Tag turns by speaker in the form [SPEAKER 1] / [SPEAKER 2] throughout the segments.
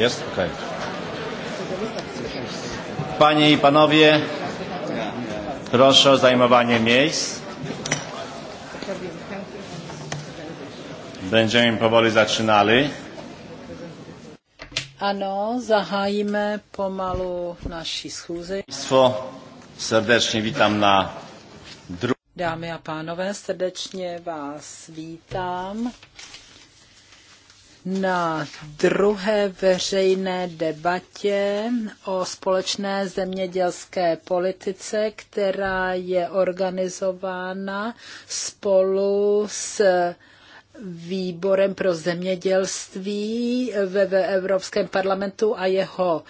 [SPEAKER 1] Jest? Okej.
[SPEAKER 2] Okay.
[SPEAKER 1] Panie i panowie, proszę o zajmowanie miejsc. Będziemy powoli zaczynali.
[SPEAKER 3] Ano, zahajmy pomalu naši
[SPEAKER 1] Państwo, serdecznie vítám na drugim...
[SPEAKER 3] Dámy a pánové, srdečně vás vítám na druhé veřejné debatě o společné zemědělské politice, která je organizována spolu s výborem pro zemědělství ve Evropském parlamentu a jeho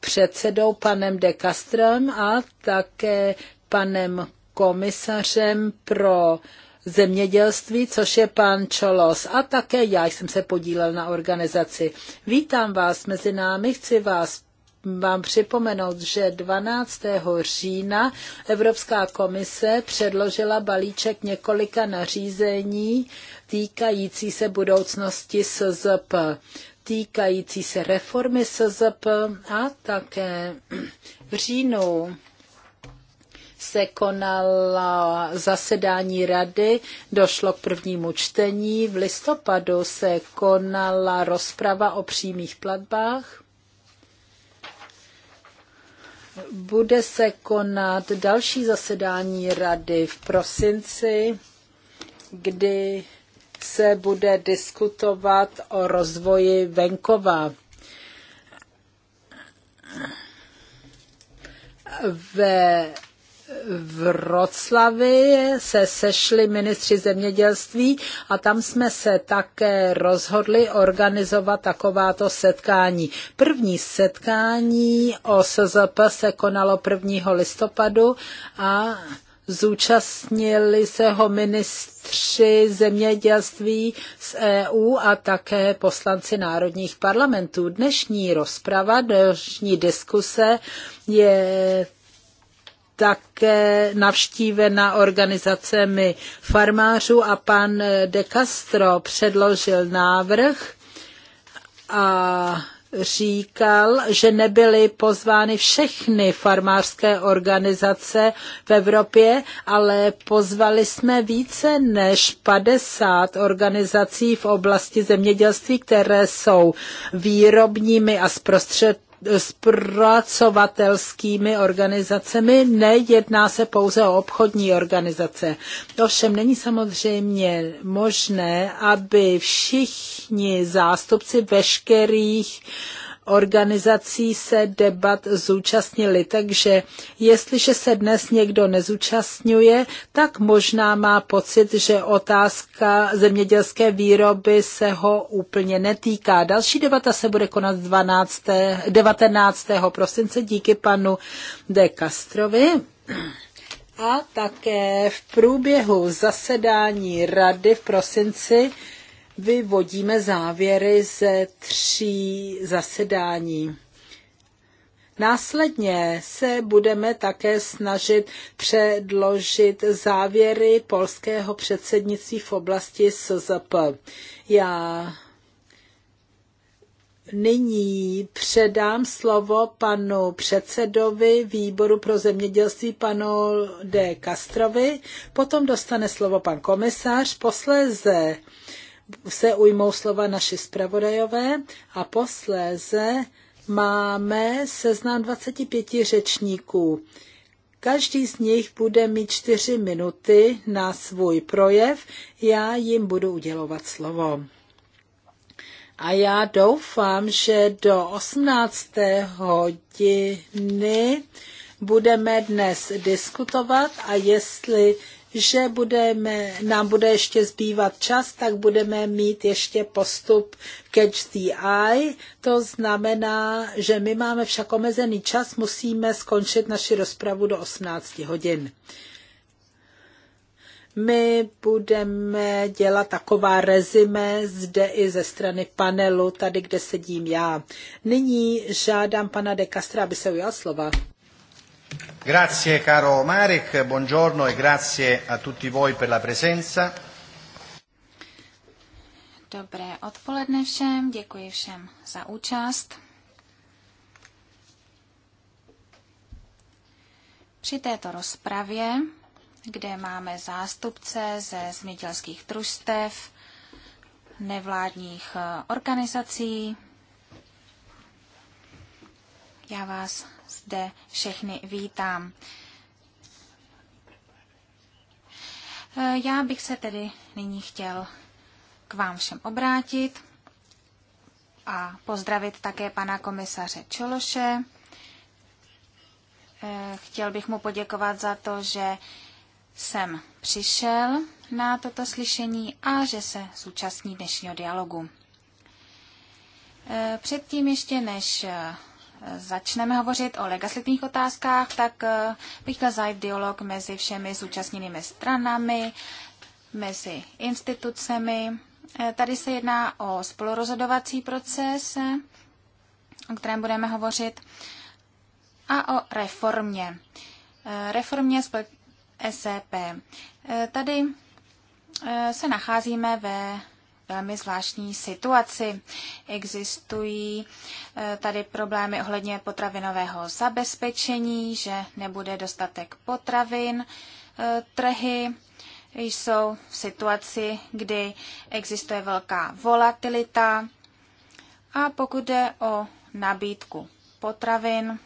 [SPEAKER 3] předsedou panem de Castrem a také panem komisařem pro zemědělství, což je pan Čolos. A také já jsem se podílel na organizaci. Vítám vás mezi námi, chci vás vám připomenout, že 12. října Evropská komise předložila balíček několika nařízení týkající se budoucnosti SZP, týkající se reformy SZP a také v říjnu se konala zasedání rady, došlo k prvnímu čtení, v listopadu se konala rozprava o přímých platbách. Bude se konat další zasedání rady v prosinci, kdy se bude diskutovat o rozvoji venkova. Ve v Roclavi se sešli ministři zemědělství a tam jsme se také rozhodli organizovat takováto setkání. První setkání o SZP se konalo 1. listopadu a zúčastnili se ho ministři zemědělství z EU a také poslanci národních parlamentů. Dnešní rozprava, dnešní diskuse je také navštívena organizacemi farmářů a pan De Castro předložil návrh a říkal, že nebyly pozvány všechny farmářské organizace v Evropě, ale pozvali jsme více než 50 organizací v oblasti zemědělství, které jsou výrobními a zprostřed zpracovatelskými organizacemi, nejedná se pouze o obchodní organizace. Ovšem není samozřejmě možné, aby všichni zástupci veškerých uh, organizací se debat zúčastnili. Takže jestliže se dnes někdo nezúčastňuje, tak možná má pocit, že otázka zemědělské výroby se ho úplně netýká. Další debata se bude konat 12, 19. prosince díky panu De Castrovi. A také v průběhu zasedání rady v prosinci vyvodíme závěry ze tří zasedání. Následně se budeme také snažit předložit závěry polského předsednictví v oblasti SZP. Já nyní předám slovo panu předsedovi výboru pro zemědělství, panu De Castrovi, potom dostane slovo pan komisař, posléze se ujmou slova naši zpravodajové a posléze máme seznam 25 řečníků. Každý z nich bude mít čtyři minuty na svůj projev, já jim budu udělovat slovo. A já doufám, že do 18. hodiny budeme dnes diskutovat a jestli že budeme, nám bude ještě zbývat čas, tak budeme mít ještě postup Catch the Eye. To znamená, že my máme však omezený čas, musíme skončit naši rozpravu do 18 hodin. My budeme dělat taková rezime zde i ze strany panelu, tady, kde sedím já. Nyní žádám pana de aby se ujal slova.
[SPEAKER 1] Grazie caro Marek, buongiorno e grazie a tutti voi per la presenza.
[SPEAKER 2] Dobré odpoledne všem, děkuji všem za účast. Při této rozpravě, kde máme zástupce ze zemědělských družstev, nevládních eh, organizací, já vás zde všechny vítám. E, já bych se tedy nyní chtěl k vám všem obrátit a pozdravit také pana komisaře Čološe. E, chtěl bych mu poděkovat za to, že jsem přišel na toto slyšení a že se zúčastní dnešního dialogu. E, předtím ještě, než začneme hovořit o legislativních otázkách, tak eh, bych chtěl zajít dialog mezi všemi zúčastněnými stranami, mezi institucemi. Eh, tady se jedná o spolurozhodovací proces, eh, o kterém budeme hovořit, a o reformě. Reformě SEP. Tady se nacházíme ve velmi zvláštní situaci. Existují eh, tady problémy ohledně potravinového zabezpečení, že nebude dostatek potravin, eh, trhy jsou v situaci, kdy existuje velká volatilita a pokud jde o nabídku potravin,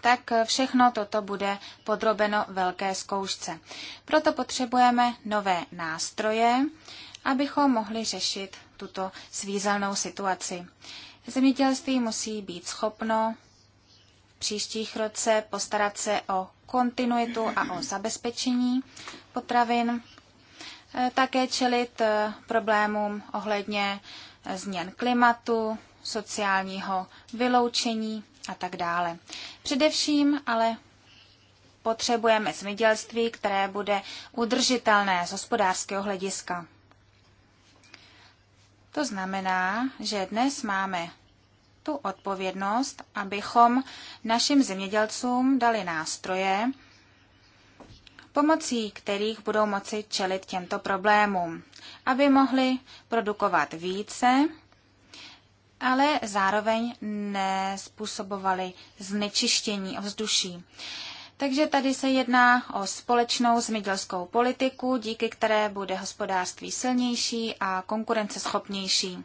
[SPEAKER 2] tak všechno toto bude podrobeno velké zkoušce. Proto potřebujeme nové nástroje abychom mohli řešit tuto svízelnou situaci. Zemědělství musí být schopno v příštích roce postarat se o kontinuitu a o zabezpečení potravin, eh, také čelit eh, problémům ohledně eh, změn klimatu, sociálního vyloučení a tak dále. Především ale potřebujeme zemědělství, které bude udržitelné z hospodářského hlediska. To znamená, že dnes máme tu odpovědnost, abychom našim zemědělcům dali nástroje, pomocí kterých budou moci čelit těmto problémům, aby mohli produkovat více, ale zároveň nespůsobovali znečištění ovzduší. Takže tady se jedná o společnou zemědělskou politiku, díky které bude hospodářství silnější a konkurenceschopnější.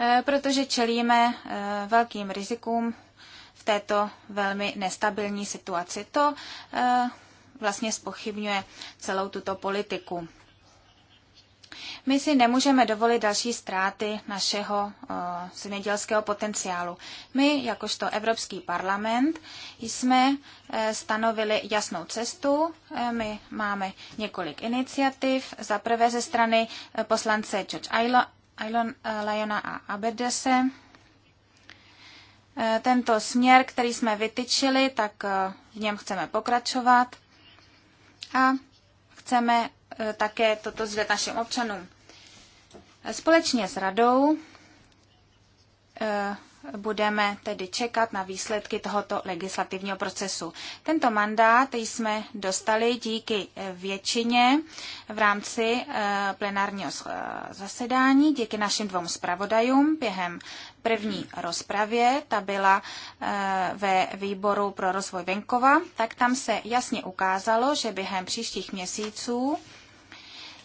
[SPEAKER 2] E, protože čelíme e, velkým rizikům v této velmi nestabilní situaci. To e, vlastně spochybňuje celou tuto politiku. My si nemůžeme dovolit další ztráty našeho uh, zemědělského potenciálu. My, jakožto Evropský parlament, jsme uh, stanovili jasnou cestu. Uh, my máme několik iniciativ. Za prvé ze strany uh, poslance George Ailon uh, Lyona a Aberdese. Tento směr, který jsme vytyčili, tak v něm chceme pokračovat a chceme Eh, také toto zde našim občanům. Společně s radou eh, budeme tedy čekat na výsledky tohoto legislativního procesu. Tento mandát jsme dostali díky většině v rámci eh, plenárního zasedání, díky našim dvou zpravodajům během první rozpravě, ta byla ve výboru pro rozvoj venkova, tak tam se jasně ukázalo, že během příštích měsíců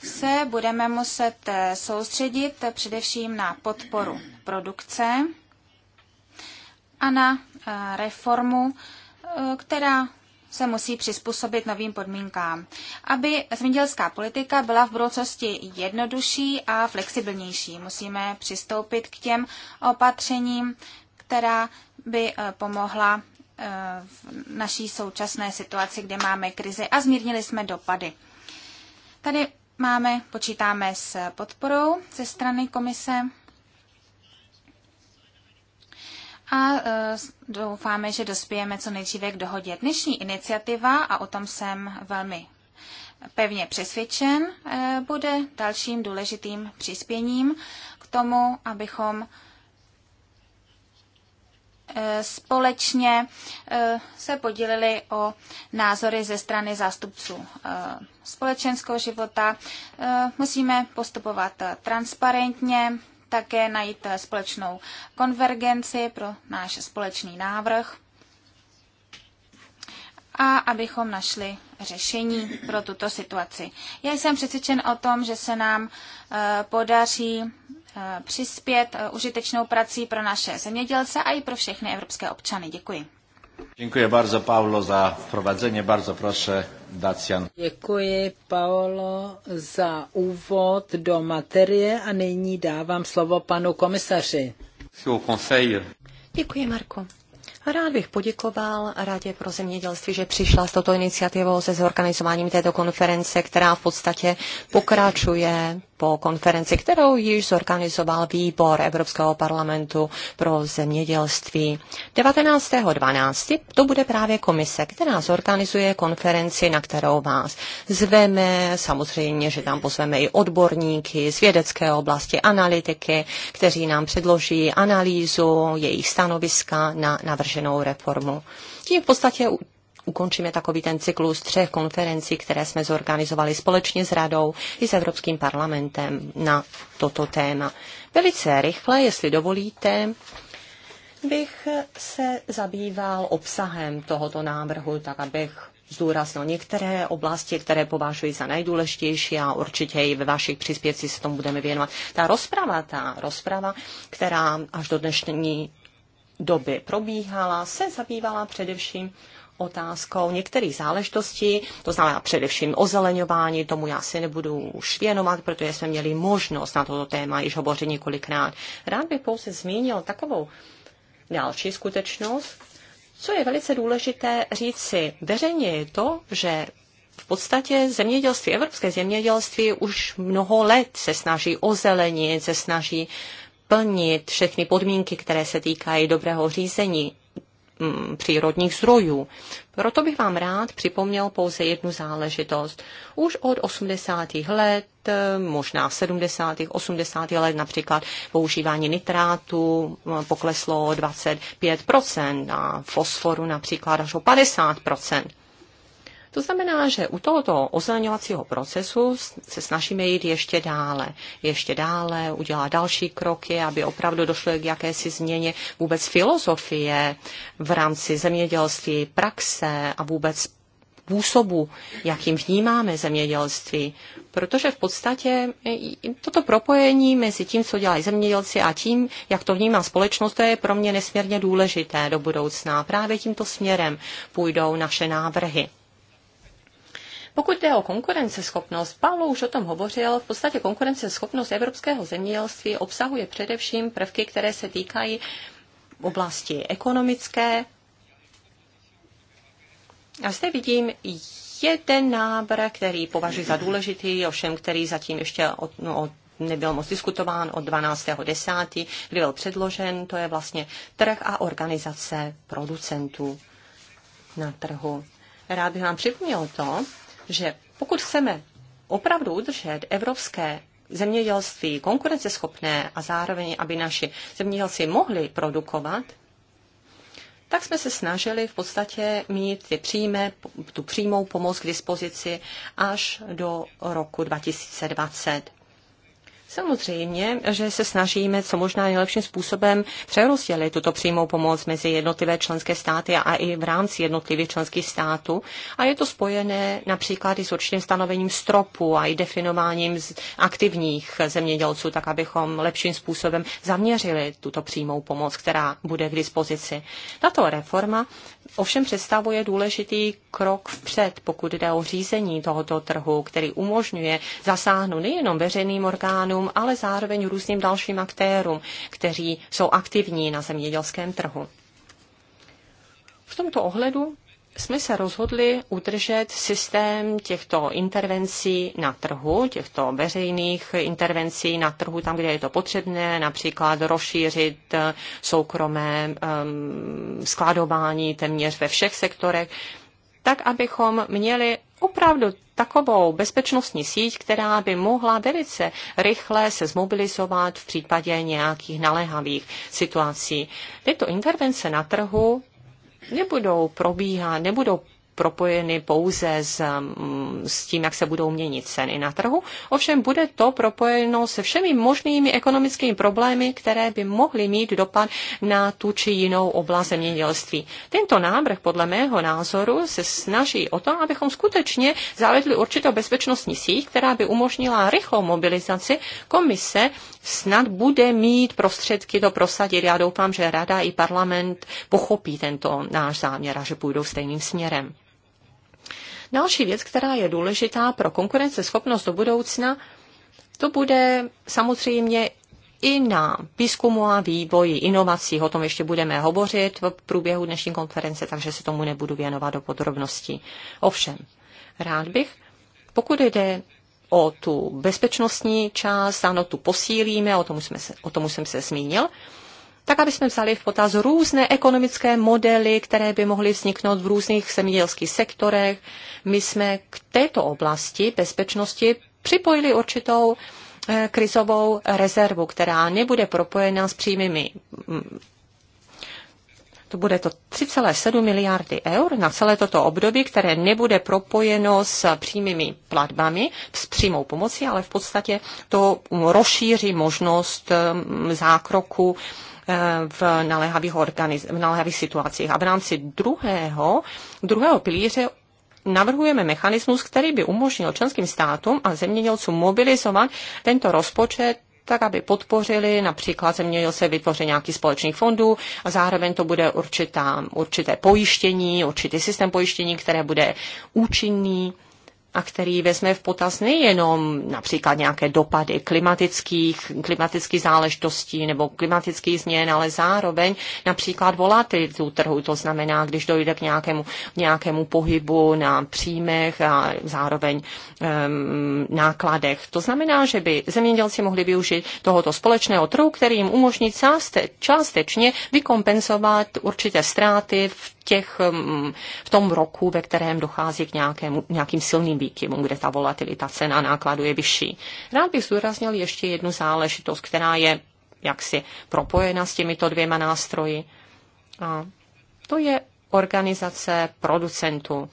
[SPEAKER 2] se budeme muset eh, soustředit především na podporu produkce a na eh, reformu, eh, která se musí přizpůsobit novým podmínkám, aby zemědělská politika byla v budoucnosti jednodušší a flexibilnější. Musíme přistoupit k těm opatřením, která by pomohla v naší současné situaci, kde máme krizi a zmírnili jsme dopady. Tady Máme, počítáme s podporou ze strany komise a e, doufáme, že dospějeme co nejdříve k dohodě. Dnešní iniciativa, a o tom jsem velmi pevně přesvědčen, e, bude dalším důležitým přispěním k tomu, abychom Eh, společně eh, se podělili o názory ze strany zástupců eh, společenského života. Musíme postupovat transparentně, také najít společnou konvergenci pro náš společný návrh a abychom našli řešení pro tuto situaci. Já jsem přesvědčen o tom, že se nám podaří Eh, přispět eh, užitečnou prací pro naše zemědělce a i pro všechny evropské občany. Děkuji.
[SPEAKER 1] Děkuji bardzo, Paolo, za vprovadzenie. Bardzo proszę, Dacian.
[SPEAKER 2] Děkuji,
[SPEAKER 3] Paolo, za úvod do materie a nyní dávám slovo panu komisaři. Děkuji, Marko. Rád bych
[SPEAKER 4] poděkoval Radě pro zemědělství, že přišla s touto iniciativou se zorganizováním této konference, která v podstatě pokračuje po konferenci, kterou již zorganizoval výbor Evropského parlamentu pro zemědělství. 19.12. to bude právě komise, která zorganizuje konferenci, na kterou vás zveme. Samozřejmě, že tam pozveme i odborníky z vědecké oblasti, analytiky, kteří nám předloží analýzu jejich stanoviska na navrženou reformu. Tím v podstatě ukončíme takový ten cyklus třech konferencí, které jsme zorganizovali společně s Radou i s Evropským parlamentem na toto téma. Velice rychle, jestli dovolíte, bych se zabýval obsahem tohoto návrhu, tak abych zdůraznil některé oblasti, které považuji za nejdůležitější a určitě i ve vašich příspěvcích se tomu budeme věnovat. Ta rozprava, ta rozprava, která až do dnešní doby probíhala, se zabývala především otázkou některých záležitostí, to znamená především ozeleňování, tomu já si nebudu už věnovat, protože jsme měli možnost na toto téma již hovořit několikrát. Rád bych pouze zmínil takovou další skutečnost, co je velice důležité říci veřejně je to, že v podstatě zemědělství, evropské zemědělství už mnoho let se snaží ozelenit, se snaží plnit všechny podmínky, které se týkají dobrého řízení Mm, přírodních zdrojů. Proto bych vám rád připomněl pouze jednu záležitost. Už od 80. let, eh, možná 70. 80. let například používání nitrátu eh, pokleslo o 25% a fosforu například až o 50%. To znamená, že u tohoto oznaňovacího procesu se snažíme jít ještě dále, ještě dále, udělat další kroky, aby opravdu došlo k jakési změně vůbec filozofie v rámci zemědělství, praxe a vůbec působu, jakým vnímáme zemědělství. Protože v podstatě e, toto propojení mezi tím, co dělají zemědělci a tím, jak to vnímá společnost, to je pro mě nesmírně důležité do budoucna. Právě tímto směrem půjdou naše návrhy. Pokud jde o konkurenceschopnost, Paulo už o tom hovořil, v podstatě konkurenceschopnost evropského zemědělství obsahuje především prvky, které se týkají oblasti ekonomické. A zde vidím jeden návrh, který považuji za důležitý, ovšem který zatím ještě od, no, od nebyl moc diskutován od 12.10., kdy byl předložen, to je vlastně trh a organizace producentů na trhu. Rád bych vám připomněl to, že pokud chceme opravdu udržet evropské zemědělství konkurenceschopné a zároveň, aby naši zemědělci mohli produkovat, tak jsme se snažili v podstatě mít ty příjme, tu přímou pomoc k dispozici až do roku 2020. Samozřejmě, že se snažíme co možná nejlepším způsobem přerozdělit tuto přímou pomoc mezi jednotlivé členské státy a i v rámci jednotlivých členských států. A je to spojené například i s určitým stanovením stropu a i definováním aktivních zemědělců, tak abychom lepším způsobem zaměřili tuto přímou pomoc, která bude k dispozici. Tato reforma ovšem představuje důležitý krok vpřed, pokud jde o řízení tohoto trhu, který umožňuje zasáhnout nejenom veřejným orgánům, zemědělcům, ale zároveň různým dalším aktérům, kteří jsou aktivní na zemědělském trhu. V tomto ohledu jsme se rozhodli udržet systém těchto intervencí na trhu, těchto veřejných intervencí na trhu tam, kde je to potřebné, například rozšířit eh, soukromé um, skladování téměř ve všech sektorech, tak abychom měli opravdu takovou bezpečnostní síť, která by mohla velice rychle se zmobilizovat v případě nějakých naléhavých situací. Tyto intervence na trhu nebudou probíhat, nebudou propojeny pouze s, mm, s tím, jak se budou měnit ceny na trhu. Ovšem bude to propojeno se všemi možnými ekonomickými problémy, které by mohly mít dopad na tu či jinou oblast zemědělství. Tento návrh podle mého názoru se snaží o to, abychom skutečně zavedli určitou bezpečnostní síť, která by umožnila rychlou mobilizaci komise snad bude mít prostředky to prosadit. Já doufám, že Rada i parlament pochopí tento náš záměr a že půjdou stejným směrem. Další věc, která je důležitá pro konkurenceschopnost do budoucna, to bude samozřejmě i na výzkumu a vývoji inovací. O tom ještě budeme hovořit v průběhu dnešní konference, takže se tomu nebudu věnovat do podrobností. Ovšem, rád bych, pokud jde o tu bezpečnostní část, ano, tu posílíme, o tom, jsme se, o tom jsem se zmínil tak aby jsme vzali v potaz různé ekonomické modely, které by mohly vzniknout v různých zemědělských sektorech. My jsme k této oblasti bezpečnosti připojili určitou eh, krizovou rezervu, která nebude propojena s příjmými mm, to bude to 3,7 miliardy eur na celé toto období, které nebude propojeno s přímými platbami, s přímou pomocí, ale v podstatě to rozšíří možnost mm, zákroku v naléhavých, organiz- v naléhavých situacích. A v rámci druhého, druhého pilíře navrhujeme mechanismus, který by umožnil členským státům a zemědělcům mobilizovat tento rozpočet tak aby podpořili, například se vytvoření nějaký společných fondů a zároveň to bude určitá, určité pojištění, určitý systém pojištění, které bude účinný a který vezme v potaz nejenom například nějaké dopady klimatických, klimatických záležitostí nebo klimatických změn, ale zároveň například volatilitu trhu. To znamená, když dojde k nějakému, nějakému pohybu na příjmech a zároveň um, nákladech. To znamená, že by zemědělci mohli využít tohoto společného trhu, který jim umožní částečně vykompenzovat určité ztráty v těch, mm, v tom roku, ve kterém dochází k nějakému, nějakým silným výkyvům, kde ta volatilita cena nákladu je vyšší. Rád bych zdůraznil ještě jednu záležitost, která je jaksi propojena s těmito dvěma nástroji. A to je organizace producentů.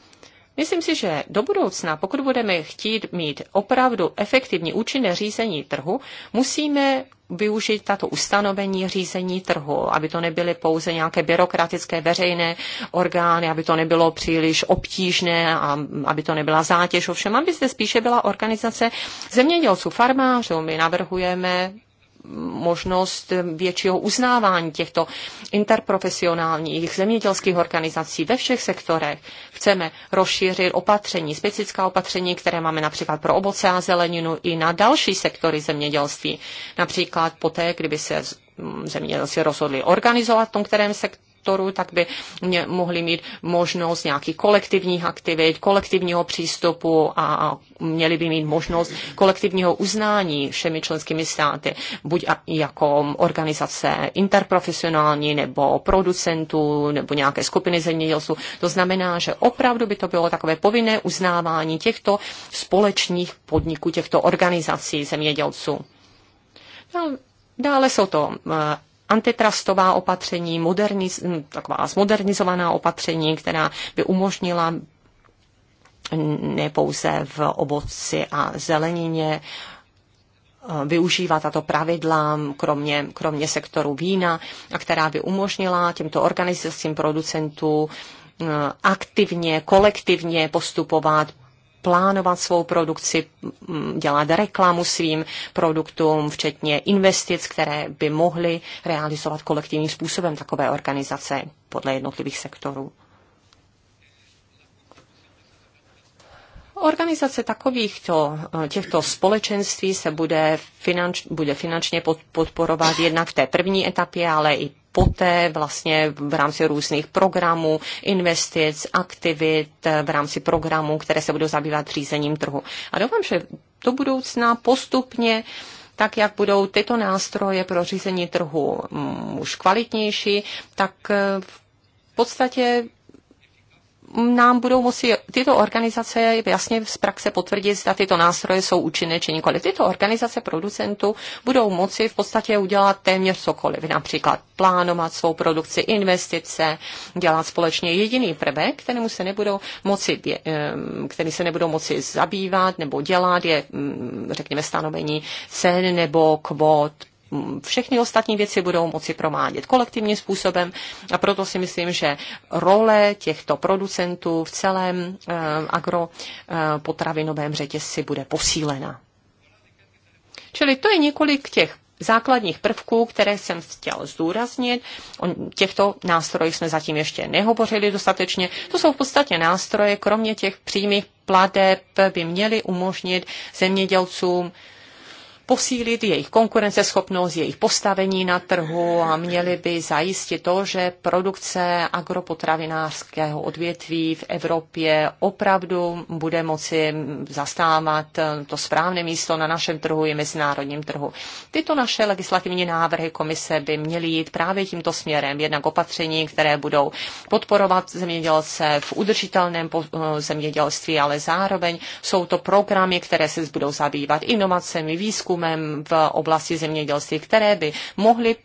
[SPEAKER 4] Myslím si, že do budoucna, pokud budeme chtít mít opravdu efektivní účinné řízení trhu, musíme využít tato ustanovení řízení trhu, aby to nebyly pouze nějaké byrokratické veřejné orgány, aby to nebylo příliš obtížné a aby to nebyla zátěž. Ovšem, aby zde spíše byla organizace zemědělců, farmářů. My navrhujeme možnost většího uznávání těchto interprofesionálních zemědělských organizací ve všech sektorech. Chceme rozšířit opatření, specifická opatření, které máme například pro oboce a zeleninu i na další sektory zemědělství. Například poté, kdyby se zemědělci rozhodli organizovat v tom kterém sektoru, sektoru, tak by mě mohli mít možnost nějakých kolektivních aktivit, kolektivního přístupu a měli by mít možnost kolektivního uznání všemi členskými státy, buď jako organizace interprofesionální nebo producentů nebo nějaké skupiny zemědělců. To znamená, že opravdu by to bylo takové povinné uznávání těchto společných podniků, těchto organizací zemědělců. Dále jsou to eh, antitrustová opatření, moderniz, hm, taková zmodernizovaná opatření, která by umožnila nepouze v ovoci a zelenině eh, využívat tato pravidla, kromě, kromě sektoru vína, a která by umožnila těmto organizacím producentů eh, aktivně, kolektivně postupovat plánovat svou produkci, mm, dělat reklamu svým produktům, včetně investic, které by mohly realizovat kolektivním způsobem takové organizace podle jednotlivých sektorů. Organizace takovýchto těchto společenství se bude, finanč, bude finančně podporovat jednak v té první etapě, ale i poté vlastně v rámci různých programů, investic, aktivit, v rámci programů, které se budou zabývat řízením trhu. A doufám, že do budoucna postupně tak jak budou tyto nástroje pro řízení trhu mm, už kvalitnější, tak eh, v podstatě nám budou moci tyto organizace jasně z praxe potvrdit, zda tyto nástroje jsou účinné či nikoli. Tyto organizace producentů budou moci v podstatě udělat téměř cokoliv, například plánovat svou produkci, investice, dělat společně jediný prvek, kterému se nebudou moci, který se nebudou moci zabývat nebo dělat, je mm, řekněme stanovení cen nebo kvot všechny ostatní věci budou moci promádět kolektivním způsobem a proto si myslím, že role těchto producentů v celém eh, agropotravinovém eh, řetězci bude posílena. Čili to je několik těch základních prvků, které jsem chtěl zdůraznit. O těchto nástrojích jsme zatím ještě nehovořili dostatečně. To jsou v podstatě nástroje, kromě těch přímých pladeb by měly umožnit zemědělcům posílit jejich konkurenceschopnost, jejich postavení na trhu a měli by zajistit to, že produkce agropotravinářského odvětví v Evropě opravdu bude moci zastávat to správné místo na našem trhu i mezinárodním trhu. Tyto naše legislativní návrhy komise by měly jít právě tímto směrem, jednak opatření, které budou podporovat zemědělce v udržitelném zemědělství, ale zároveň jsou to programy, které se budou zabývat inovacemi, výzkumy, výzkumem v oblasti zemědělství, které by mohly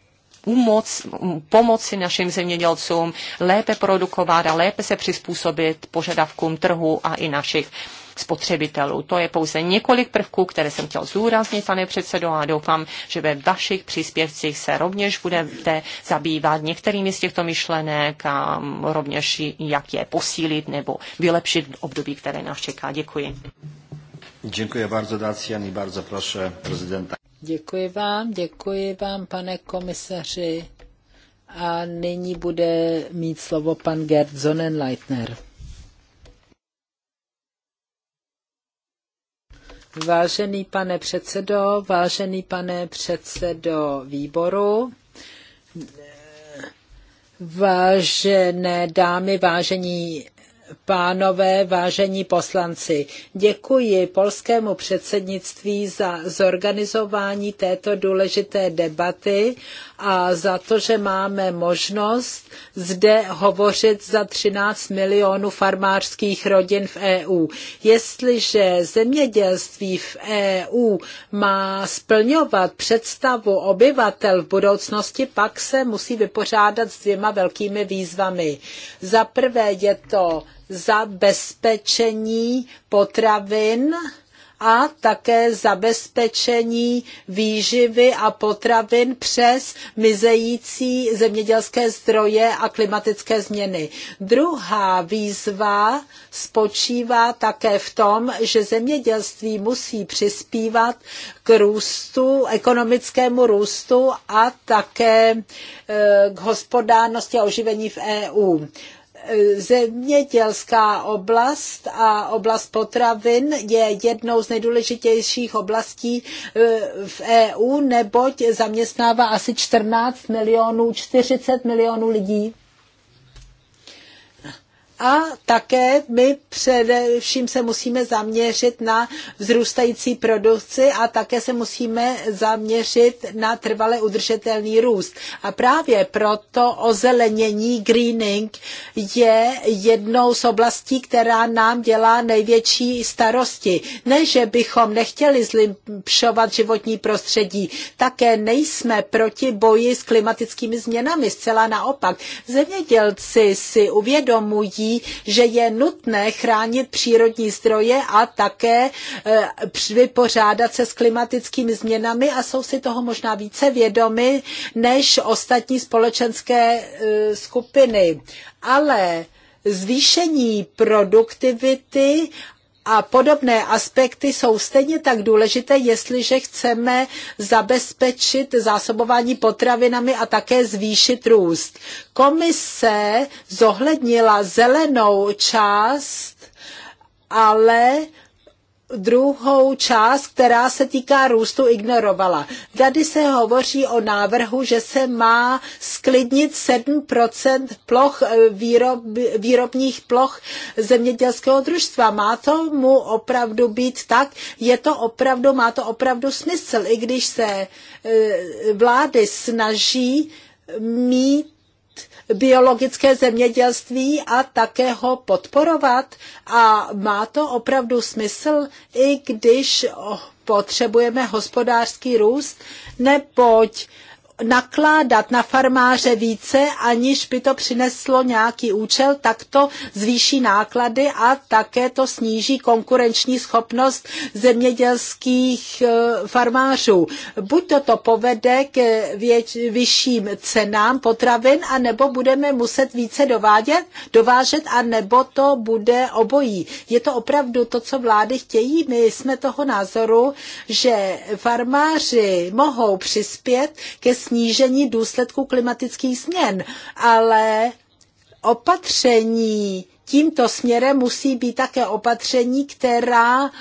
[SPEAKER 4] umoc, pomoci našim zemědělcům lépe produkovat a lépe se přizpůsobit požadavkům trhu a i našich spotřebitelů. To je pouze několik prvků, které jsem chtěl zúraznit, pane předsedo, a doufám, že ve vašich příspěvcích se rovněž budete zabývat některými z těchto myšlenek a rovněž jak je posílit nebo vylepšit v období, které nás čeká. Děkuji.
[SPEAKER 1] Děkuji bardzo, Dacian, i bardzo proszę prezydenta.
[SPEAKER 3] Děkuji vám, děkuji vám, pane komisaři. A nyní bude mít slovo pan Gerd Zonenleitner. Vážený pane předsedo, vážený pane předsedo výboru, vážené dámy, vážení pánové, vážení poslanci. Děkuji polskému předsednictví za zorganizování této důležité debaty a za to, že máme možnost zde hovořit za 13 milionů farmářských rodin v EU. Jestliže zemědělství v EU má splňovat představu obyvatel v budoucnosti, pak se musí vypořádat s dvěma velkými výzvami. Za prvé je to zabezpečení potravin a také zabezpečení výživy a potravin přes mizející zemědělské zdroje a klimatické změny. Druhá výzva spočívá také v tom, že zemědělství musí přispívat k růstu, ekonomickému růstu a také eh, k hospodárnosti a oživení v EU zemědělská oblast a oblast potravin je jednou z nejdůležitějších oblastí e, v EU, neboť zaměstnává asi 14 milionů, 40 milionů lidí. A také my především se musíme zaměřit na vzrůstající produkci a také se musíme zaměřit na trvale udržitelný růst. A právě proto ozelenění, greening je jednou z oblastí, která nám dělá největší starosti. Ne, že bychom nechtěli zlepšovat životní prostředí, také nejsme proti boji s klimatickými změnami, zcela naopak. Zemědělci si uvědomují, že je nutné chránit přírodní zdroje a také eh, vypořádat se s klimatickými změnami a jsou si toho možná více vědomi než ostatní společenské eh, skupiny. Ale zvýšení produktivity a podobné aspekty jsou stejně tak důležité, jestliže chceme zabezpečit zásobování potravinami a také zvýšit růst. Komise zohlednila zelenou část, ale druhou část, která se týká růstu, ignorovala. Tady se hovoří o návrhu, že se má sklidnit 7% ploch eh, výrob, výrobních ploch zemědělského družstva. Má to mu opravdu být tak? Je to opravdu, má to opravdu smysl, i když se eh, vlády snaží mít biologické zemědělství a také ho podporovat. A má to opravdu smysl, i když potřebujeme hospodářský růst, neboť uh, nakládat na farmáře více, aniž by to přineslo nějaký účel, tak to zvýší náklady a také to sníží konkurenční schopnost zemědělských e, farmářů. Buď to, to povede k věč, vyšším cenám potravin, anebo budeme muset více dovádět, dovážet, anebo to bude obojí. Je to opravdu to, co vlády chtějí. My jsme toho názoru, že farmáři mohou přispět ke snížení důsledků klimatických změn, ale opatření tímto směrem musí být také opatření, která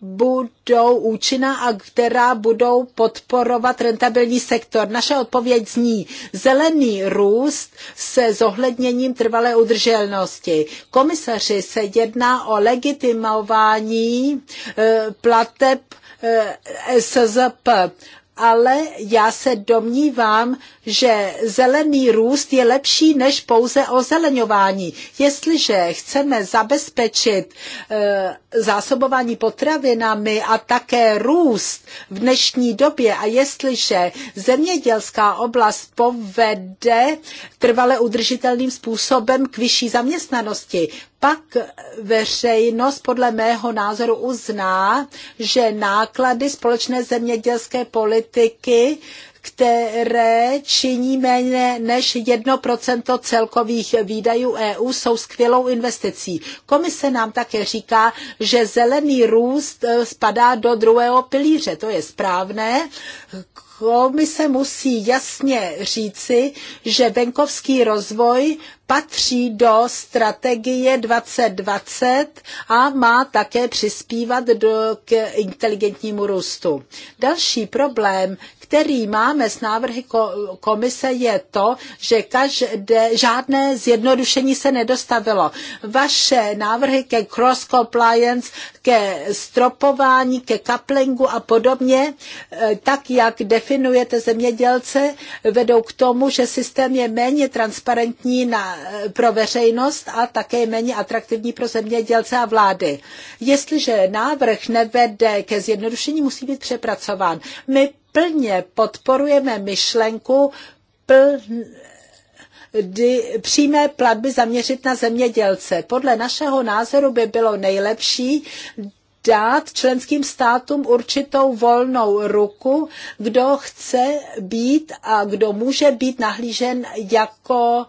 [SPEAKER 3] budou účinná a která budou podporovat rentabilní sektor. Naše odpověď zní zelený růst se zohledněním trvalé udrželnosti. Komisaři se jedná o legitimování eh, plateb eh, SZP ale já se domnívám, že zelený růst je lepší než pouze ozeleňování. Jestliže chceme zabezpečit e, zásobování potravinami a také růst v dnešní době a jestliže zemědělská oblast povede trvale udržitelným způsobem k vyšší zaměstnanosti, pak veřejnost podle mého názoru uzná, že náklady společné zemědělské politiky které činí méně než 1% celkových výdajů EU, jsou skvělou investicí. Komise nám také říká, že zelený růst eh, spadá do druhého pilíře. To je správné komise musí jasně říci, že venkovský rozvoj patří do strategie 2020 a má také přispívat do, k inteligentnímu růstu. Další problém, který máme s návrhy komise, je to, že každé, žádné zjednodušení se nedostavilo. Vaše návrhy ke cross compliance, ke stropování, ke couplingu a podobně, eh, tak jak definujete zemědělce, vedou k tomu, že systém je méně transparentní na, eh, pro veřejnost a také méně atraktivní pro zemědělce a vlády. Jestliže návrh nevede ke zjednodušení, musí být přepracován. My plně podporujeme myšlenku pl, kdy přímé platby zaměřit na zemědělce. Podle našeho názoru by bylo nejlepší dát členským státům určitou volnou ruku, kdo chce být a kdo může být nahlížen jako uh,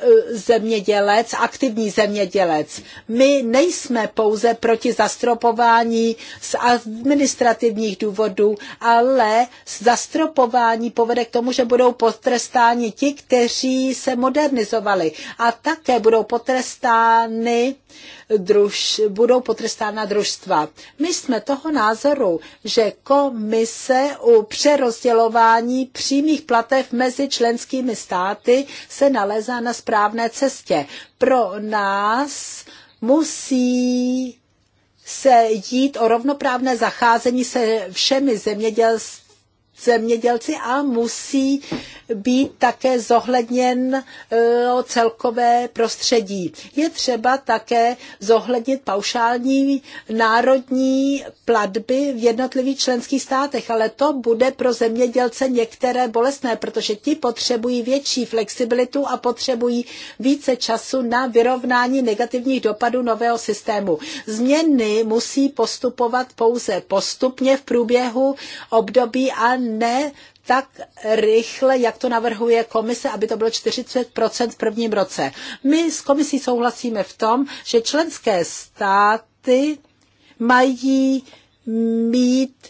[SPEAKER 3] Eh, zemědělec, aktivní zemědělec. My nejsme pouze proti zastropování z administrativních důvodů, ale zastropování povede k tomu, že budou potrestáni ti, kteří se modernizovali a také budou potrestáni druž, budou potrestána družstva. My jsme toho názoru, že komise u přerozdělování přímých platev mezi členskými státy se nalézá na správné cestě. Pro nás musí se jít o rovnoprávné zacházení se všemi zemědělství zemědělci a musí být také zohledněn eh, celkové prostředí. Je třeba také zohlednit paušální národní platby v jednotlivých členských státech, ale to bude pro zemědělce některé bolestné, protože ti potřebují větší flexibilitu a potřebují více času na vyrovnání negativních dopadů nového systému. Změny musí postupovat pouze postupně v průběhu období a ne tak rychle, jak to navrhuje komise, aby to bylo 40% v prvním roce. My s komisí souhlasíme v tom, že členské státy mají mít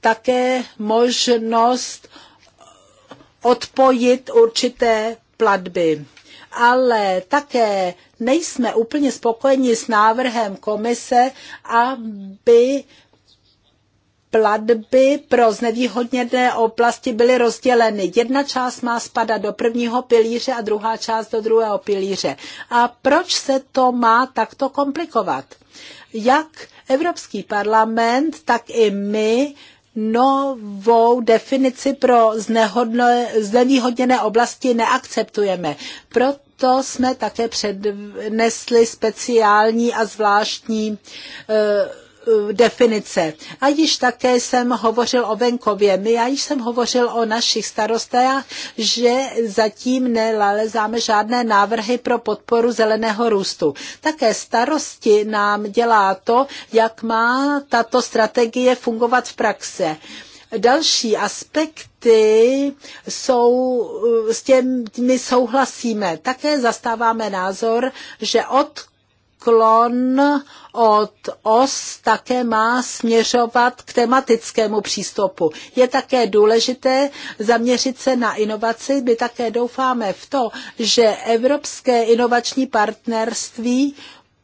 [SPEAKER 3] také možnost odpojit určité platby. Ale také nejsme úplně spokojeni s návrhem komise, aby platby pro znevýhodněné oblasti byly rozděleny. Jedna část má spadat do prvního pilíře a druhá část do druhého pilíře. A proč se to má takto komplikovat? Jak Evropský parlament, tak i my novou definici pro znevýhodněné oblasti neakceptujeme. Proto jsme také přednesli speciální a zvláštní uh, Eh, definice. A již také jsem hovořil o venkově. My, já již jsem hovořil o našich starostech, že zatím nelalezáme žádné návrhy pro podporu zeleného růstu. Také starosti nám dělá to, jak má tato strategie fungovat v praxi. Další aspekty jsou, eh, s těmi souhlasíme. Také zastáváme názor, že od Klon od OS také má směřovat k tematickému přístupu. Je také důležité zaměřit se na inovaci. My také doufáme v to, že Evropské inovační partnerství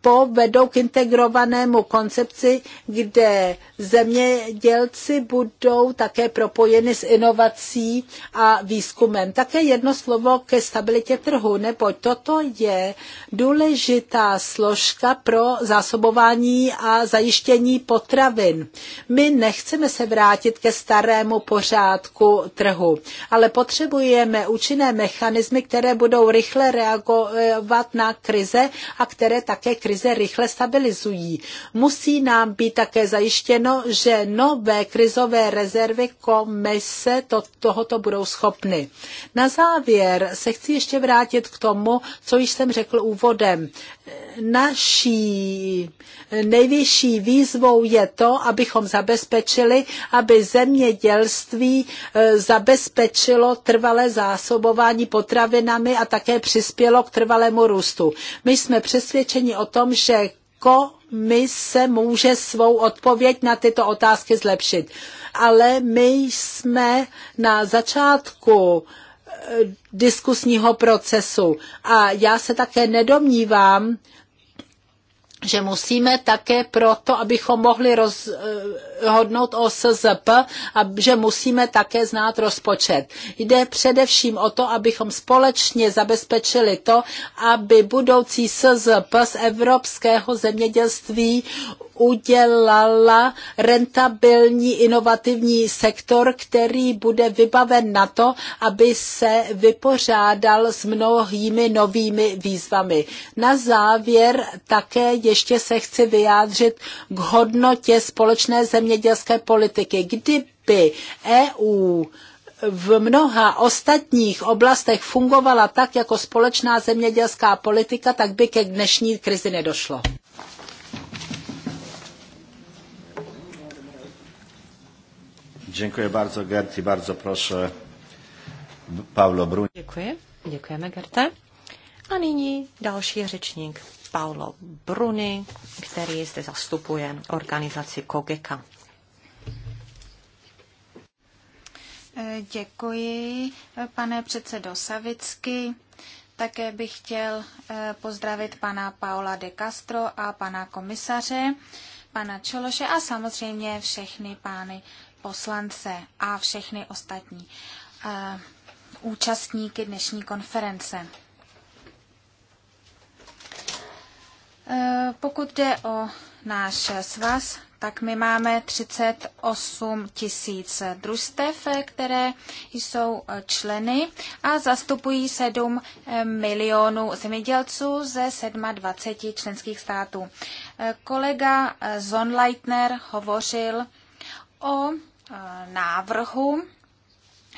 [SPEAKER 3] povedou k integrovanému koncepci, kde zemědělci budou také propojeni s inovací a výzkumem. Také jedno slovo ke stabilitě trhu, neboť toto je důležitá složka pro zásobování a zajištění potravin. My nechceme se vrátit ke starému pořádku trhu, ale potřebujeme účinné mechanismy, které budou rychle reagovat na krize a které také krize krize rychle stabilizují. Musí nám být také zajištěno, že nové krizové rezervy komise to, tohoto budou schopny. Na závěr se chci ještě vrátit k tomu, co již jsem řekl úvodem naší nejvyšší výzvou je to, abychom zabezpečili, aby zemědělství e, zabezpečilo trvalé zásobování potravinami a také přispělo k trvalému růstu. My jsme přesvědčeni o tom, že komise může svou odpověď na tyto otázky zlepšit. Ale my jsme na začátku diskusního procesu. A já se také nedomnívám, že musíme také proto, abychom mohli rozhodnout o SZP, a že musíme také znát rozpočet. Jde především o to, abychom společně zabezpečili to, aby budoucí SZP z evropského zemědělství udělala rentabilní inovativní sektor, který bude vybaven na to, aby se vypořádal s mnohými novými výzvami. Na závěr také je ještě se chci vyjádřit k hodnotě společné zemědělské politiky. Kdyby EU v mnoha ostatních oblastech fungovala tak jako společná zemědělská politika, tak by ke dnešní krizi nedošlo.
[SPEAKER 1] Děkuji bardzo, Gerti. Bardzo proszę, Pavlo Brun.
[SPEAKER 4] Děkuji. Děkujeme, Gerte. A nyní další řečník, Paolo Bruni, který zde zastupuje organizaci Kogeka.
[SPEAKER 2] Děkuji, pane předsedo Savicky. Také bych chtěl eh, pozdravit pana Paula de Castro a pana komisaře, pana Čološe a samozřejmě všechny pány poslance a všechny ostatní eh, účastníky dnešní konference. Eh, pokud jde o náš svaz, tak my máme 38 tisíc družstev, eh, které jsou eh, členy a zastupují 7 milionů zemědělců ze 27 členských států. Kolega Zonleitner hovořil o návrhu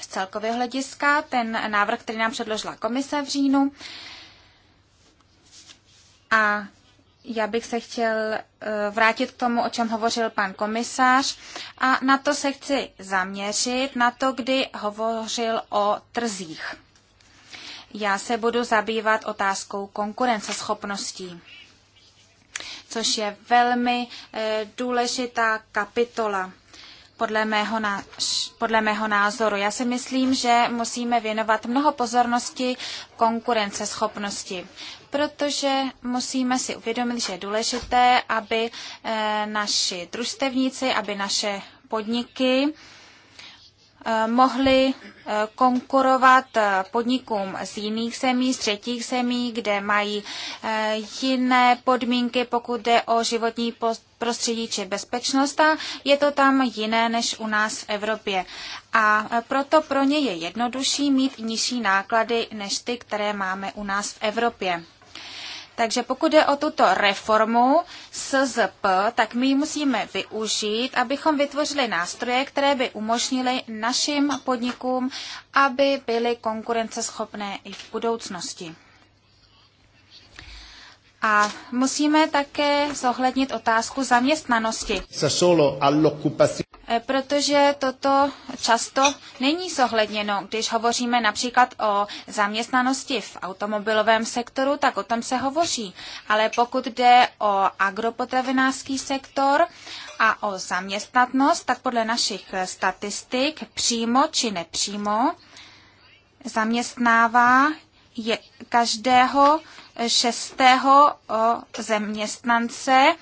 [SPEAKER 2] z celkového hlediska, ten návrh, který nám předložila komise v říjnu. A já bych se chtěl eh, vrátit k tomu, o čem hovořil pan komisář a na to se chci zaměřit, na to, kdy hovořil o trzích. Já se budu zabývat otázkou konkurenceschopností, což je velmi eh, důležitá kapitola podle mého, na, podle mého názoru. Já si myslím, že musíme věnovat mnoho pozornosti konkurenceschopnosti protože musíme si uvědomit, že je důležité, aby eh, naši družstevníci, aby naše podniky Eh, mohli eh, konkurovat eh, podnikům z jiných zemí, z třetích zemí, kde mají jiné podmínky, pokud jde o životní prostředí či bezpečnost a je to tam jiné než u nás v Evropě. A proto pro ně je jednodušší mít nižší náklady než ty, které máme u nás v Evropě. Takže pokud je o tuto reformu SZP, tak my ji musíme využít, abychom vytvořili nástroje, které by umožnily našim podnikům, aby byly konkurenceschopné i v budoucnosti. A musíme také zohlednit otázku zaměstnanosti. Eh, protože toto často není zohledněno. Když hovoříme například o zaměstnanosti v automobilovém sektoru, tak o tom se hovoří. Ale pokud jde o agropotravinářský sektor a o zaměstnatnost, tak podle našich statistik přímo či nepřímo zaměstnává je každého šestého eh, zaměstnance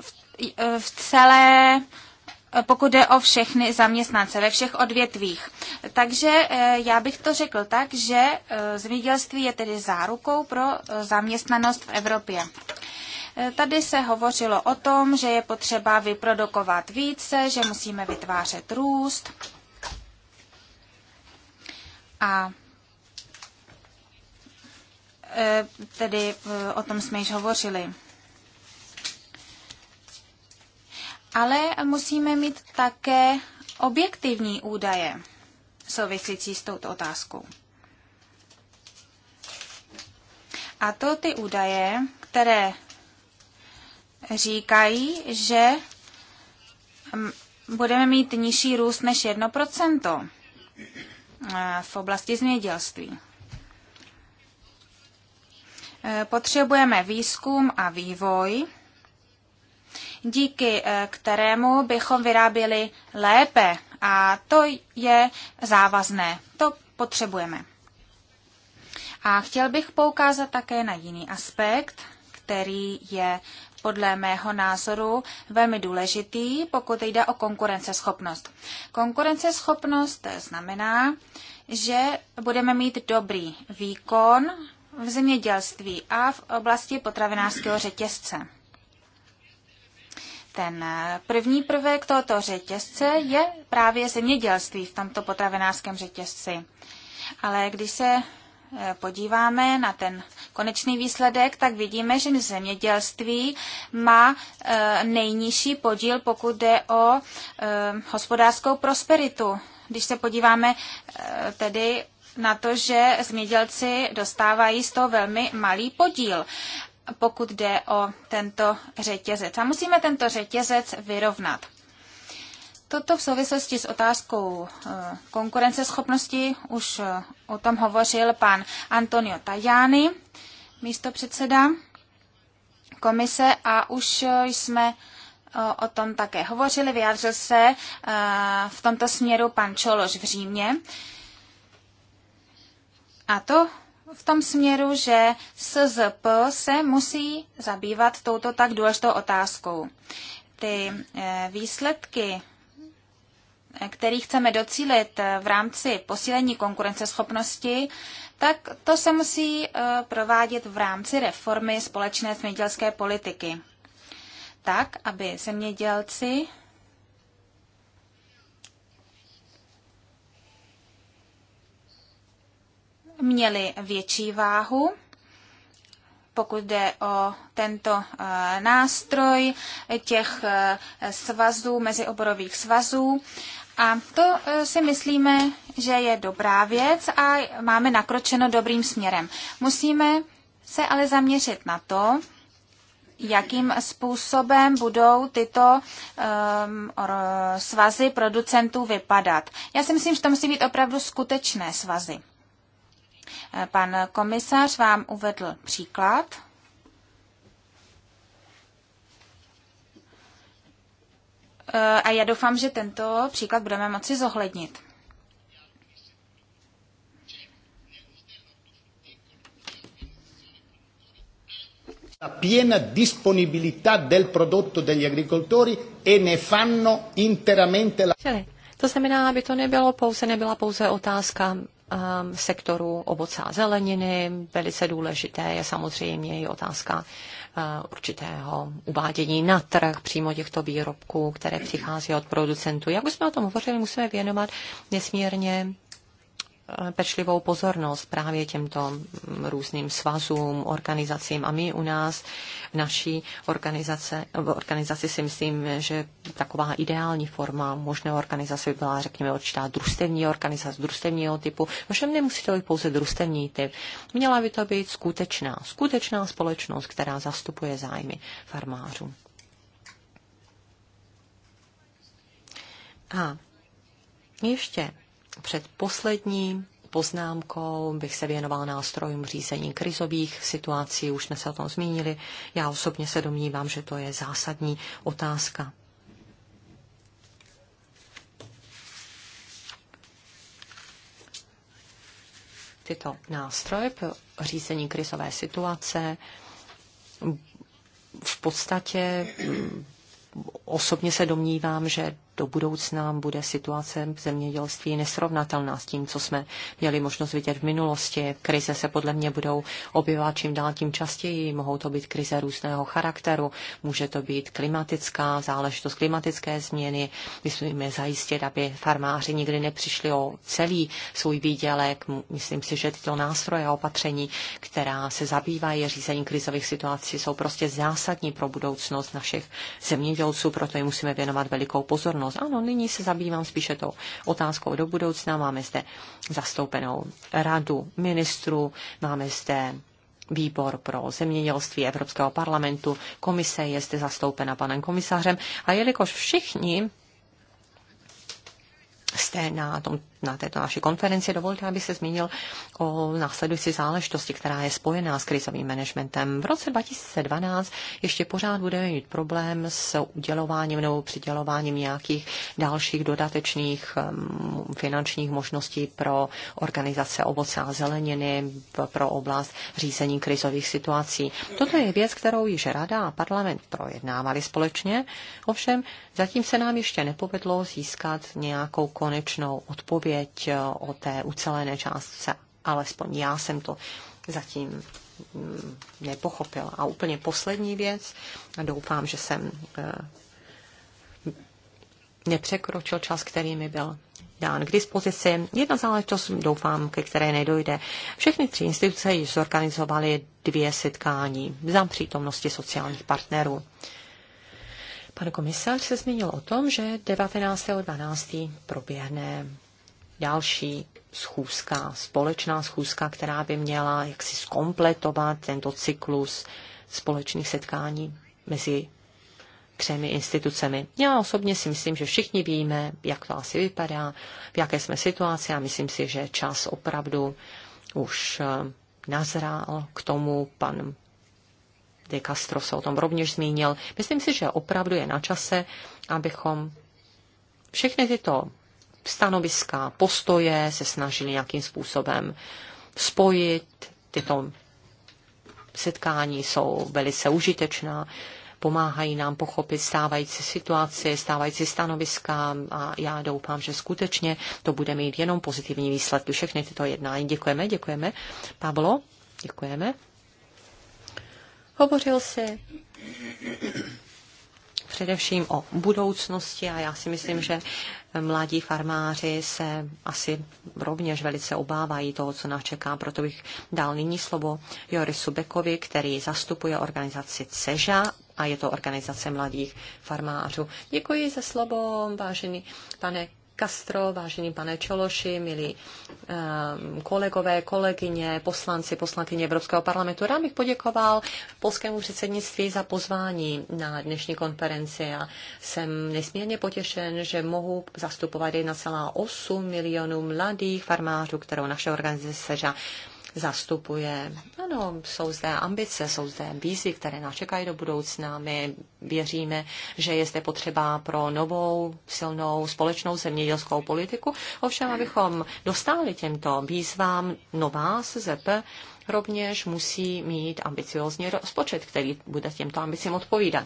[SPEAKER 2] v, eh, v celé pokud jde o všechny zaměstnance ve všech odvětvích. Takže eh, já bych to řekl tak, že eh, zemědělství je tedy zárukou pro eh, zaměstnanost v Evropě. Tady se hovořilo o tom, že je potřeba vyprodukovat více, že musíme vytvářet růst. A tedy o tom jsme již hovořili. ale musíme mít také objektivní údaje souvisící s touto otázkou. A to ty údaje, které říkají, že mm, budeme mít nižší růst než 1% eh, v oblasti zemědělství. Eh, potřebujeme výzkum a vývoj, díky eh, kterému bychom vyráběli lépe. A to je závazné. To potřebujeme. A chtěl bych poukázat také na jiný aspekt, který je podle mého názoru velmi důležitý, pokud jde o konkurenceschopnost. Konkurenceschopnost znamená, že budeme mít dobrý výkon v zemědělství a v oblasti potravinářského řetězce. Ten první prvek tohoto řetězce je právě zemědělství v tomto potravinářském řetězci. Ale když se e, podíváme na ten konečný výsledek, tak vidíme, že zemědělství má e, nejnižší podíl, pokud jde o e, hospodářskou prosperitu. Když se podíváme tedy na to, že zemědělci dostávají z toho velmi malý podíl pokud jde o tento řetězec. A musíme tento řetězec vyrovnat. Toto v souvislosti s otázkou eh, konkurenceschopnosti už eh, o tom hovořil pan Antonio Tajani, místo předseda komise a už eh, jsme o tom také hovořili, vyjádřil se v tomto směru pan Čološ v Římě. A to v tom směru, že SZP se musí zabývat touto tak důležitou otázkou. Ty eh, výsledky, eh, které chceme docílit eh, v rámci posílení konkurenceschopnosti, tak to se musí provádět v rámci reformy společné zemědělské politiky. Tak, aby zemědělci měly větší váhu pokud jde o tento eh, nástroj těch eh, svazů, mezioborových svazů. A to eh, si myslíme, že je dobrá věc a máme nakročeno dobrým směrem. Musíme se ale zaměřit na to, jakým způsobem budou tyto um, svazy producentů vypadat. Já si myslím, že to musí být opravdu skutečné svazy. Pan komisař vám uvedl příklad. Eh, a já doufám, že tento příklad budeme moci zohlednit.
[SPEAKER 1] la piena disponibilità del prodotto degli agricoltori e ne fanno
[SPEAKER 3] interamente la...
[SPEAKER 4] to znamená, aby to nebylo pouze, nebyla pouze otázka Um, sektoru ovoce a zeleniny. Velice důležité je samozřejmě i otázka uh, určitého uvádění na trh přímo těchto výrobků, které přichází od producentů. Jak už jsme o tom hovořili, musíme věnovat nesmírně pečlivou pozornost právě těmto různým svazům, organizacím. A my u nás v naší organizace, v organizaci si myslím, že taková ideální forma možné organizace by byla, řekněme, určitá družstevní organizace, družstevního typu. Ovšem nemusí to být pouze družstevní typ. Měla by to být skutečná, skutečná společnost, která zastupuje zájmy farmářů. A ještě před posledním poznámkou bych se věnoval nástrojům řízení krizových situací, už jsme se o tom zmínili. Já osobně se domnívám, že to je zásadní otázka. Tyto nástroje pro řízení krizové situace v podstatě osobně se domnívám, že do budoucna bude situace v zemědělství nesrovnatelná s tím, co jsme měli možnost vidět v minulosti. Krize se podle mě budou objevovat čím dál tím častěji. Mohou to být krize různého charakteru, může to být klimatická záležitost, klimatické změny. Myslím, že zajistit, aby farmáři nikdy nepřišli o celý svůj výdělek. Myslím si, že tyto nástroje a opatření, která se zabývají řízení krizových situací, jsou prostě zásadní pro budoucnost našich zemědělců, pro proto jim musíme věnovat velikou pozornost. Ano, nyní se zabývám spíše tou otázkou do budoucna. Máme zde zastoupenou radu ministrů, máme zde výbor pro zemědělství Evropského parlamentu, komise je zde zastoupena panem komisařem a jelikož všichni jste na tom na této naší konferenci. Dovolte, aby se zmínil o následující záležitosti, která je spojená s krizovým managementem. V roce 2012 ještě pořád budeme mít problém s udělováním nebo přidělováním nějakých dalších dodatečných finančních možností pro organizace ovoce a zeleniny, pro oblast řízení krizových situací. Toto je věc, kterou již Rada a parlament projednávali společně, ovšem zatím se nám ještě nepovedlo získat nějakou konečnou odpověď odpověď eh, o té ucelené částce. Alespoň já jsem to zatím mm, nepochopil. A úplně poslední věc, a doufám, že jsem eh, nepřekročil čas, který mi byl dán k dispozici. Jedna záležitost, doufám, ke které nedojde. Všechny tři instituce již zorganizovaly dvě setkání za přítomnosti sociálních partnerů. Pan komisař se zmínil o tom, že 19.12. proběhne další schůzka, společná schůzka, která by měla jaksi skompletovat tento cyklus společných setkání mezi třemi institucemi. Já osobně si myslím, že všichni víme, jak to asi vypadá, v jaké jsme situaci a myslím si, že čas opravdu už eh, nazrál k tomu. Pan De Castro se o tom rovněž zmínil. Myslím si, že opravdu je na čase, abychom všechny tyto stanoviska, postoje se snažili nějakým způsobem spojit. Tyto setkání jsou velice užitečná, pomáhají nám pochopit stávající situaci, stávající stanoviska a já doufám, že skutečně to bude mít jenom pozitivní výsledky. Všechny tyto jednání. Děkujeme, děkujeme. Pablo, děkujeme. Hovořil jsi především o budoucnosti a já si myslím, že mladí farmáři se asi rovněž velice obávají toho, co nás čeká, proto bych dal nyní slovo Jorisu Bekovi, který zastupuje organizaci CEŽA a je to organizace mladých farmářů. Děkuji za slovo, vážený pane Castro, vážený pane Čološi, milí ehm, kolegové, kolegyně, poslanci, poslankyně Evropského parlamentu. Rád bych poděkoval polskému předsednictví za pozvání na dnešní konferenci a jsem nesmírně potěšen, že mohu zastupovat 1,8 milionů mladých farmářů, kterou naše organizace zastupuje. Ano, jsou zde ambice, jsou zde výzvy, které nás čekají do budoucna. My věříme, že je zde potřeba pro novou silnou společnou zemědělskou politiku. Ovšem, abychom dostali těmto výzvám nová SZP, rovněž musí mít ambiciózní rozpočet, který bude těmto ambicím odpovídat.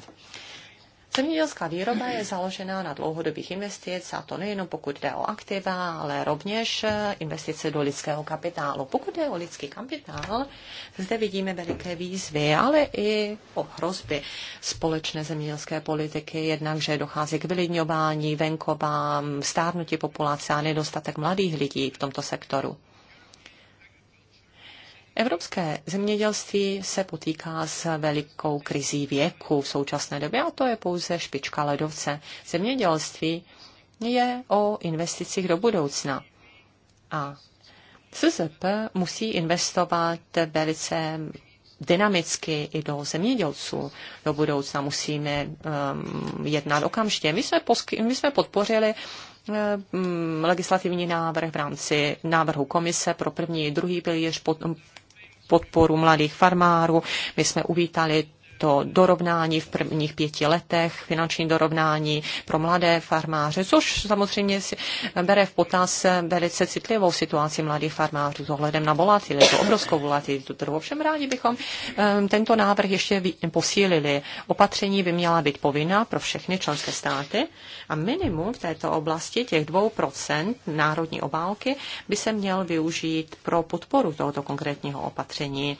[SPEAKER 4] Zemědělská výroba je založená na dlouhodobých investic, a to nejenom pokud jde o aktiva, ale rovněž eh, investice do lidského kapitálu. Pokud jde o lidský kapitál, zde vidíme veliké výzvy, ale i o hrozby společné zemědělské politiky, jednakže dochází k vylidňování venkovám, stárnutí populace a nedostatek mladých lidí v tomto sektoru. Evropské zemědělství se potýká s velikou krizí věku v současné době a to je pouze špička ledovce. Zemědělství je o investicích do budoucna. A CZP musí investovat velice dynamicky i do zemědělců do budoucna. Musíme um, jednat okamžitě. My jsme, posky, my jsme podpořili um, legislativní návrh v rámci návrhu komise pro první i druhý pilíř, podporu mladých farmářů. My jsme uvítali to dorovnání v prvních pěti letech, finanční dorovnání pro mladé farmáře, což samozřejmě si bere v potaz velice citlivou situaci mladých farmářů s ohledem na volatilitu, obrovskou volatilitu trhu. Ovšem rádi bychom tento návrh ještě posílili. Opatření by měla být povinná pro všechny členské státy a minimum v této oblasti těch 2% národní obálky by se měl využít pro podporu tohoto konkrétního opatření.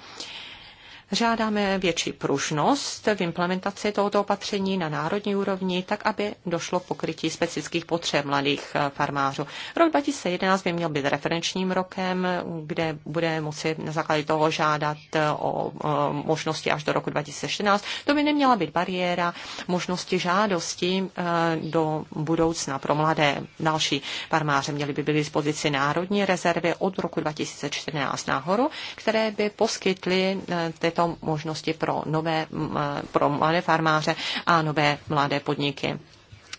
[SPEAKER 4] Žádáme větší pružnost v implementaci tohoto opatření na národní úrovni, tak aby došlo k pokrytí specifických potřeb mladých farmářů. Rok 2011 by měl být referenčním rokem, kde bude moci na základě toho žádat o možnosti až do roku 2016. To by neměla být bariéra možnosti žádosti eh, do budoucna pro mladé další farmáře. Měly by být dispozici národní rezervy od roku 2014 nahoru, které by poskytly eh, to možnosti pro nové, pro mladé farmáře a nové mladé podniky.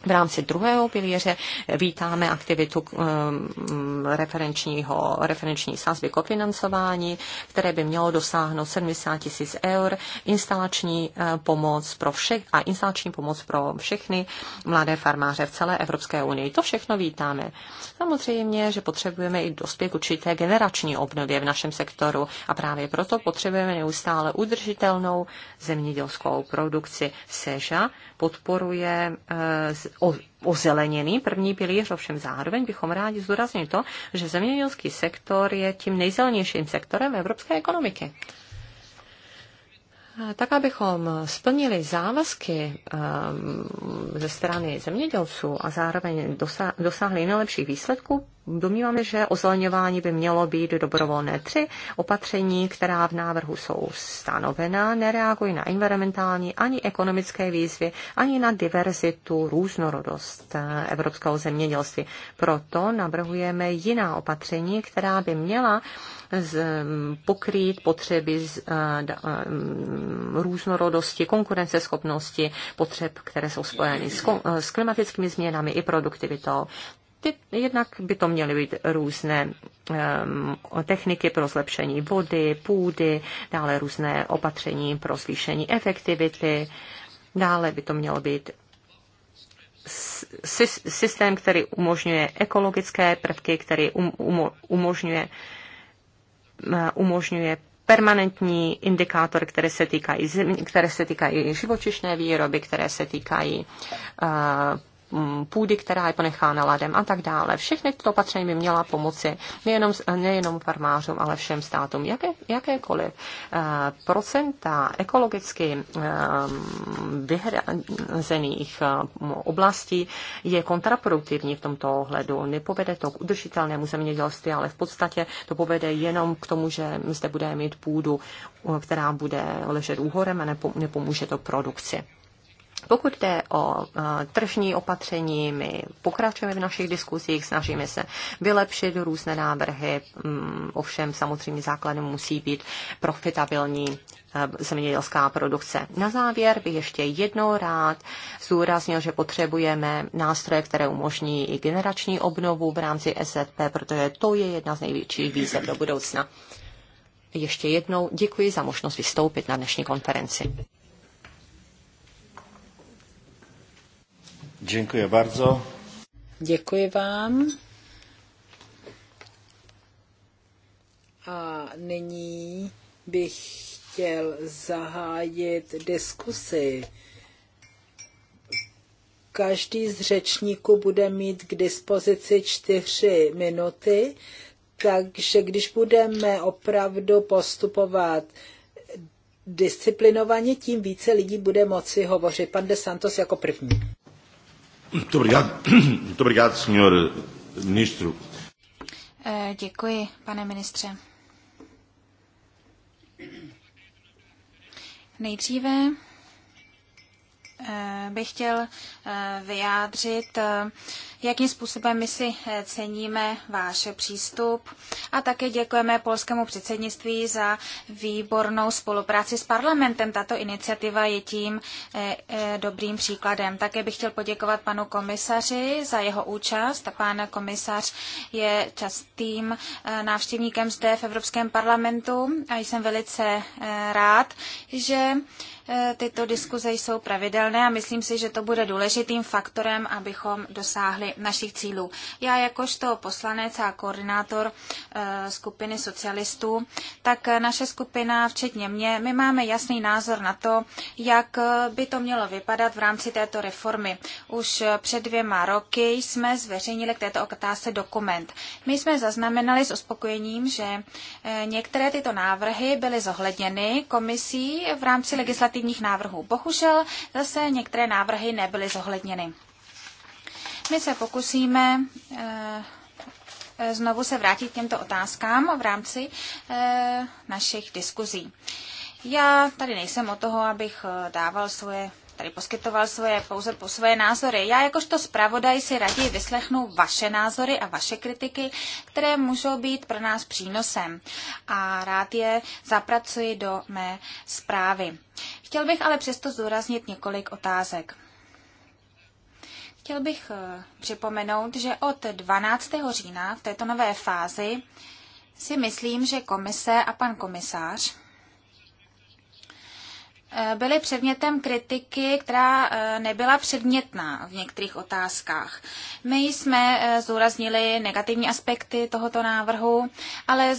[SPEAKER 4] V rámci druhého pilíře vítáme aktivitu eh, mm, referenčního, referenční sázby kofinancování, které by mělo dosáhnout 70 tisíc eur, instalační eh, pomoc pro všech a instalační pomoc pro všechny mladé farmáře v celé Evropské unii. To všechno vítáme. Samozřejmě, že potřebujeme i dospět určité generační obnově v našem sektoru a právě proto potřebujeme neustále udržitelnou zemědělskou produkci. Seža podporuje eh, O ozeleněný první pilíř, ovšem zároveň bychom rádi zdůraznili to, že zemědělský sektor je tím nejzelenějším sektorem evropské ekonomiky. Tak, abychom splnili závazky ehm, ze strany zemědělců a zároveň dosáhli nejlepších výsledků, domníváme, že ozelňování by mělo být dobrovolné. Tři opatření, která v návrhu jsou stanovená, nereagují na environmentální ani ekonomické výzvy, ani na diverzitu, různorodost eh, evropského zemědělství. Proto navrhujeme jiná opatření, která by měla Mm, pokrýt potřeby z mm, různorodosti, konkurenceschopnosti, potřeb, které jsou spojeny s klimatickými změnami i produktivitou. Ty, jednak by to měly být různé um, techniky pro zlepšení vody, půdy, dále různé opatření pro zvýšení efektivity, dále by to mělo být systém, který umožňuje ekologické prvky, který um, umožňuje Eh, umožňuje permanentní indikátory, které se týkají, které se týkají živočišné výroby, které se týkají uh, Mm, půdy, která je ponechána ladem a tak dále. Všechny tyto opatření by měla pomoci nejenom, nejenom farmářům, ale všem státům. Jaké, jakékoliv eh, procenta ekologicky eh, vyhrazených eh, oblastí je kontraproduktivní v tomto ohledu. Nepovede to k udržitelnému zemědělství, ale v podstatě to povede jenom k tomu, že zde budeme mít půdu, která bude ležet úhorem a nepomůže to produkci. Pokud jde o eh, tržní opatření, my pokračujeme v našich diskuzích, snažíme se vylepšit různé návrhy, mm, ovšem samozřejmě základem musí být profitabilní eh, zemědělská produkce. Na závěr bych ještě jednou rád zúraznil, že potřebujeme nástroje, které umožní i generační obnovu v rámci SZP, protože to je jedna z největších výzev do budoucna. Ještě jednou děkuji za možnost vystoupit na dnešní konferenci.
[SPEAKER 1] Děkuji bardzo.
[SPEAKER 3] Děkuji vám. A nyní bych chtěl zahájit diskusi. Každý z řečníků bude mít k dispozici čtyři minuty, takže když budeme opravdu postupovat disciplinovaně, tím více lidí bude moci hovořit. Pan De Santos jako první.
[SPEAKER 1] Muito obrigado. Muito obrigado, senhor eh, ministro.
[SPEAKER 2] Eh, děkuji, pane ministře. Nejdříve eh, bych chtěl vyjádřit jakým způsobem my si eh, ceníme váš přístup a také děkujeme polskému předsednictví za výbornou spolupráci s parlamentem. Tato iniciativa je tím eh, eh, dobrým příkladem. Také bych chtěl poděkovat panu komisaři za jeho účast. Pán komisař je častým návštěvníkem zde v Evropském parlamentu a jsem velice rád, že tyto diskuze jsou pravidelné a myslím si, že to bude důležitým faktorem, abychom dosáhli dosáhli našich cílů. Já jakožto poslanec a koordinátor eh, skupiny socialistů, tak naše skupina, včetně mě, my máme jasný názor na to, jak eh, by to mělo vypadat v rámci této reformy. Už eh, před dvěma roky jsme zveřejnili k této otázce dokument. My jsme zaznamenali s uspokojením, že některé tyto návrhy byly zohledněny komisí v rámci legislativních návrhů. Bohužel zase některé návrhy nebyly zohledněny. My se pokusíme eh, znovu se vrátit k těmto otázkám v rámci eh, našich diskuzí. Já tady nejsem o toho, abych eh, dával svoje tady poskytoval svoje pouze po svoje názory. Já jakožto zpravodaj si raději vyslechnu vaše názory a vaše kritiky, které můžou být pro nás přínosem a rád je zapracuji do mé zprávy. Chtěl bych ale přesto zdůraznit několik otázek. Chtěl bych eh, připomenout, že od 12. října v této nové fázi si myslím, že komise a pan komisář Eh, byly předmětem kritiky, která eh, nebyla předmětná v některých otázkách. My jsme eh, zúraznili negativní aspekty tohoto návrhu, ale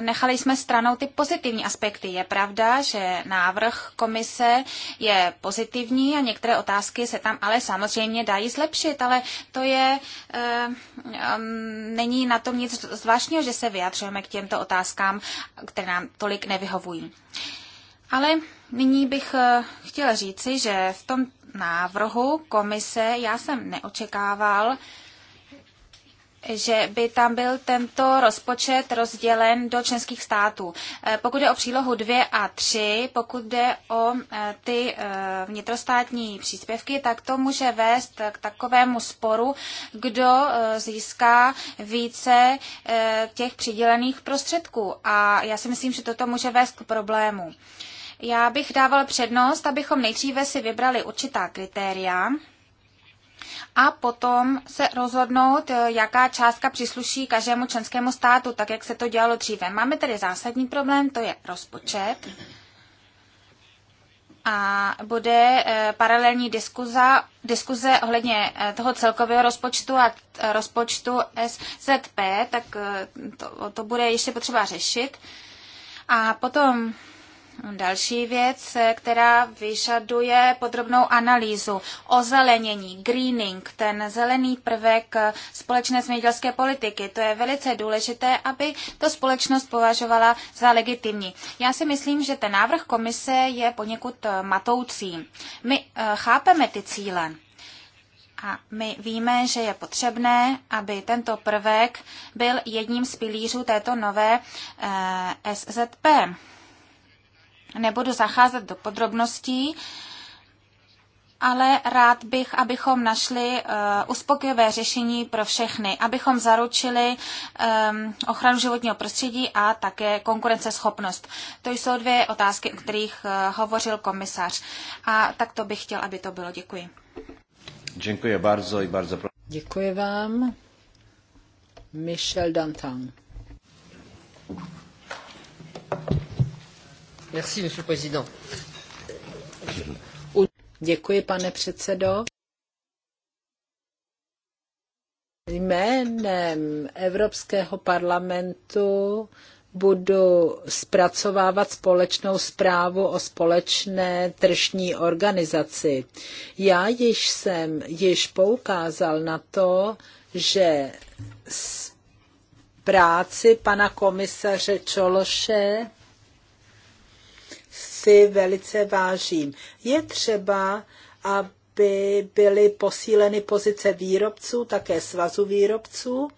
[SPEAKER 2] nechali jsme stranou ty pozitivní aspekty. Je pravda, že návrh komise je pozitivní a některé otázky se tam ale samozřejmě dají zlepšit, ale to je, mm, není na tom nic zvláštního, že se vyjadřujeme k těmto otázkám, které nám tolik nevyhovují. Ale nyní bych eh, chtěla říci, že v tom návrhu komise já jsem neočekával, že by tam byl tento rozpočet rozdělen do členských států. Eh, pokud je o přílohu 2 a 3, pokud jde o eh, ty vnitrostátní příspěvky, tak to může vést k takovému sporu, kdo získá více těch přidělených prostředků. A já si myslím, že toto může vést k problému. Já bych dával přednost, abychom nejdříve si vybrali určitá kritéria a potom se rozhodnout, eh, jaká částka přísluší každému členskému státu, tak jak se to dělalo dříve. Máme tedy zásadní problém, to je rozpočet a bude eh, paralelní diskuza, diskuze ohledně eh, toho celkového rozpočtu a rozpočtu SZP, tak to, to bude ještě potřeba řešit. A potom Další věc, která vyžaduje podrobnou analýzu. o zelenění, greening, ten zelený prvek společné zemědělské politiky. To je velice důležité, aby to společnost považovala za legitimní. Já si myslím, že ten návrh komise je poněkud eh, matoucí. My eh, chápeme ty cíle. A my víme, že je potřebné, aby tento prvek byl jedním z pilířů této nové eh, SZP. Nebudu zacházet do podrobností, ale rád bych, abychom našli eh, uspokojivé řešení pro všechny, abychom zaručili ehm, ochranu životního prostředí a také konkurenceschopnost. To jsou dvě otázky, o kterých eh, hovořil komisař. A tak to bych chtěl, aby to bylo. Děkuji.
[SPEAKER 1] Děkuji bardzo i bardzo.
[SPEAKER 2] Děkuji vám. Michel Dantan.
[SPEAKER 3] Děkuji, pane předsedo. Jménem Evropského parlamentu budu zpracovávat společnou zprávu o společné tržní organizaci. Já již jsem již poukázal na to, že práci pana komisaře Čološe si velice vážím. Je třeba, aby byly posíleny pozice výrobců, také svazu výrobců,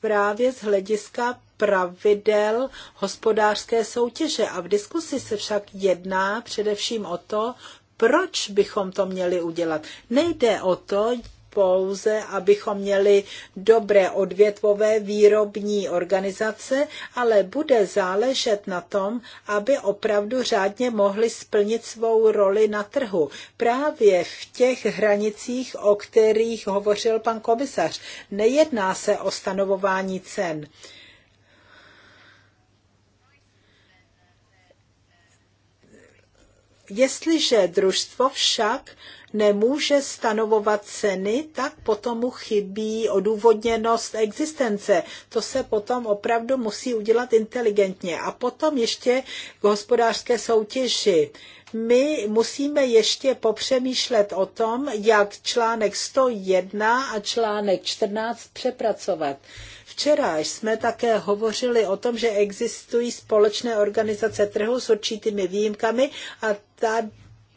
[SPEAKER 3] právě z hlediska pravidel hospodářské soutěže. A v diskusi se však jedná především o to, proč bychom to měli udělat. Nejde o to, pouze, abychom měli dobré odvětvové výrobní organizace, ale bude záležet na tom, aby opravdu řádně mohli splnit svou roli na trhu. Právě v těch hranicích, o kterých hovořil pan komisař, nejedná se o stanovování cen. Jestliže družstvo však nemůže stanovovat ceny, tak potom mu chybí odůvodněnost existence. To se potom opravdu musí udělat inteligentně. A potom ještě k hospodářské soutěži my musíme ještě popřemýšlet o tom, jak článek 101 a článek 14 přepracovat. Včera jsme také hovořili o tom, že existují společné organizace trhu s určitými výjimkami a tady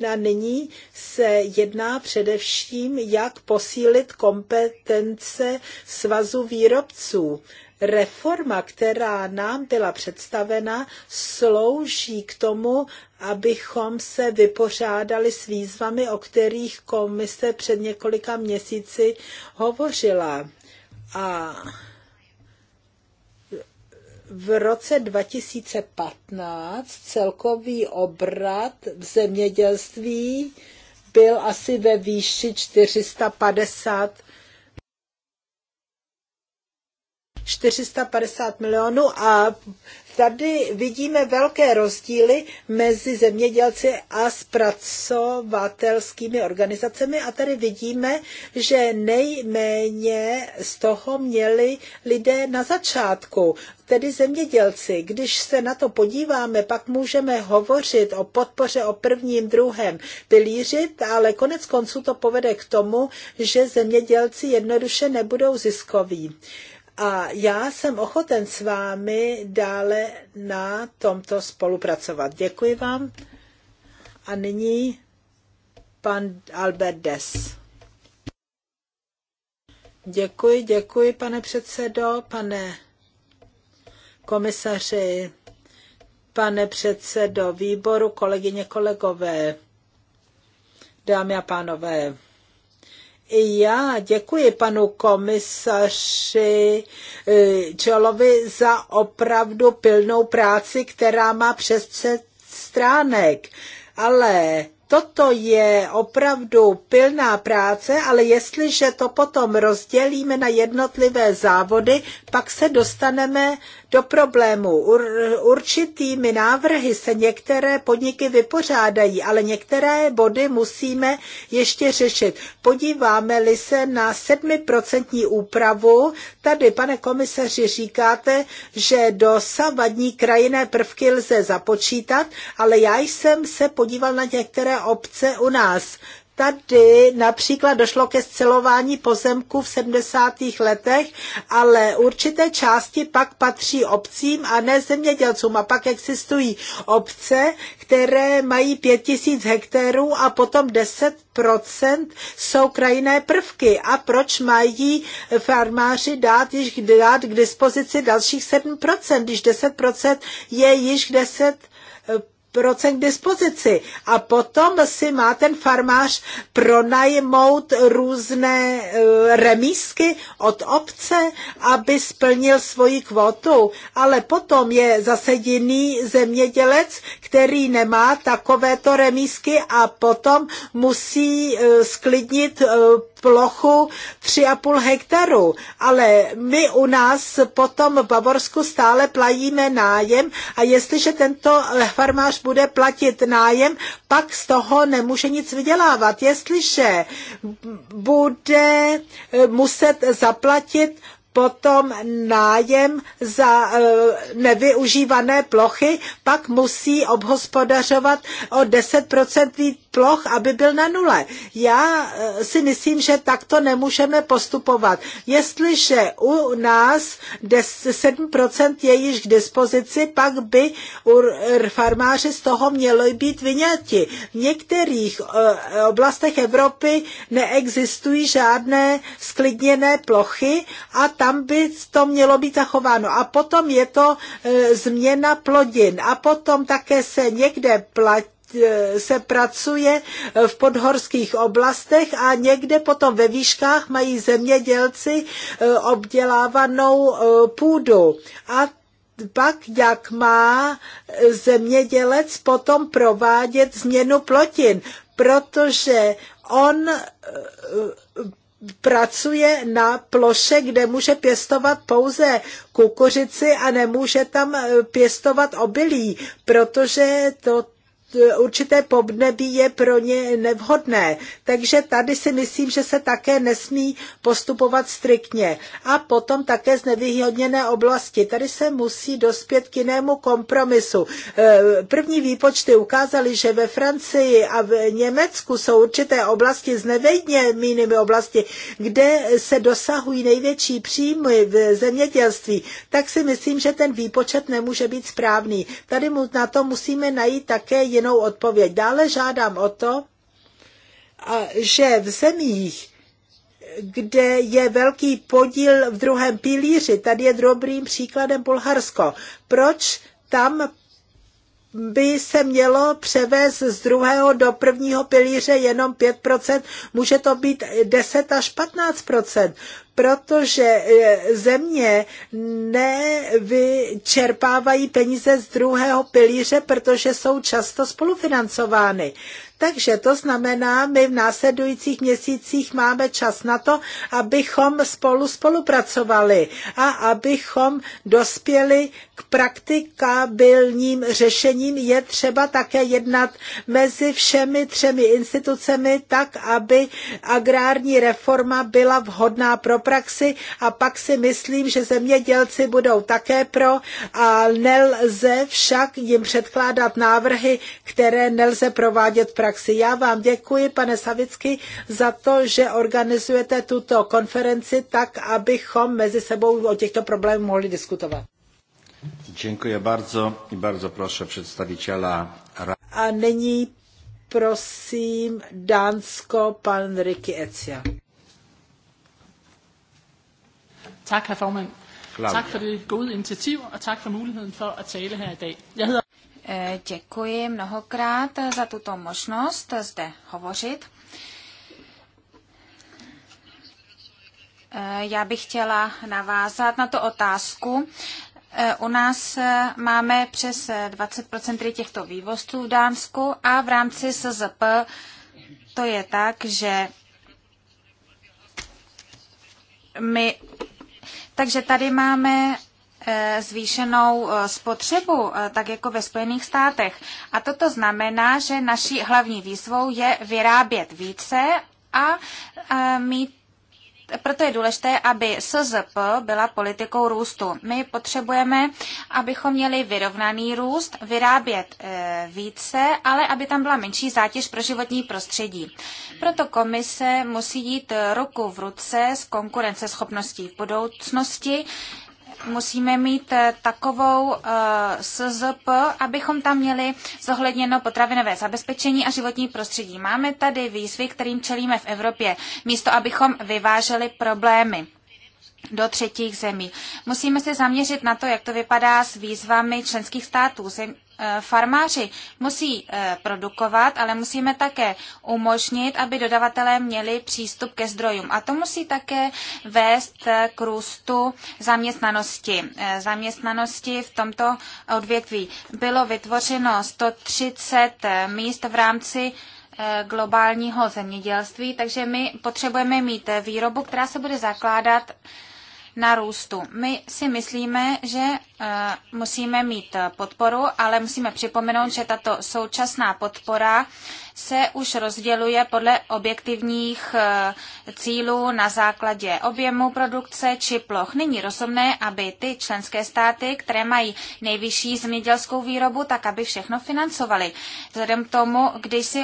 [SPEAKER 3] a nyní se jedná především, jak posílit kompetence svazu výrobců. Reforma, která nám byla představena, slouží k tomu, abychom se vypořádali s výzvami, o kterých komise před několika měsíci hovořila. A v roce 2015 celkový obrat v zemědělství byl asi ve výši 450 450 milionů a tady vidíme velké rozdíly mezi zemědělci a zpracovatelskými organizacemi a tady vidíme, že nejméně z toho měli lidé na začátku, tedy zemědělci. Když se na to podíváme, pak můžeme hovořit o podpoře o prvním, druhém pilíři, ale konec konců to povede k tomu, že zemědělci jednoduše nebudou ziskoví a já jsem ochoten s vámi dále na tomto spolupracovat. Děkuji vám. A nyní pan Albert Des. Děkuji, děkuji, pane předsedo, pane komisaři, pane předsedo výboru, kolegyně, kolegové, dámy a pánové já děkuji panu komisaři eh, Čelovi za opravdu pilnou práci, která má přes 100 stránek, ale toto je opravdu pilná práce, ale jestliže to potom rozdělíme na jednotlivé závody, pak se dostaneme do problému. Určitými návrhy se některé podniky vypořádají, ale některé body musíme ještě řešit. Podíváme-li se na 7% úpravu, tady, pane komisaři, říkáte, že do savadní krajiné prvky lze započítat, ale já jsem se podíval na některé obce u nás Tady například došlo ke scelování pozemků v 70. letech, ale určité části pak patří obcím a ne zemědělcům. A pak existují obce, které mají 5000 hektarů a potom 10 procent jsou krajinné prvky a proč mají farmáři dát již dát k dispozici dalších 7%, když 10% je již 10 procent k dispozici. A potom si má ten farmář pronajmout různé eh, remísky od obce, aby splnil svoji kvotu. Ale potom je zase jiný zemědělec, který nemá takovéto remísky a potom musí eh, sklidnit eh, plochu 3,5 hektaru, ale my u nás potom v Bavorsku stále platíme nájem a jestliže tento eh, farmář bude platit nájem, pak z toho nemůže nic vydělávat. Jestliže bude eh, muset zaplatit potom nájem za eh, nevyužívané plochy, pak musí obhospodařovat o 10% ploch, aby byl na nule. Já eh, si myslím, že takto nemůžeme postupovat. Jestliže u nás 7% je již k dispozici, pak by farmáři z toho měli být vyňati. V některých eh, oblastech Evropy neexistují žádné sklidněné plochy a tam by to mělo být zachováno. A potom je to eh, změna plodin a potom také se někde platí Eh, se pracuje v podhorských oblastech a někde potom ve výškách mají zemědělci eh, obdělávanou eh, půdu. A pak, jak má zemědělec potom provádět změnu plotin, protože on pracuje na ploše, kde může pěstovat pouze kukuřici a nemůže tam pěstovat obilí, protože to určité podnebí je pro ně nevhodné. Takže tady si myslím, že se také nesmí postupovat striktně. A potom také z nevyhodněné oblasti. Tady se musí dospět k jinému kompromisu. E, první výpočty ukázaly, že ve Francii a v Německu jsou určité oblasti s nevyhodněnými oblasti, kde se dosahují největší příjmy v zemědělství, tak si myslím, že ten výpočet nemůže být správný. Tady na to musíme najít také jiné jinou odpověď. Dále žádám o to, že v zemích, kde je velký podíl v druhém pilíři, tady je dobrým příkladem Bulharsko. Proč tam by se mělo převést z druhého do prvního pilíře jenom 5%, může to být 10 až 15%, protože e, země nevyčerpávají peníze z druhého pilíře, protože jsou často spolufinancovány. Takže to znamená, my v následujících měsících máme čas na to, abychom spolu spolupracovali a abychom dospěli praktikabilním řešením je třeba také jednat mezi všemi třemi institucemi tak, aby agrární reforma byla vhodná pro praxi a pak si myslím, že zemědělci budou také pro a nelze však jim předkládat návrhy, které nelze provádět v praxi. Já vám děkuji, pane Savicky, za to, že organizujete tuto konferenci tak, abychom mezi sebou o těchto problémech mohli diskutovat.
[SPEAKER 1] Děkuji bardzo i bardzo proszę
[SPEAKER 3] A nyní prosím Dánsko, pan Ricky Ecia.
[SPEAKER 2] Tak, herr formand. Tak for det gode initiativ, og tak for muligheden for at tale her i dag. Jeg hedder... Eh, děkuji mnohokrát za tuto možnost zde hovořit. Eh, já bych chtěla navázat na tu otázku, E, u nás e, máme přes 20% těchto vývozců v Dánsku a v rámci SZP to je tak, že my, takže tady máme e, zvýšenou spotřebu, tak jako ve Spojených státech. A toto znamená, že naší hlavní výzvou je vyrábět více a mít proto je důležité, aby SZP byla politikou růstu. My potřebujeme, abychom měli vyrovnaný růst, vyrábět eh, více, ale aby tam byla menší zátěž pro životní prostředí. Proto komise musí jít ruku v ruce s konkurenceschopností v budoucnosti, musíme mít eh, takovou eh, SZP, abychom tam měli zohledněno potravinové zabezpečení a životní prostředí. Máme tady výzvy, kterým čelíme v Evropě, místo abychom vyváželi problémy do třetích zemí. Musíme se zaměřit na to, jak to vypadá s výzvami členských států, zem, Eh, farmáři musí eh, produkovat, ale musíme také umožnit, aby dodavatelé měli přístup ke zdrojům. A to musí také vést eh, k růstu zaměstnanosti. Zaměstnanosti v tomto odvětví bylo vytvořeno 130 míst v rámci globálního zemědělství, takže my potřebujeme mít výrobu, která se bude zakládat na růstu. My si myslíme, že Eh, musíme mít eh, podporu, ale musíme připomenout, že tato současná podpora se už rozděluje podle objektivních eh, cílů na základě objemu produkce či ploch. Není rozumné, aby ty členské státy, které mají nejvyšší zemědělskou výrobu, tak aby všechno financovaly. Vzhledem k tomu, když si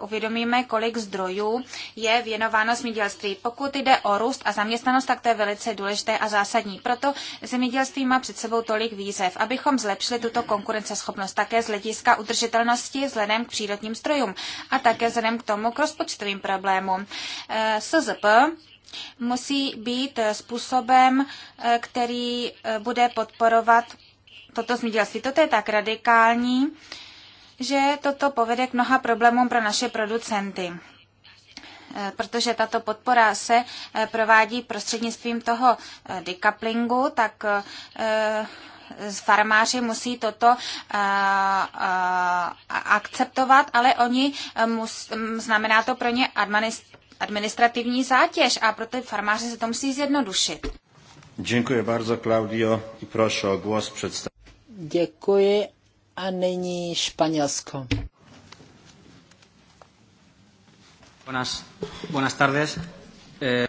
[SPEAKER 2] uvědomíme, kolik zdrojů je věnováno zemědělství. Pokud jde o růst a zaměstnanost, tak to je velice důležité a zásadní. Proto zemědělství má před sebou to tolik výzev, abychom zlepšili tuto konkurenceschopnost také z hlediska udržitelnosti vzhledem k přírodním strojům a také vzhledem k tomu k rozpočtovým problémům. Eh, SZP musí být způsobem, eh, který eh, bude podporovat toto zemědělství. Toto je tak radikální, že toto povede k mnoha problémům pro naše producenty. Eh, protože tato podpora se eh, provádí prostřednictvím toho eh, decouplingu, tak farmáři musí toto akceptovat, ale oni, mus, mm, znamená to pro ně administrativní zátěž a pro ty se to musí zjednodušit.
[SPEAKER 1] Děkuji bardzo, Claudio, i prosím o głos představit.
[SPEAKER 3] Děkuji a nyní Španělsko.
[SPEAKER 1] Buenas, buenas tardes. Eh,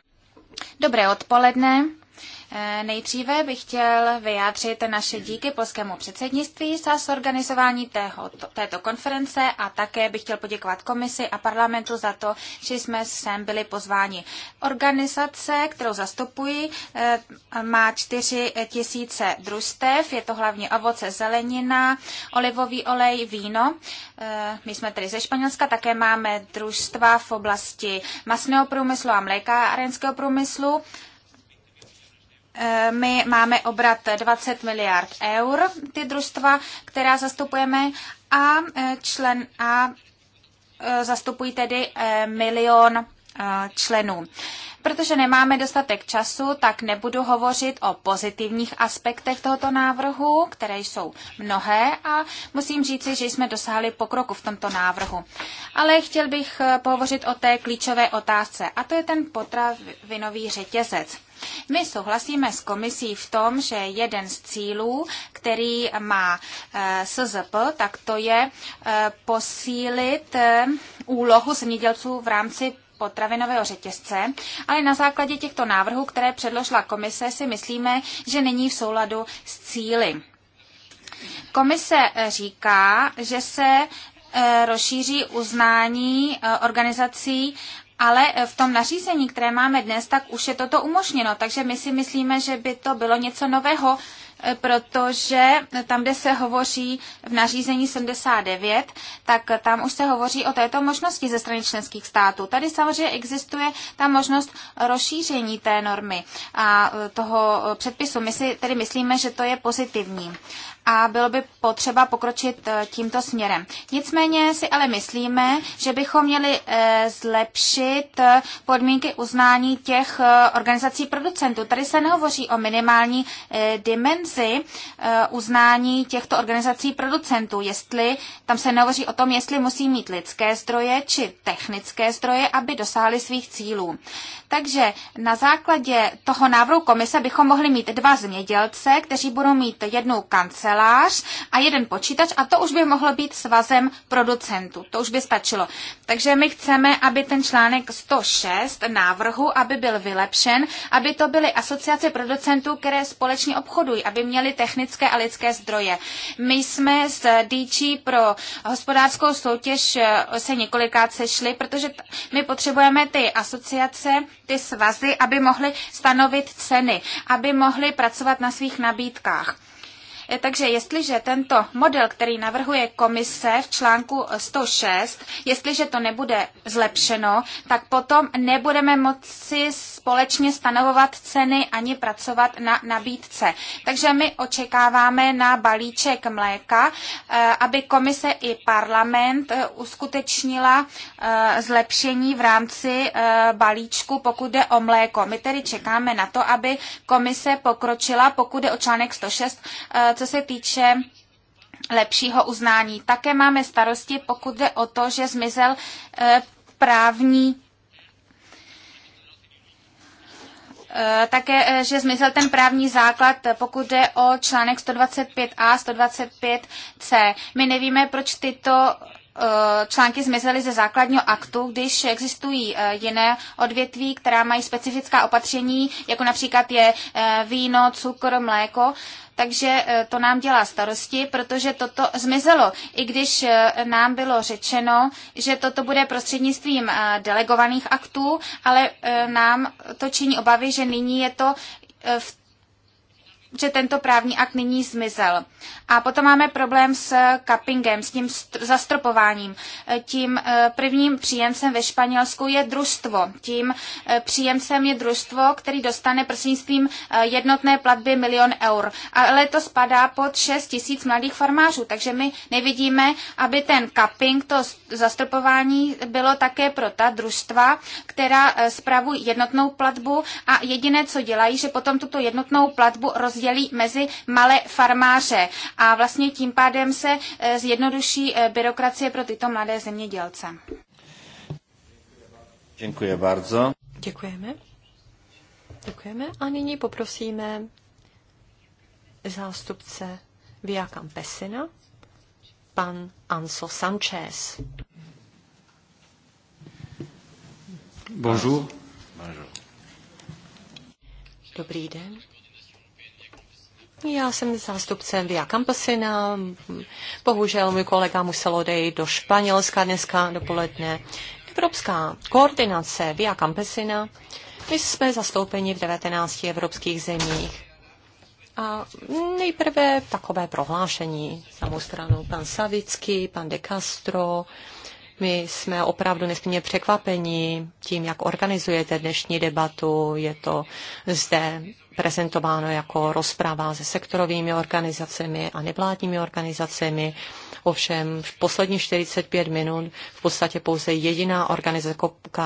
[SPEAKER 2] Dobré odpoledne. Eh, nejdříve bych chtěl vyjádřit naše díky polskému předsednictví za zorganizování to, této konference a také bych chtěl poděkovat komisi a parlamentu za to, že jsme sem byli pozváni. Organizace, kterou zastupuji, eh, má 4 tisíce družstev, je to hlavně ovoce, zelenina, olivový olej, víno. Eh, my jsme tedy ze Španělska, také máme družstva v oblasti masného průmyslu a mlékárenského průmyslu Eh, my máme obrat 20 miliard eur, ty družstva, která zastupujeme, a eh, člen a eh, zastupují tedy milion členů. Protože nemáme dostatek času, tak nebudu hovořit o pozitivních aspektech tohoto návrhu, které jsou mnohé a musím říci, že jsme dosáhli pokroku v tomto návrhu. Ale chtěl bych pohovořit o té klíčové otázce a to je ten potravinový řetězec. My souhlasíme s komisí v tom, že jeden z cílů, který má eh, SZP, tak to je eh, posílit eh, úlohu zemědělců v rámci potravinového řetězce, ale na základě těchto návrhů, které předložila komise, si myslíme, že není v souladu s cíly. Komise říká, že se rozšíří uznání organizací ale eh, v tom nařízení, které máme dnes, tak už je toto umožněno. Takže my si myslíme, že by to bylo něco nového, eh, protože tam, kde se hovoří v nařízení 79, tak tam už se hovoří o této možnosti ze strany členských států. Tady samozřejmě existuje ta možnost rozšíření té normy a eh, toho předpisu. My si tedy myslíme, že to je pozitivní a bylo by potřeba pokročit eh, tímto směrem. Nicméně si ale myslíme, že bychom měli eh, zlepšit eh, podmínky uznání těch organizací producentů. Tady se nehovoří o minimální dimenzi uznání těchto organizací producentů. Jestli, tam se nehovoří o tom, jestli musí mít lidské zdroje či technické zdroje, aby dosáhli svých cílů. Takže na základě toho návrhu komise bychom mohli mít dva zemědělce, kteří budou mít jednu kancel kancelář a jeden počítač a to už by mohlo být svazem producentů. To už by stačilo. Takže my chceme, aby ten článek 106 návrhu, aby byl vylepšen, aby to byly asociace producentů, které společně obchodují, aby měly technické a lidské zdroje. My jsme s DG pro hospodářskou soutěž eh, se několikrát sešli, protože my potřebujeme ty asociace, ty svazy, aby mohly stanovit ceny, aby mohly pracovat na svých nabídkách. Eh, takže jestliže tento model, který navrhuje komise v článku 106, jestliže to nebude zlepšeno, tak potom nebudeme moci společně stanovovat ceny ani pracovat na nabídce. Takže my očekáváme na balíček mléka, eh, aby komise i parlament eh, uskutečnila eh, zlepšení v rámci balíčku, pokud jde o mléko. My tedy čekáme na to, aby komise pokročila, pokud jde o článek 106, co se týče lepšího uznání. Také máme starosti, pokud jde o to, že zmizel právní Eh, také, eh, že zmizel ten právní základ, eh, pokud jde o článek 125a, 125c. My nevíme, proč tyto Eh, články zmizely ze základního aktu, když existují eh, jiné odvětví, která mají specifická opatření, jako například je eh, víno, cukr, mléko, takže to nám dělá starosti, protože toto zmizelo. I když nám bylo řečeno, že toto bude prostřednictvím delegovaných aktů, ale nám to činí obavy, že nyní je to v že tento právní akt nyní zmizel. A potom máme problém s cuppingem, s tím zastropováním. E, tím e, prvním příjemcem ve Španělsku je družstvo. Tím e, příjemcem je družstvo, který dostane prostřednictvím jednotné platby milion eur. Ale to spadá pod 6 tisíc mladých farmářů, takže my nevidíme, aby ten cupping, to zastropování bylo také pro ta družstva, která spravují jednotnou platbu a jediné, co dělají, že potom tuto jednotnou platbu roz rozdělí mezi malé farmáře a vlastně tím pádem se eh, zjednoduší eh, byrokracie pro tyto mladé zemědělce.
[SPEAKER 1] Děkuji bardzo.
[SPEAKER 4] Děkujeme. Děkujeme a nyní poprosíme zástupce Via Campesina, pan Anso Sanchez.
[SPEAKER 1] Bonjour. Bonjour. Dobrý den.
[SPEAKER 4] Já jsem zástupcem Via Campesina. Bohužel můj kolega musel odejít do Španělska dneska dopoledne. Evropská koordinace Via Campesina. My jsme zastoupeni v 19 evropských zemích. A nejprve takové prohlášení samou stranu pan Savický, pan De Castro. My jsme opravdu nesmírně překvapeni tím, jak organizujete dnešní debatu. Je to zde prezentováno jako rozprava se sektorovými organizacemi a nevládními organizacemi. Ovšem v posledních 45 minut v podstatě pouze jediná organizace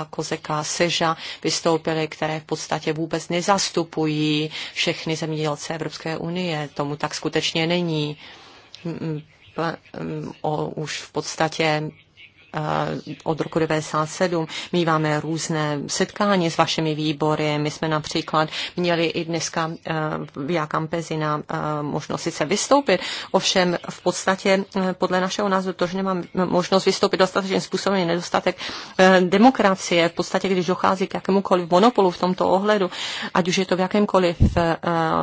[SPEAKER 4] Kozeka, Seža vystoupily, které v podstatě vůbec nezastupují všechny zemědělce Evropské unie. Tomu tak skutečně není. O, už v podstatě Eh, od roku 1997. Míváme různé setkání s vašimi výbory. My jsme například měli i dneska eh, Via na eh, možnost sice vystoupit, ovšem v podstatě podle našeho názoru to, že nemám možnost vystoupit dostatečným způsobem, je nedostatek demokracie. V podstatě, když dochází k jakémukoliv monopolu v tomto ohledu, ať už je to v jakémkoliv,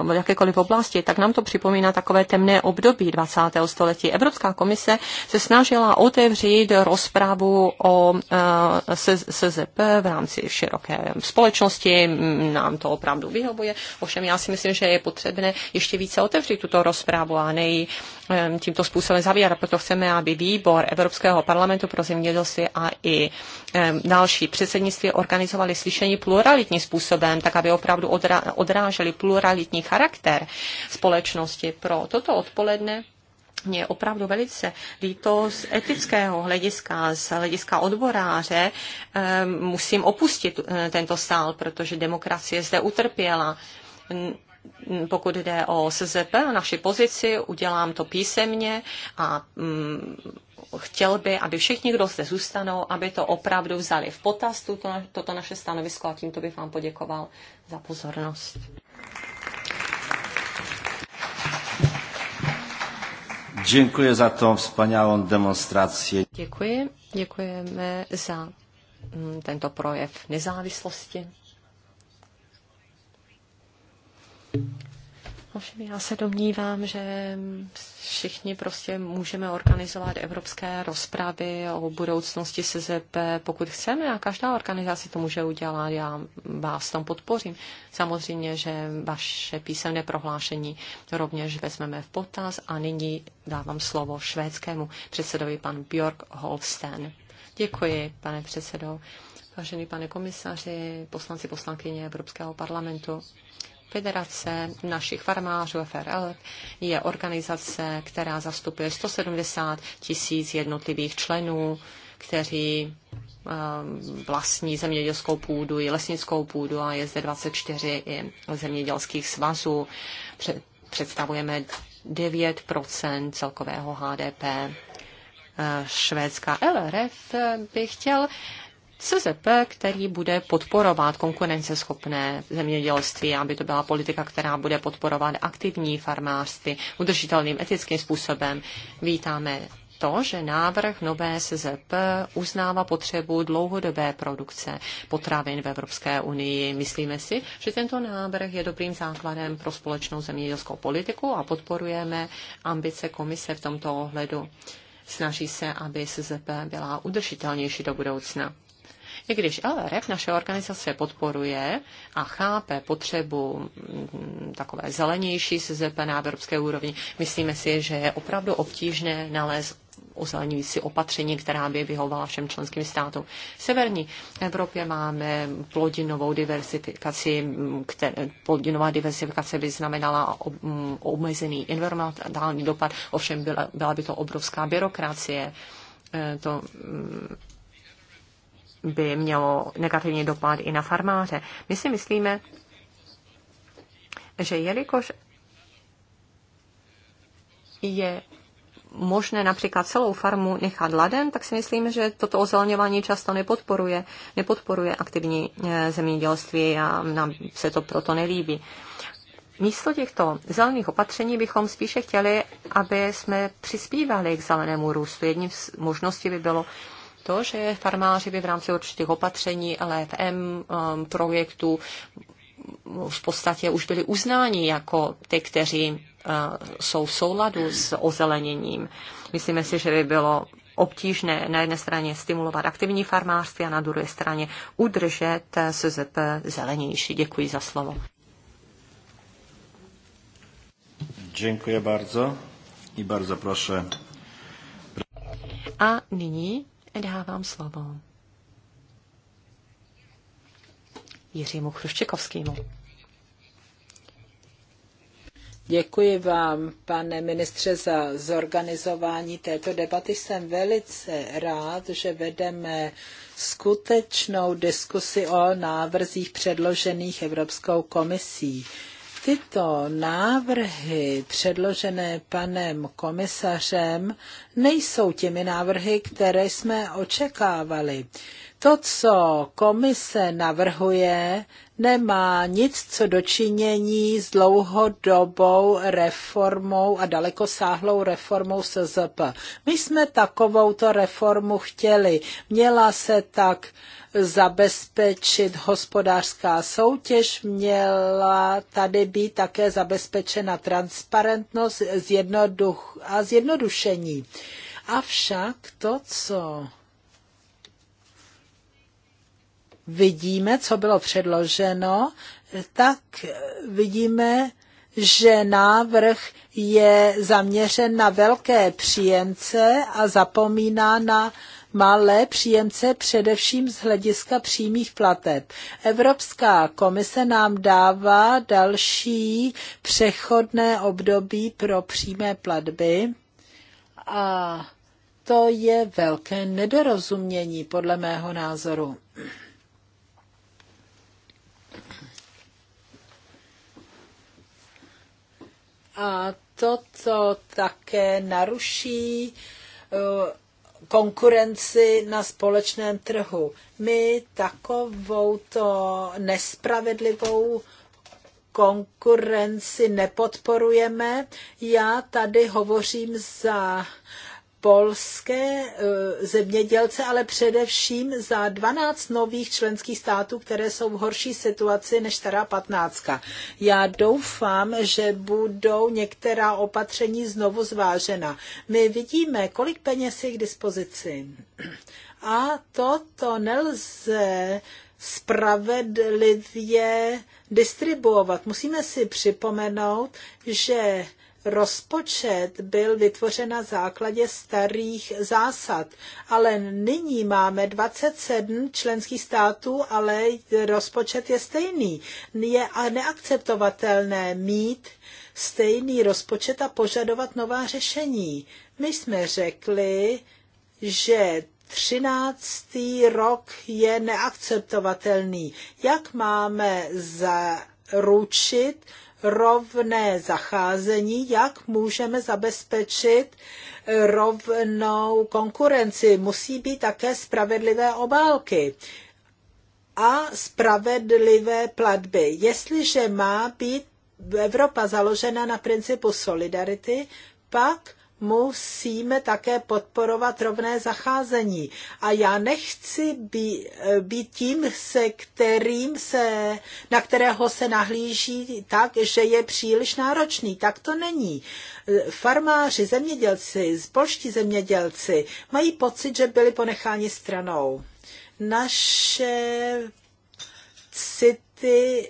[SPEAKER 4] v jakékoliv oblasti, tak nám to připomíná takové temné období 20. století. Evropská komise se snažila otevřít rozpět zprávu o eh, SZP v rámci široké společnosti. Nám to opravdu vyhovuje. Ovšem já si myslím, že je potřebné ještě více otevřít tuto rozprávu a nej eh, tímto způsobem zavírat. Proto chceme, aby výbor Evropského parlamentu pro zemědělství a i eh, další předsednictví organizovali slyšení pluralitním způsobem, tak aby opravdu odráželi pluralitní charakter společnosti pro toto odpoledne mě opravdu velice líto z etického hlediska, z hlediska odboráře, eh, musím opustit eh, tento sál, protože demokracie zde utrpěla pokud jde o SZP a naši pozici, udělám to písemně a mm, chtěl by, aby všichni, kdo zde zůstanou, aby to opravdu vzali v potaz, toto naše stanovisko a tímto bych vám poděkoval za pozornost.
[SPEAKER 1] Děkuji za tą wspaniałą demonstraci.
[SPEAKER 4] Děkuji. Děkujeme za mm, tento projev nezávislosti. Ovšem já se domnívám, že všichni prostě můžeme organizovat evropské rozpravy o budoucnosti SZP, pokud chceme, a každá organizace to může udělat, já vás tam podpořím. Samozřejmě, že vaše písemné prohlášení rovněž vezmeme v potaz a nyní dávám slovo švédskému předsedovi pan Björk Holsten. Děkuji, pane předsedo. Vážený pane komisaři, poslanci, poslankyně Evropského parlamentu, Federace našich farmářů FRL je organizace, která zastupuje 170 tisíc jednotlivých členů, kteří um, vlastní zemědělskou půdu i lesnickou půdu a je zde 24 i zemědělských svazů. Představujeme 9 celkového HDP eh, Švédská LRF eh, by chtěl CZP, který bude podporovat konkurenceschopné zemědělství, aby to byla politika, která bude podporovat aktivní farmářství udržitelným etickým způsobem. Vítáme to, že návrh nové SZP uznává potřebu dlouhodobé produkce potravin v Evropské unii. Myslíme si, že tento návrh je dobrým základem pro společnou zemědělskou politiku a podporujeme ambice komise v tomto ohledu. Snaží se, aby SZP byla udržitelnější do budoucna. I když LRF e naše organizace podporuje a chápe potřebu mm, takové zelenější SZP na evropské úrovni, myslíme si, že je opravdu obtížné nalézt ozeleňující opatření, která by vyhovala všem členským státům. V severní Evropě máme plodinovou diversifikaci, mm, které, plodinová diversifikace by znamenala mm, omezený environmentální dopad, ovšem byla, byla by to obrovská byrokracie, e, to by mělo negativní dopad i na farmáře. My si myslíme, že jelikož je možné například celou farmu nechat laden, tak si myslím, že toto ozelňování často nepodporuje, nepodporuje aktivní eh, zemědělství a nám se to proto nelíbí. Místo těchto zelených opatření bychom spíše chtěli, aby jsme přispívali k zelenému růstu. Jedním z možností by bylo to, že farmáři by v rámci určitých opatření LFM um, projektu v podstatě už byli uznáni jako ty, kteří uh, jsou v souladu s ozeleněním. Myslíme si, že by bylo obtížné na jedné straně stimulovat aktivní farmářství a na druhé straně udržet eh, SZP zelenější. Děkuji za slovo.
[SPEAKER 1] Děkuji bardzo i bardzo proszę.
[SPEAKER 4] A nyní dávám slovo Jiřímu Chruščekovskému.
[SPEAKER 3] Děkuji vám, pane ministře, za zorganizování této debaty. Jsem velice rád, že vedeme skutečnou diskusi o návrzích předložených Evropskou komisí tyto návrhy předložené panem komisařem nejsou těmi návrhy, které jsme očekávali. To, co komise navrhuje, nemá nic co dočinění s dlouhodobou reformou a dalekosáhlou reformou SZP. My jsme takovouto reformu chtěli. Měla se tak zabezpečit hospodářská soutěž, měla tady být také zabezpečena transparentnost a zjednodušení. Avšak to, co vidíme, co bylo předloženo, tak vidíme, že návrh je zaměřen na velké příjemce a zapomíná na malé příjemce především z hlediska přímých plateb. Evropská komise nám dává další přechodné období pro přímé platby a to je velké nedorozumění podle mého názoru. A toto také naruší eh, konkurenci na společném trhu. My takovou to nespravedlivou konkurenci nepodporujeme. Já tady hovořím za polské eh, zemědělce, ale především za 12 nových členských států, které jsou v horší situaci než stará patnáctka. Já doufám, že budou některá opatření znovu zvážena. My vidíme, kolik peněz je k dispozici. A toto nelze spravedlivě distribuovat. Musíme si připomenout, že Rozpočet byl vytvořen na základě starých zásad, ale nyní máme 27 členských států, ale rozpočet je stejný. Je neakceptovatelné mít stejný rozpočet a požadovat nová řešení. My jsme řekli, že 13. rok je neakceptovatelný. Jak máme zaručit rovné zacházení, jak můžeme zabezpečit rovnou konkurenci. Musí být také spravedlivé obálky a spravedlivé platby. Jestliže má být Evropa založena na principu solidarity, pak musíme také podporovat rovné zacházení. A já nechci být, e, být tím, se kterým se, na kterého se nahlíží tak, že je příliš náročný. Tak to není. E, farmáři, zemědělci, polští zemědělci mají pocit, že byli ponecháni stranou. Naše city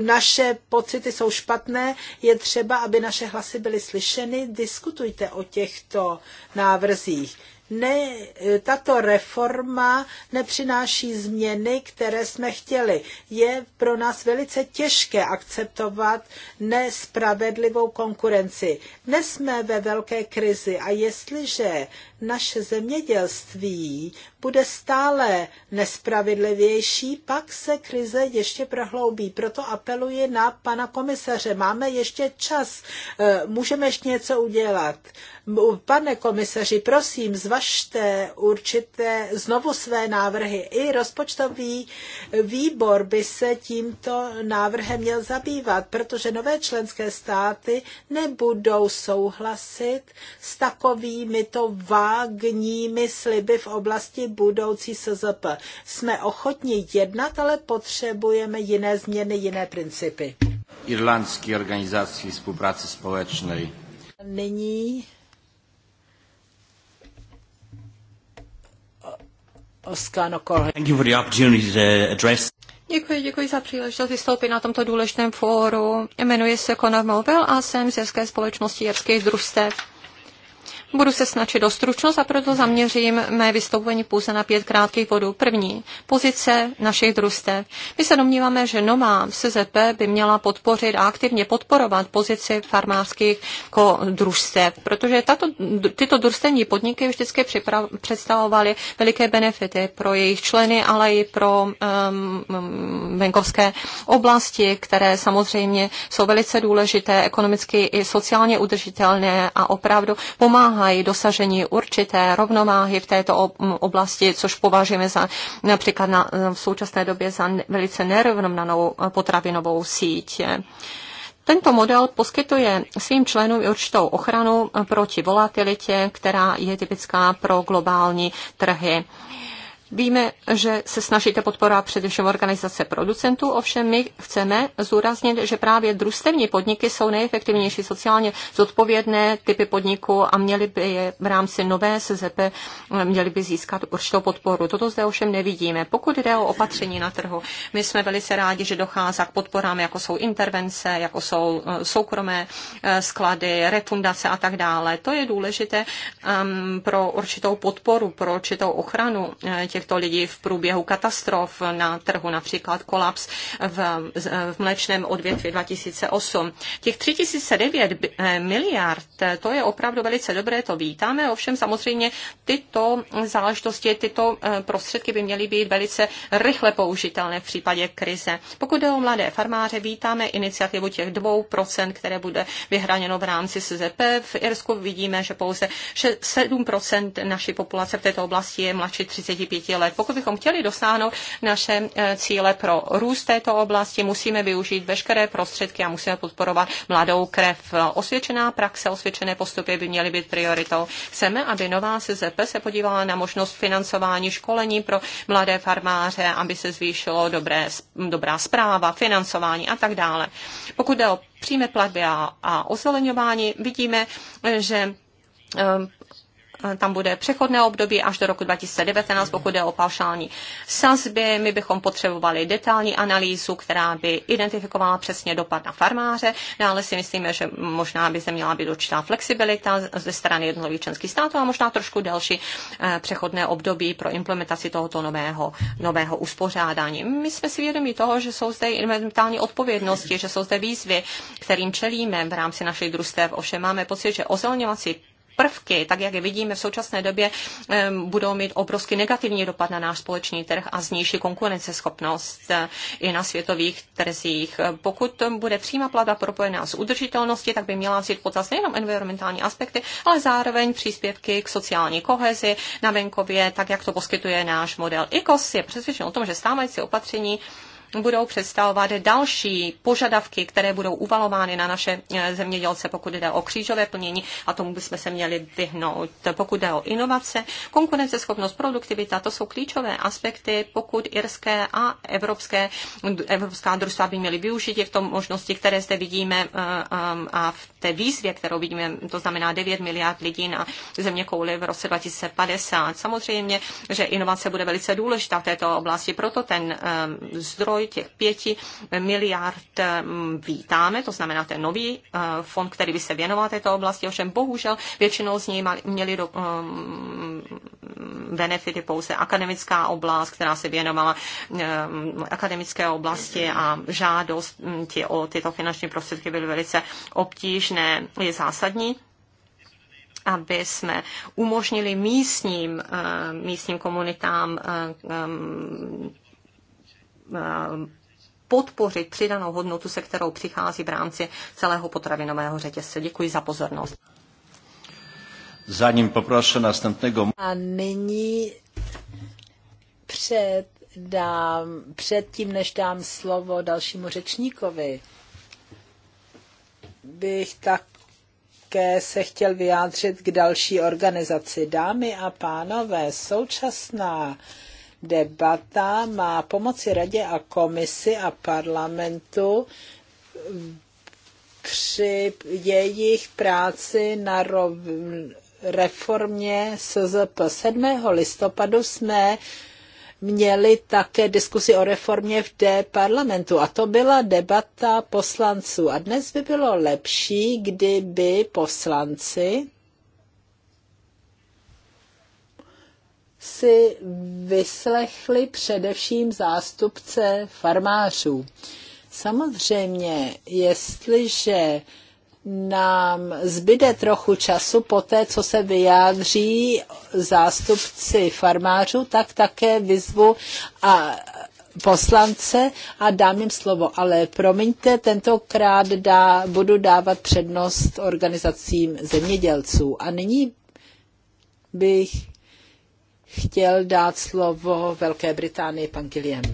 [SPEAKER 3] naše pocity jsou špatné, je třeba, aby naše hlasy byly slyšeny. Diskutujte o těchto návrzích. Ne, tato reforma nepřináší změny, které jsme chtěli. Je pro nás velice těžké akceptovat nespravedlivou konkurenci. Dnes jsme ve velké krizi a jestliže naše zemědělství bude stále nespravedlivější, pak se krize ještě prohloubí. Proto apeluji na pana komisaře. Máme ještě čas, eh, můžeme ještě něco udělat. Pane komisaři, prosím, zvažte určité znovu své návrhy. I rozpočtový výbor by se tímto návrhem měl zabývat, protože nové členské státy nebudou souhlasit s takovými to vágními sliby v oblasti budoucí SZP. Jsme ochotni jednat, ale potřebujeme jiné změny, jiné principy.
[SPEAKER 1] Irlandské organizace spolupráce společné.
[SPEAKER 3] Nyní
[SPEAKER 1] eh,
[SPEAKER 4] Děkuji, děkuji za příležitost vystoupit na tomto důležitém fóru. Jmenuji se Conor Melville a jsem z Jirské společnosti Jerských družstev. Budu se snažit o stručnost a proto zaměřím mé vystoupení pouze na pět krátkých bodů. První, pozice našich družstev. My se domníváme, že nová CZP by měla podpořit a aktivně podporovat pozici farmářských družstev, protože tato, tyto družstevní podniky vždycky představovaly veliké benefity pro jejich členy, ale i pro um, um, venkovské oblasti, které samozřejmě jsou velice důležité, ekonomicky i sociálně udržitelné a opravdu pomáhají pomáhají dosažení určité rovnováhy v této oblasti, což považujeme za například na, v současné době za velice nerovnomnanou eh, potravinovou síť. Tento model poskytuje svým členům určitou ochranu eh, proti volatilitě, která je typická pro globální trhy. Víme, že se snažíte podporovat především organizace producentů, ovšem my chceme zúraznit, že právě družstevní podniky jsou nejefektivnější sociálně zodpovědné typy podniků a měly by je v rámci nové SZP eh, měly by získat určitou podporu. Toto zde ovšem nevidíme. Pokud jde o opatření na trhu, my jsme velice rádi, že dochází k podporám, jako jsou intervence, jako jsou eh, soukromé eh, sklady, refundace a tak dále. To je důležité ehm, pro určitou podporu, pro určitou ochranu těch těchto lidí v průběhu katastrof na trhu, například kolaps v, v mlečném odvětví 2008. Těch 3009 eh, miliard, to je opravdu velice dobré, to vítáme, ovšem samozřejmě tyto záležitosti, tyto eh, prostředky by měly být velice rychle použitelné v případě krize. Pokud jde o mladé farmáře, vítáme iniciativu těch 2%, které bude vyhraněno v rámci SZP. V Irsku vidíme, že pouze 7% naší populace v této oblasti je mladší 35 deseti let. Pokud bychom chtěli dosáhnout naše eh, cíle pro růst této oblasti, musíme využít veškeré prostředky a musíme podporovat mladou krev. Osvědčená praxe, osvědčené postupy by měly být prioritou. Chceme, aby nová SZP se podívala na možnost financování školení pro mladé farmáře, aby se zvýšilo dobré, dobrá zpráva, financování a tak dále. Pokud jde o přímé platby a, a ozeleňování, vidíme, eh, že eh, Eh, tam bude přechodné období až do roku 2019, pokud jde o paušální sazby. My bychom potřebovali detailní analýzu, která by identifikovala přesně dopad na farmáře. Dále si myslíme, že možná by se měla být určitá flexibilita ze strany jednotlivých členských států a možná trošku delší eh, přechodné období pro implementaci tohoto nového, nového uspořádání. My jsme si vědomi toho, že jsou zde inventální odpovědnosti, že jsou zde výzvy, kterým čelíme v rámci našich družstev. Ovšem máme pocit, že ozelňovací prvky, tak jak je vidíme v současné době, budou mít obrovský negativní dopad na náš společný trh a zníží konkurenceschopnost eh, i na světových trzích. Pokud bude přímá platba propojená s udržitelností, tak by měla vzít potaz nejenom environmentální aspekty, ale zároveň příspěvky k sociální kohezi na venkově, tak jak to poskytuje náš model IKOS Je přesvědčen o tom, že stávající opatření budou představovat další požadavky, které budou uvalovány na naše eh, zemědělce, pokud jde o křížové plnění a tomu bychom se měli vyhnout. Pokud jde o inovace, konkurenceschopnost, produktivita, to jsou klíčové aspekty, pokud irské a evropské, evropská družstva by měly využít tom možnosti, které zde vidíme eh, eh, a v té výzvě, kterou vidíme, to znamená 9 miliard lidí na země kouli v roce 2050. Samozřejmě, že inovace bude velice důležitá v této oblasti, proto ten ehm, zdroj těch 5 miliard ehm, vítáme, to znamená ten nový ehm, fond, který by se věnoval této oblasti, ovšem bohužel většinou z něj měli do, benefity pouze akademická oblast, která se věnovala akademické oblasti a žádosti hm, o tyto finanční prostředky byly velice obtížné obtížné, je zásadní, aby jsme umožnili místním, eh, místním komunitám eh, eh, podpořit přidanou hodnotu, se kterou přichází v rámci celého potravinového řetězce. Děkuji za pozornost.
[SPEAKER 1] Zaním poprosím następného.
[SPEAKER 3] A nyní před, dám, předtím, než dám slovo dalšímu řečníkovi, bych také se chtěl vyjádřit k další organizaci. Dámy a pánové, současná debata má pomoci radě a komisi a parlamentu při jejich práci na reformě SZP. 7. listopadu jsme měli také diskusi o reformě v D parlamentu a to byla debata poslanců. A dnes by bylo lepší, kdyby poslanci si vyslechli především zástupce farmářů. Samozřejmě, jestliže nám zbyde trochu času po té, co se vyjádří zástupci farmářů, tak také vyzvu a poslance a dám jim slovo. Ale promiňte, tentokrát dá, budu dávat přednost organizacím zemědělců. A nyní bych chtěl dát slovo Velké Británii, pan Killian.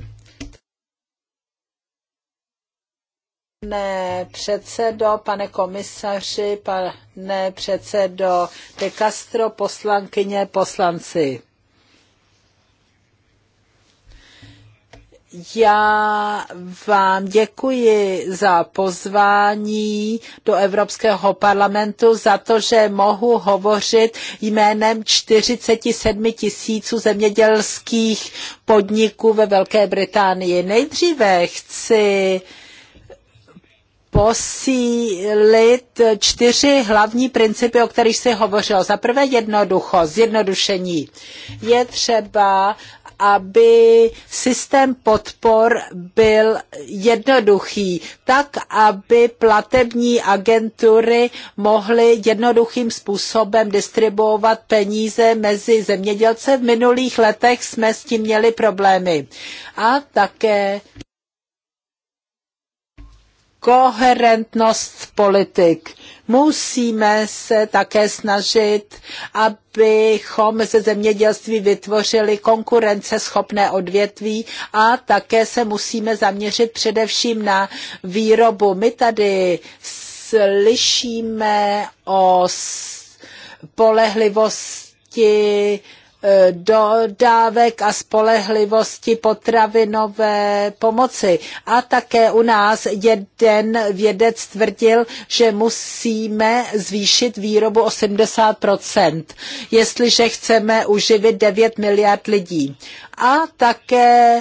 [SPEAKER 3] Pane předsedo, pane komisaři, pane předsedo De Castro, poslankyně, poslanci. Já vám děkuji za pozvání do Evropského parlamentu, za to, že mohu hovořit jménem 47 tisíců zemědělských podniků ve Velké Británii. Nejdříve chci uh, posílit čtyři hlavní principy, o kterých si hovořil. Za prvé jednoducho, zjednodušení. Je třeba, aby systém podpor byl jednoduchý, tak aby platební agentury mohly jednoduchým způsobem distribuovat peníze mezi zemědělce. V minulých letech jsme s tím měli problémy. A také koherentnost politik. Musíme se také snažit, abychom ze zemědělství vytvořili konkurenceschopné odvětví a také se musíme zaměřit především na výrobu. My tady slyšíme o spolehlivosti Eh, dodávek a spolehlivosti potravinové pomoci. A také u nás jeden vědec tvrdil, že musíme zvýšit výrobu o 70%, jestliže chceme uživit 9 miliard lidí. A také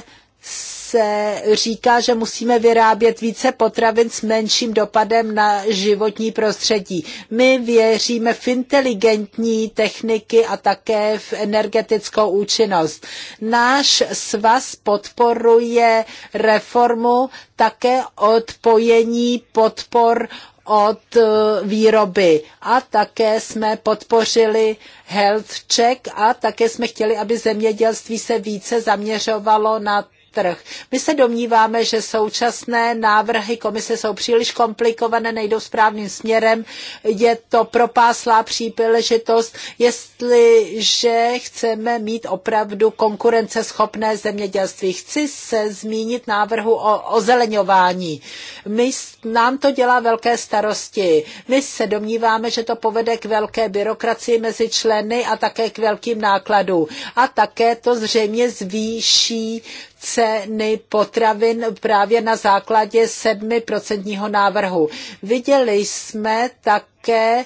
[SPEAKER 3] se říká, že musíme vyrábět více potravin s menším dopadem na životní prostředí. My věříme v inteligentní techniky a také v energetickou účinnost. Náš svaz podporuje reformu také odpojení podpor od e, výroby. A také jsme podpořili health check a také jsme chtěli, aby zemědělství se více zaměřovalo na trh. My se domníváme, že současné návrhy komise jsou příliš komplikované, nejdou správným směrem, je to propáslá příležitost, jestliže chceme mít opravdu konkurenceschopné zemědělství. Chci se zmínit návrhu o ozeleňování. My, nám to dělá velké starosti. My se domníváme, že to povede k velké byrokracii mezi členy a také k velkým nákladům. A také to zřejmě zvýší ceny potravin právě na základě 7% návrhu. Viděli jsme také,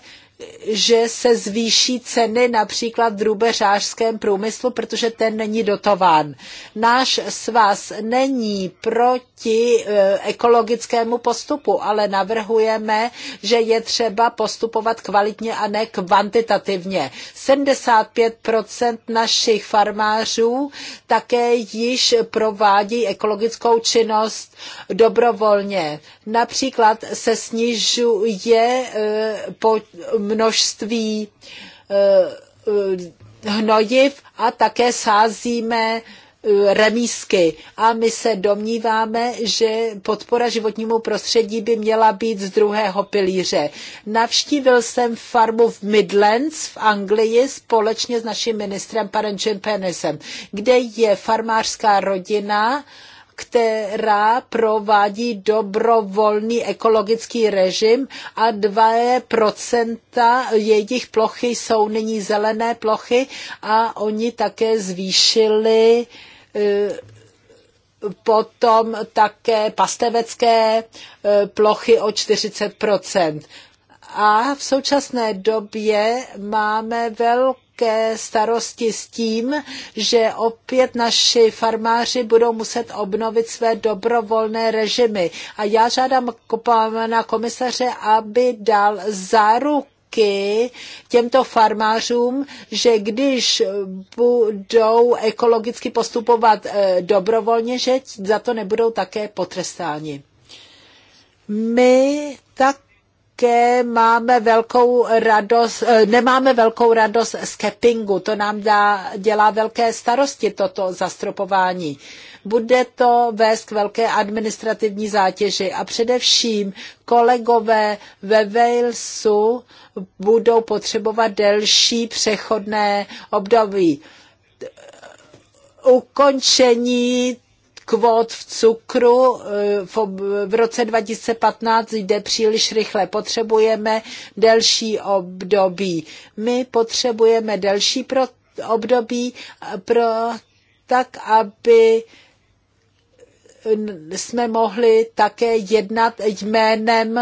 [SPEAKER 3] že se zvýší ceny například v drubeřářském průmyslu, protože ten není dotován. Náš svaz není proti proti e, ekologickému postupu, ale navrhujeme, že je třeba postupovat kvalitně a ne kvantitativně. 75% našich farmářů také již provádí ekologickou činnost dobrovolně. Například se snižuje e, po množství e, hnojiv a také sázíme E, remísky. A my se domníváme, že podpora životnímu prostředí by měla být z druhého pilíře. Navštívil jsem farmu v Midlands v Anglii společně s naším ministrem Jim Penisem, kde je farmářská rodina, která provádí dobrovolný ekologický režim a 2% jejich plochy jsou nyní zelené plochy a oni také zvýšili uh, E, potom také pastevecké e, plochy o 40 A v současné době máme velké starosti s tím, že opět naši farmáři budou muset obnovit své dobrovolné režimy. A já žádám pana komisaře, aby dal záruku, výjimky těmto farmářům, že když budou ekologicky postupovat eh, dobrovolně, že za to nebudou také potrestáni. My tak také máme velkou radost, eh, nemáme velkou radost z kepingu, to nám dá, dělá velké starosti toto zastropování. Bude to vést k velké administrativní zátěži a především kolegové ve Walesu budou potřebovat delší přechodné období. Ukončení kvót v cukru eh, v roce 2015 jde příliš rychle. Potřebujeme delší období. My potřebujeme delší období eh, pro tak, aby jsme mohli také jednat jménem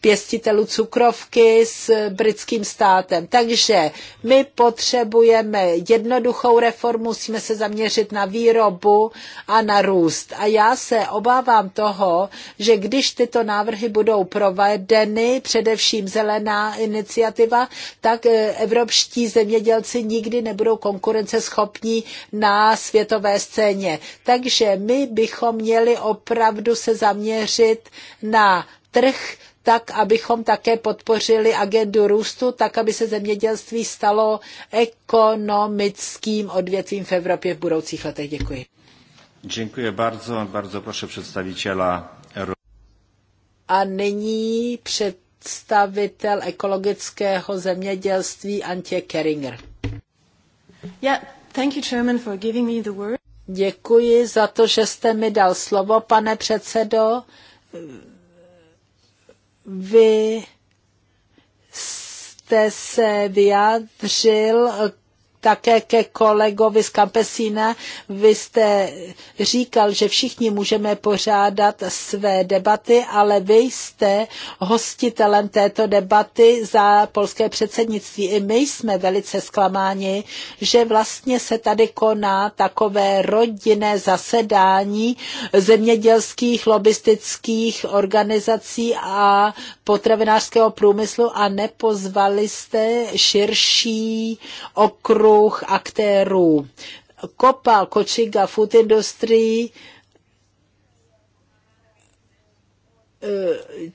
[SPEAKER 3] pěstitelů cukrovky s britským státem. Takže my potřebujeme jednoduchou reformu, musíme se zaměřit na výrobu a na růst. A já se obávám toho, že když tyto návrhy budou provedeny, především zelená iniciativa, tak eh, evropští zemědělci nikdy nebudou konkurenceschopní na světové scéně. Takže my bychom měli opravdu se zaměřit na trh, tak abychom také podpořili agendu růstu, tak aby se zemědělství stalo ekonomickým odvětvím v Evropě v budoucích letech. Děkuji.
[SPEAKER 1] Děkuji bardzo, bardzo proszę przedstawiciela.
[SPEAKER 3] A nyní představitel ekologického zemědělství Antje Keringer. Yeah, thank you, Chairman, for giving me the word. Děkuji za to, že jste mi dal slovo, pane předsedo. Vy jste se vyjádřil také ke kolegovi z Campesina. Vy jste říkal, že všichni můžeme pořádat své debaty, ale vy jste hostitelem této debaty za polské předsednictví. I my jsme velice zklamáni, že vlastně se tady koná takové rodinné zasedání zemědělských lobistických organizací a potravinářského průmyslu a nepozvali jste širší okruh okruh aktérů. Kopal, Kočiga, Food Industry, eh,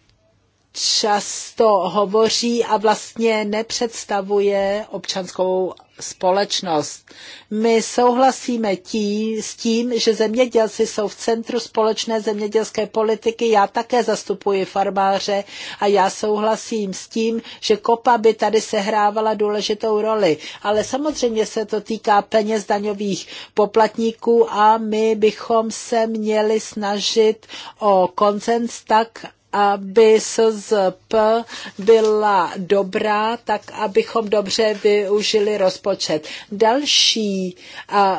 [SPEAKER 3] často hovoří a vlastně nepředstavuje občanskou společnost. My souhlasíme tí, s tím, že zemědělci jsou v centru společné zemědělské politiky. Já také zastupuji farmáře a já souhlasím s tím, že kopa by tady sehrávala důležitou roli. Ale samozřejmě se to týká peněz daňových poplatníků a my bychom se měli snažit o koncens tak, aby SZP byla dobrá, tak abychom dobře využili rozpočet. Další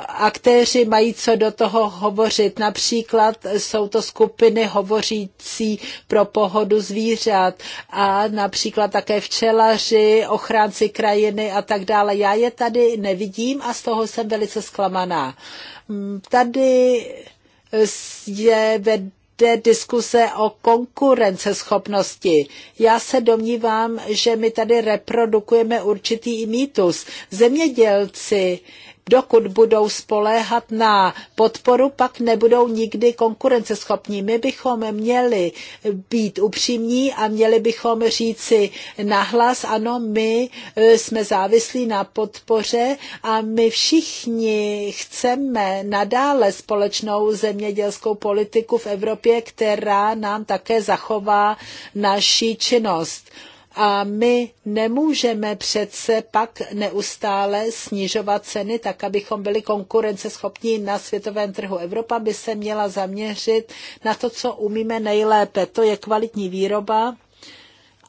[SPEAKER 3] aktéři mají co do toho hovořit. Například jsou to skupiny hovořící pro pohodu zvířat a například také včelaři, ochránci krajiny a tak dále. Já je tady nevidím a z toho jsem velice zklamaná. Tady je ve té diskuse o konkurenceschopnosti. Já se domnívám, že my tady reprodukujeme určitý mýtus. Zemědělci dokud budou spoléhat na podporu, pak nebudou nikdy konkurenceschopní. My bychom měli být upřímní a měli bychom říci nahlas, ano, my e, jsme závislí na podpoře a my všichni chceme nadále společnou zemědělskou politiku v Evropě, která nám také zachová naši činnost. A my nemůžeme přece pak neustále snižovat ceny tak, abychom byli konkurenceschopní na světovém trhu. Evropa by se měla zaměřit na to, co umíme nejlépe. To je kvalitní výroba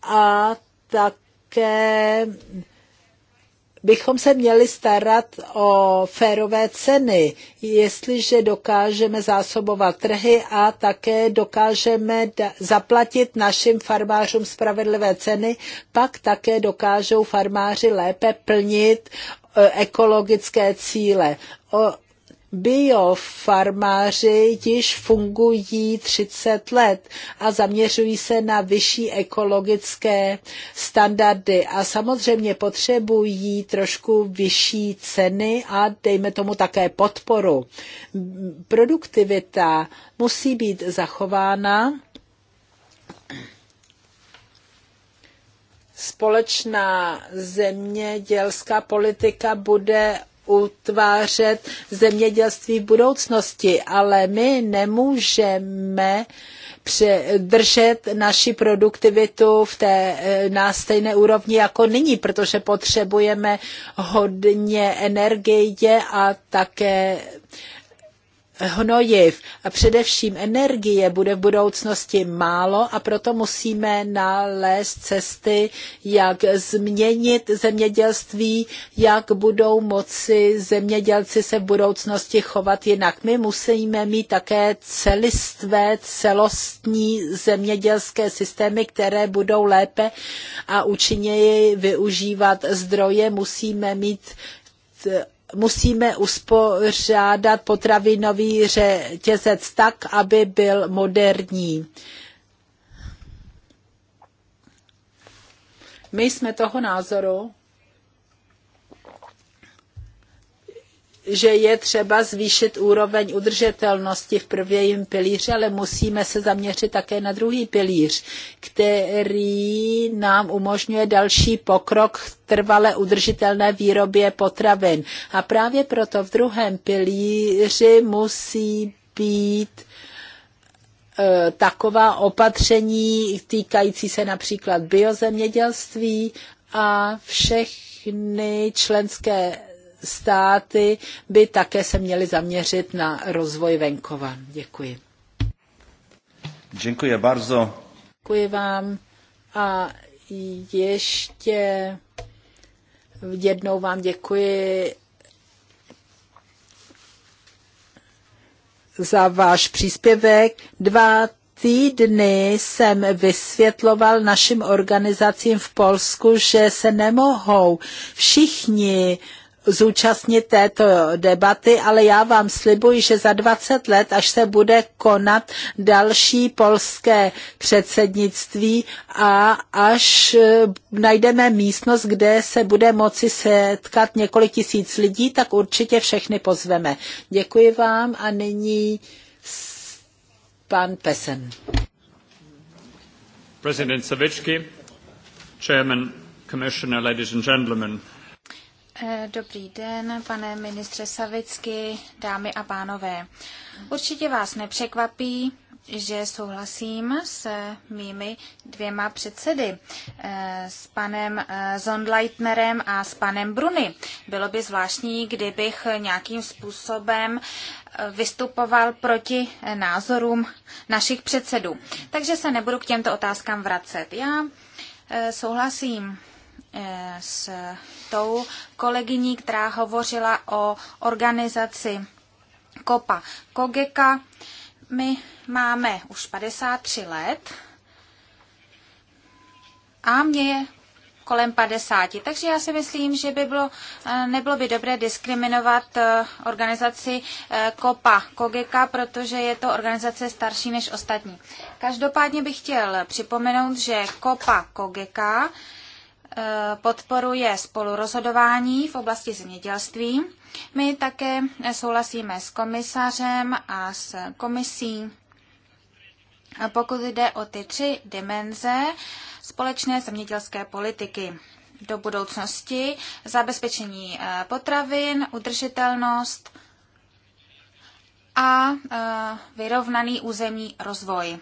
[SPEAKER 3] a také bychom se měli starat o férové ceny, jestliže dokážeme zásobovat trhy a také dokážeme zaplatit našim farmářům spravedlivé ceny, pak také dokážou farmáři lépe plnit e, ekologické cíle. Biofarmáři již fungují 30 let a zaměřují se na vyšší ekologické standardy a samozřejmě potřebují trošku vyšší ceny a dejme tomu také podporu. Produktivita musí být zachována. Společná zemědělská politika bude utvářet zemědělství v budoucnosti, ale my nemůžeme držet naši produktivitu v té, eh, na stejné úrovni jako nyní, protože potřebujeme hodně energie a také hnojiv a především energie bude v budoucnosti málo a proto musíme nalézt cesty, jak změnit zemědělství, jak budou moci zemědělci se v budoucnosti chovat jinak. My musíme mít také celistvé, celostní zemědělské systémy, které budou lépe a účinněji využívat zdroje. Musíme mít musíme uspořádat potravinový řetězec tak, aby byl moderní. My jsme toho názoru, že je třeba zvýšit úroveň udržitelnosti v prvním pilíři, ale musíme se zaměřit také na druhý pilíř, který nám umožňuje další pokrok v trvale udržitelné výrobě potravin. A právě proto v druhém pilíři musí být e, taková opatření týkající se například biozemědělství a všechny členské státy by také se měly zaměřit na rozvoj venkova. Děkuji.
[SPEAKER 1] Děkuji bardzo.
[SPEAKER 3] Děkuji vám a ještě jednou vám děkuji za váš příspěvek. Dva týdny jsem vysvětloval našim organizacím v Polsku, že se nemohou všichni zúčastnit této debaty, ale já vám slibuji, že za 20 let, až se bude konat další polské předsednictví a až eh, najdeme místnost, kde se bude moci setkat několik tisíc lidí, tak určitě všechny pozveme. Děkuji vám a nyní pan Pesen.
[SPEAKER 1] President Savičky, Chairman, Commissioner, ladies and gentlemen.
[SPEAKER 2] Eh, dobrý den, pane ministře Savicky, dámy a pánové. Určitě vás nepřekvapí, že souhlasím s mými dvěma předsedy, eh, s panem Zondleitnerem eh, a s panem Bruny. Bylo by zvláštní, kdybych nějakým způsobem vystupoval proti názorům našich předsedů. Takže se nebudu k těmto otázkám vracet. Já souhlasím s tou kolegyní, která hovořila o organizaci Kopa Kogeka. My máme už 53 let a mě je kolem 50. Takže já si myslím, že by bylo, eh, nebylo by dobré diskriminovat eh, organizaci eh, KOPA, KOGEKA, protože je to organizace starší než ostatní. Každopádně bych chtěl připomenout, že KOPA, KOGEKA podporuje spolurozhodování v oblasti zemědělství. My také souhlasíme s komisařem a s komisí. Pokud jde o ty tři dimenze společné zemědělské politiky do budoucnosti, zabezpečení eh, potravin, udržitelnost a eh, vyrovnaný územní rozvoj.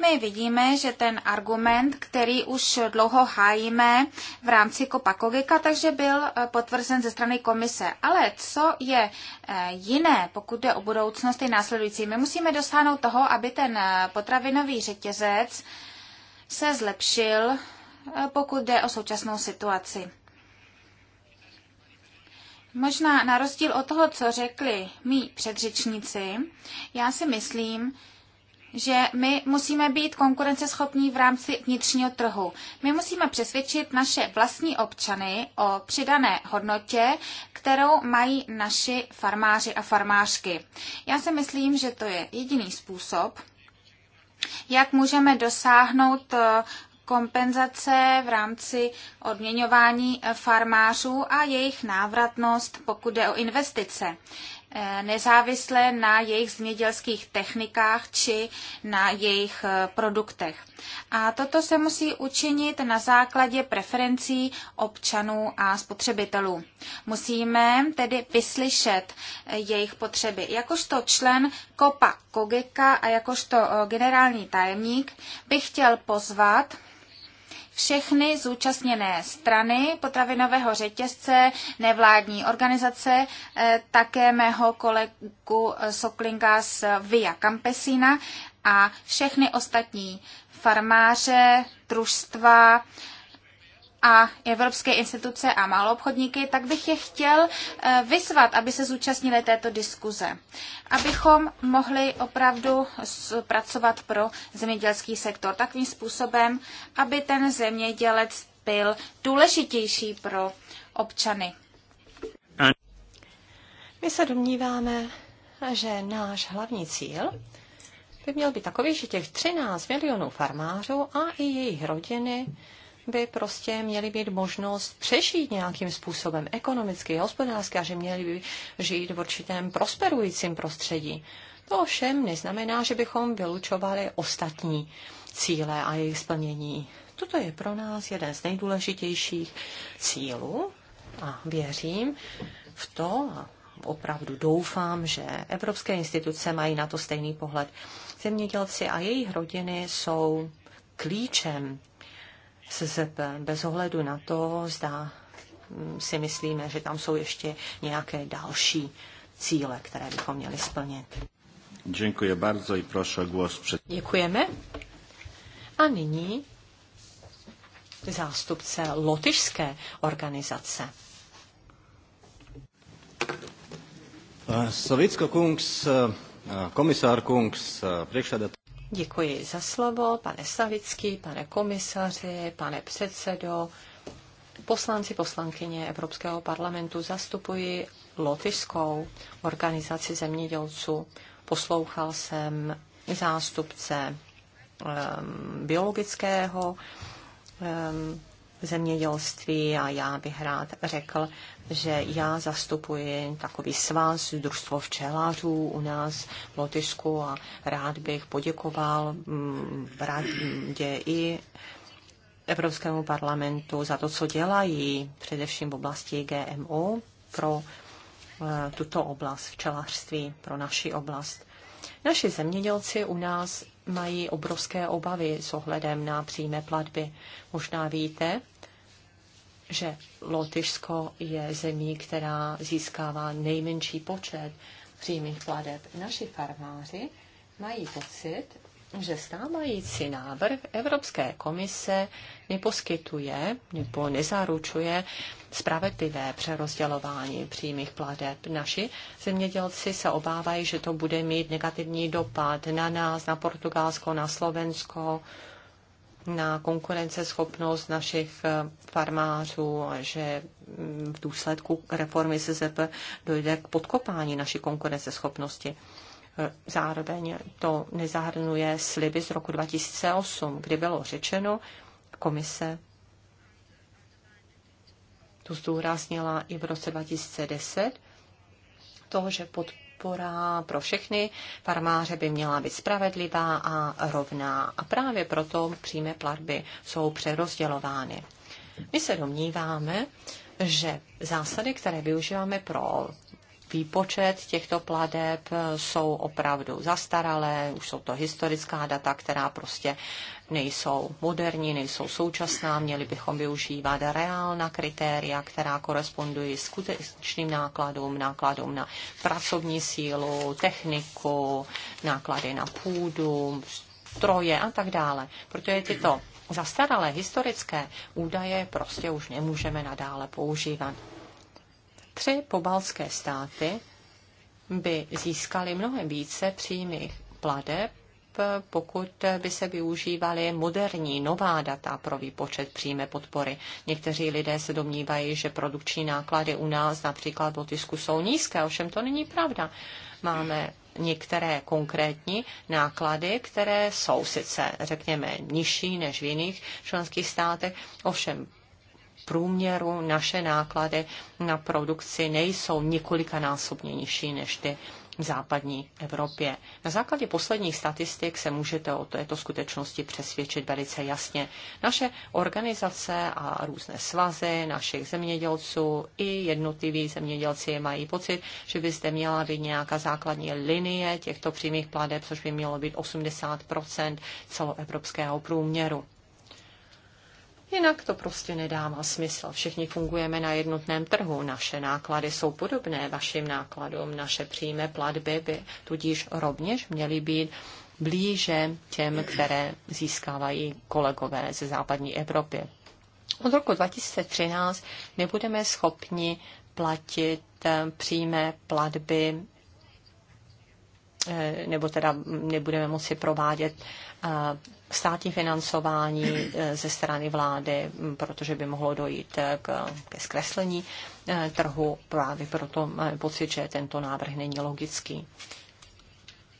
[SPEAKER 2] My vidíme, že ten argument, který už dlouho hájíme v rámci Kopakogika, takže byl eh, potvrzen ze strany komise. Ale co je eh, jiné, pokud jde o budoucnost, následující. My musíme dosáhnout toho, aby ten eh, potravinový řetězec se zlepšil, pokud jde o současnou situaci. Možná na rozdíl od toho, co řekli mý předřečníci, já si myslím, že my musíme být konkurenceschopní v rámci vnitřního trhu. My musíme přesvědčit naše vlastní občany o přidané hodnotě, kterou mají naši farmáři a farmářky. Já si myslím, že to je jediný způsob, jak můžeme dosáhnout eh, kompenzace v rámci odměňování eh, farmářů a jejich návratnost, pokud jde o investice. Eh, nezávisle na jejich zemědělských technikách či na jejich eh, produktech. A toto se musí učinit na základě preferencí občanů a spotřebitelů. Musíme tedy vyslyšet eh, jejich potřeby. Jakožto člen Kopa Kogeka a jakožto generální tajemník bych chtěl pozvat všechny zúčastněné strany potravinového řetězce, nevládní organizace, eh, také mého kolegu eh, Soklinga z Via Campesina a všechny ostatní farmáře, družstva, a evropské instituce a maloobchodníky, tak bych je chtěl eh, vyzvat, aby se zúčastnili této diskuze, abychom mohli opravdu pracovat pro zemědělský sektor takovým způsobem, aby ten zemědělec byl důležitější pro občany. My se
[SPEAKER 4] domníváme, že náš hlavní cíl by měl být takový, že těch 13 milionů farmářů a i jejich rodiny by prostě měli mít možnost přežít nějakým způsobem ekonomicky, hospodářsky a že měli by žít v určitém prosperujícím prostředí. To ovšem neznamená, že bychom vylučovali ostatní cíle a jejich splnění. Toto je pro nás jeden z nejdůležitějších cílů a věřím v to a opravdu doufám, že evropské instituce mají na to stejný pohled. Zemědělci a jejich rodiny jsou klíčem SZP bez ohledu na to, zda mm, si myslíme, že tam jsou ještě nějaké další cíle, které bychom měli splnit.
[SPEAKER 1] Děkuji bardzo i proszę głos před...
[SPEAKER 4] Děkujeme. A nyní zástupce lotyšské organizace.
[SPEAKER 1] Eh, Savicka kungs, eh, eh, komisár kungs, priekšsēdētājs.
[SPEAKER 4] Děkuji za slovo, pane Savický, pane komisaři, pane předsedo. Poslanci poslankyně Evropského parlamentu zastupuji lotyšskou organizaci zemědělců. Poslouchal jsem zástupce um, biologického um, zemědělství a já bych rád řekl, že já zastupuji takový svaz družstvo včelařů u nás v Lotyšsku a rád bych poděkoval mm, radě i Evropskému parlamentu za to, co dělají především v oblasti GMO pro eh, tuto oblast včelařství, pro naši oblast. Naši zemědělci u nás mají obrovské obavy s ohledem na přímé platby. Možná víte, že Lotyšsko je zemí, která získává nejmenší počet přímých pladeb. Naši farmáři mají pocit, že stávající návrh Evropské komise neposkytuje nebo nezaručuje spravedlivé přerozdělování přímých pladeb. Naši zemědělci se obávají, že to bude mít negativní dopad na nás, na Portugalsko, na Slovensko, na konkurenceschopnost našich eh, farmářů a že mm, v důsledku reformy SZP dojde k podkopání naší konkurenceschopnosti. Eh, zároveň to nezahrnuje sliby z roku 2008, kdy bylo řečeno, komise to zdůraznila i v roce 2010, toho, že pod podpora pro všechny farmáře by měla být spravedlivá a rovná. A právě proto přímé platby jsou přerozdělovány. My se domníváme, že zásady, které využíváme pro výpočet těchto pladeb eh, jsou opravdu zastaralé, už jsou to historická data, která prostě nejsou moderní, nejsou současná, měli bychom využívat reálna kritéria, která korespondují skutečným nákladům, nákladům na pracovní sílu, techniku, náklady na půdu, stroje a tak dále. Protože tyto zastaralé historické údaje prostě už nemůžeme nadále používat. Tři pobalské státy by získaly mnohem více přímých pladeb, pokud by se využívaly moderní, nová data pro výpočet přímé podpory. Někteří lidé se domnívají, že produkční náklady u nás například v Lotisku jsou nízké, ovšem to není pravda. Máme některé konkrétní náklady, které jsou sice, řekněme, nižší než v jiných členských státech, ovšem průměru naše náklady na produkci nejsou několikanásobně nižší než ty v západní Evropě. Na základě posledních statistik se můžete o této skutečnosti přesvědčit velice jasně. Naše organizace a různé svazy našich zemědělců i jednotliví zemědělci mají pocit, že by zde měla být nějaká základní linie těchto přímých pladeb, což by mělo být 80 celoevropského průměru. Jinak to prostě nedává smysl. Všichni fungujeme na jednotném trhu. Naše náklady jsou podobné vašim nákladům. Naše příjme platby by tudíž rovněž měly být blíže těm, které získávají kolegové ze západní Evropy. Od roku 2013 nebudeme schopni platit eh, přímé platby eh, nebo teda nebudeme moci provádět eh, státní financování eh, ze strany vlády, mm, protože by mohlo dojít eh, k, ke zkreslení eh, trhu. Právě proto máme pocit, že tento návrh není logický.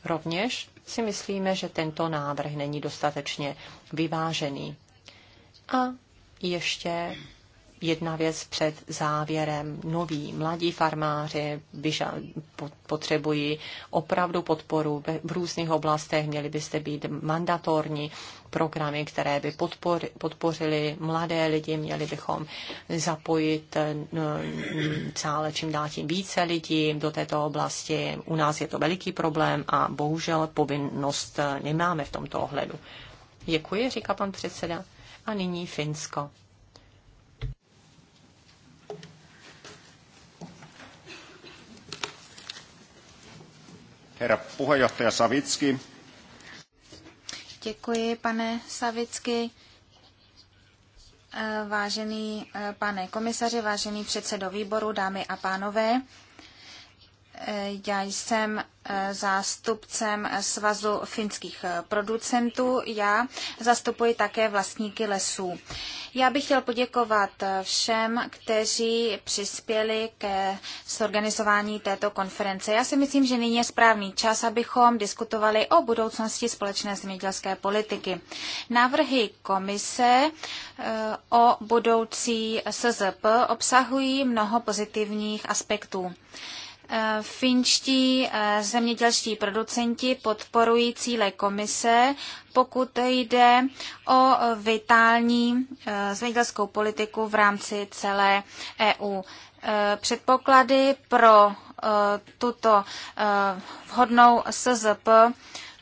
[SPEAKER 4] Rovněž si myslíme, že tento návrh není dostatečně vyvážený. A ještě jedna věc před závěrem. Noví, mladí farmáři potřebují opravdu podporu v různých oblastech. Měli byste být mandatorní programy, které by podpor, podpořily mladé lidi. Měli bychom zapojit celé eh, čím dál tím více lidí do této oblasti. U nás je to veliký problém a bohužel povinnost eh, nemáme v tomto ohledu. Děkuji, říká pan předseda. A nyní Finsko.
[SPEAKER 1] herra puheenjohtaja
[SPEAKER 2] Děkuji, pane Savicky. Vážený eh, pane komisaři, vážený předsedo výboru, dámy a pánové, já jsem e, zástupcem Svazu finských e, producentů. Já zastupuji také vlastníky lesů. Já bych chtěl poděkovat e, všem, kteří přispěli ke zorganizování této konference. Já si myslím, že nyní je správný čas, abychom diskutovali o budoucnosti společné zemědělské politiky. Návrhy komise o budoucí SZP obsahují mnoho pozitivních aspektů. Eh, finští eh, zemědělští producenti podporují cíle komise, pokud jde o vitální eh, zemědělskou politiku v rámci celé EU. Předpoklady pro tuto vhodnou SZP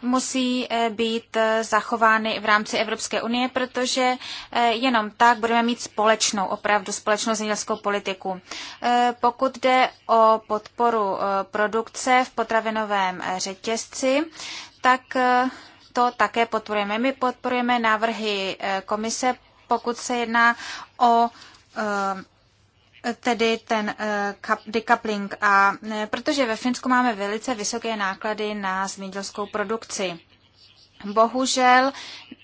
[SPEAKER 2] musí eh, být eh, zachovány v rámci Evropské unie, protože eh, jenom tak budeme mít společnou, opravdu společnou zemědělskou politiku. Pokud jde o podporu produkce v potravinovém řetězci, tak to také podporujeme. My podporujeme návrhy komise, pokud se jedná o tedy ten eh, decoupling. A eh, protože ve Finsku máme velice vysoké náklady na zemědělskou produkci. Bohužel,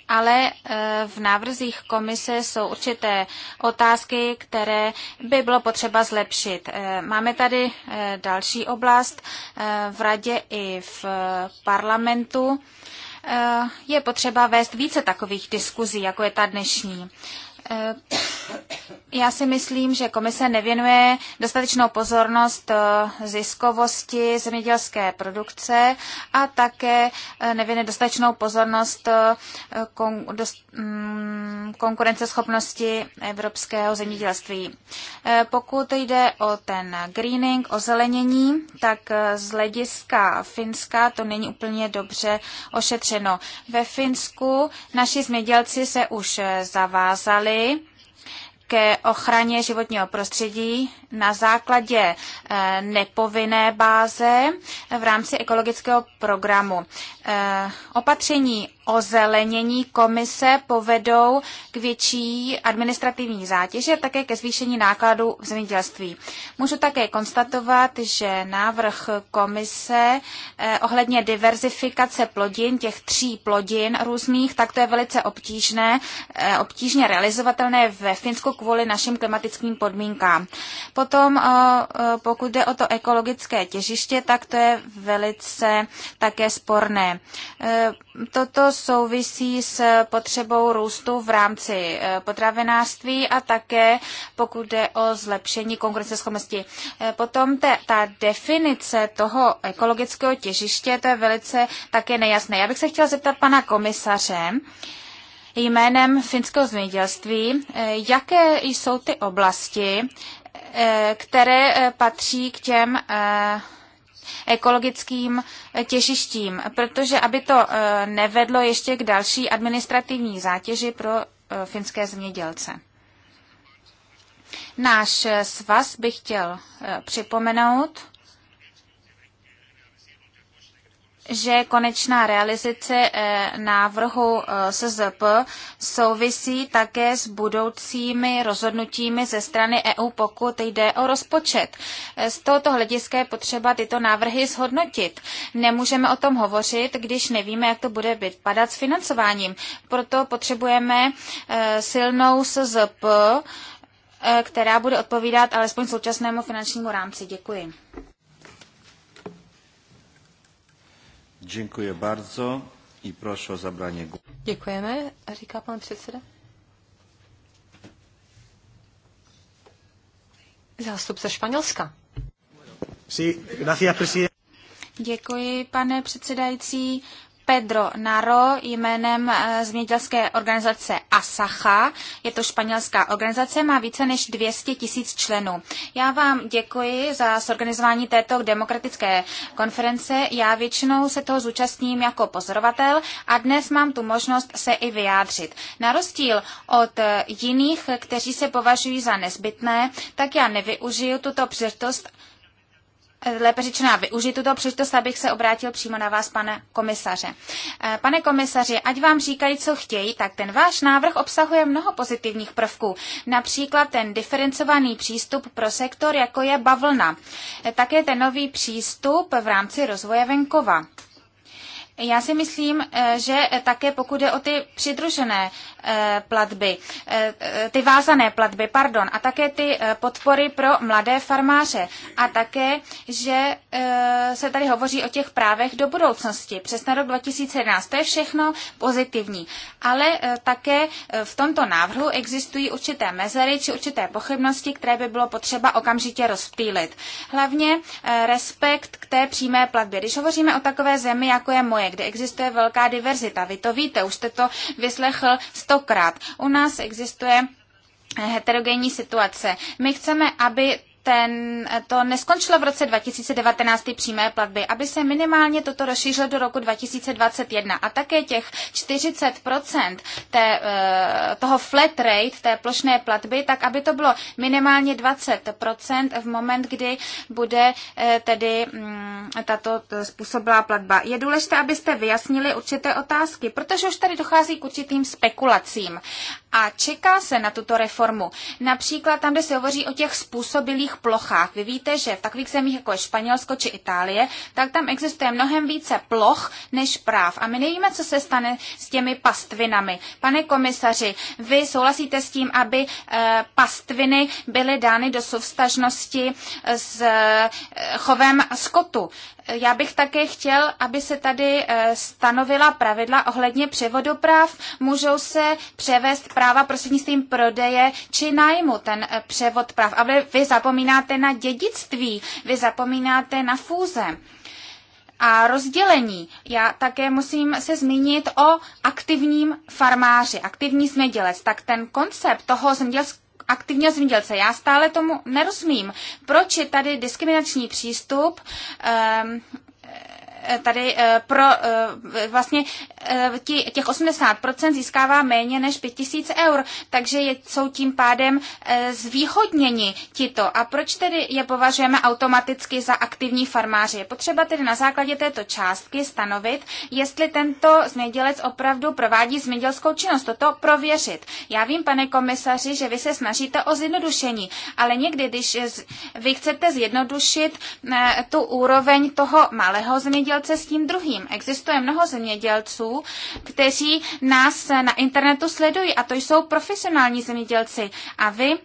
[SPEAKER 2] ale eh, v návrzích komise jsou určité otázky, které by bylo potřeba zlepšit. Máme tady další oblast v radě i v parlamentu. Je potřeba vést více takových diskuzí, jako je ta dnešní. Eh, já si myslím, že komise nevěnuje dostatečnou pozornost eh, ziskovosti zemědělské produkce a také eh, nevěnuje dostatečnou pozornost mm, konkurenceschopnosti evropského zemědělství. Pokud jde o ten greening, o zelenění, tak z hlediska Finska to není úplně dobře ošetřeno. Ve Finsku naši zemědělci se už zavázali, ke ochraně životního prostředí na základě eh, nepovinné báze v rámci ekologického programu. Eh, opatření ozelenění komise povedou k větší administrativní zátěži a také ke zvýšení nákladů v zemědělství. Můžu také konstatovat, že návrh komise eh, ohledně diverzifikace plodin, těch tří plodin různých, tak to je velice obtížné, eh, obtížně realizovatelné ve Finsku kvůli našim klimatickým podmínkám. Potom, eh, pokud jde o to ekologické těžiště, tak to je velice také sporné. Toto souvisí s potřebou růstu v rámci eh, potravinářství a také pokud jde o zlepšení konkurenceschopnosti. Eh, potom te, ta definice toho ekologického těžiště, to je velice také nejasné. Já bych se chtěla zeptat pana komisaře, jménem finského zemědělství, eh, jaké jsou ty oblasti, které patří k těm ekologickým eh, těžištím, protože aby to eh, nevedlo ještě k další administrativní zátěži pro eh, finské zemědělce. Náš svaz bych chtěl připomenout, že konečná realizace eh, návrhu eh, SZP souvisí také s budoucími rozhodnutími ze strany EU, pokud jde o rozpočet. Eh, z tohoto hlediska je potřeba tyto návrhy zhodnotit. Nemůžeme o tom hovořit, když nevíme, jak to bude vypadat s financováním. Proto potřebujeme silnou SZP, která bude odpovídat alespoň současnému finančnímu rámci. Děkuji.
[SPEAKER 1] Děkuji bardzo i proszę o zabranie głosu.
[SPEAKER 2] Děkujeme, říká pan předseda. Zástupce Španělska. Sí, gracias, Děkuji, pane předsedající. Pedro Naro jménem eh, zemědělské organizace Asacha. Je to španělská organizace, má více než 200 tisíc členů. Já vám děkuji za sorganizování této demokratické konference. Já většinou se toho zúčastním jako pozorovatel a dnes mám tu možnost se i vyjádřit. Na rozdíl od eh, jiných, kteří se považují za nezbytné, tak já nevyužiju tuto příležitost lépe řečeno využít tuto příležitost, abych se obrátil přímo na vás, pane komisaře. Eh, pane komisaři, ať vám říkají, co chtějí, tak ten váš návrh obsahuje mnoho pozitivních prvků. Například ten diferencovaný přístup pro sektor, jako je bavlna. Eh, také ten nový přístup v rámci rozvoje venkova. Já si myslím, eh, že také pokud je o ty přidružené eh, platby, eh, ty vázané platby, pardon, a také ty podpory pro mladé farmáře a také, že se tady hovoří o těch právech do budoucnosti přes na rok 2011. To je všechno pozitivní, ale také v tomto návrhu existují určité mezery či určité pochybnosti, které by bylo potřeba okamžitě rozptýlit. Hlavně respekt k té přímé platbě. Když hovoříme o takové zemi, jako je moje, vývoje, kde existuje velká diverzita. Vy to víte, už jste to vyslechl stokrát. U nás existuje heterogenní situace. My chceme, aby ten, eh, to neskončilo v roce 2019 ty přímé platby, aby se minimálně toto rozšířilo do roku 2021. A také těch 40% té, eh, toho flat rate, té plošné platby, tak aby to bylo minimálně 20% v moment, kdy bude eh, tedy mm, tato způsobilá platba. Je důležité, abyste vyjasnili určité otázky, protože už tady dochází k určitým spekulacím. A čeká se na tuto reformu. Například tam, kde se hovoří o těch způsobilých těch plochách. Vy víte, že v takových zemích jako je Španělsko či Itálie, tak tam existuje mnohem více ploch než práv. A my nevíme, co se stane s těmi pastvinami. Pane komisaři, vy souhlasíte s tím, aby eh, pastviny byly dány do souvstažnosti s eh, chovem skotu já bych také chtěl, aby se tady eh, stanovila pravidla ohledně převodu práv. Můžou se převést práva prostřednictvím prodeje či nájmu, ten eh, převod práv. Ale vy zapomínáte na dědictví, vy zapomínáte na fúze a rozdělení. Já také musím se zmínit o aktivním farmáři, aktivní zemědělec. Tak ten koncept toho zemědělského aktivního zemědělce. Já stále tomu nerozumím. Proč je tady diskriminační přístup? Um, tady e, pro e, vlastně Eh, těch 80% získává méně než 5000 eur, takže jsou tím pádem eh, zvýhodněni tito. A proč tedy je považujeme automaticky za aktivní farmáři? Je potřeba tedy na základě této částky stanovit, jestli tento zemědělec opravdu provádí zemědělskou činnost, toto prověřit. Já vím, pane komisaři, že vy se snažíte o zjednodušení, ale někdy, když vy chcete zjednodušit eh, tu úroveň toho malého zemědělce s tím druhým, existuje mnoho zemědělců, kteří nás na internetu sledují a to jsou profesionální zemědělci. A vy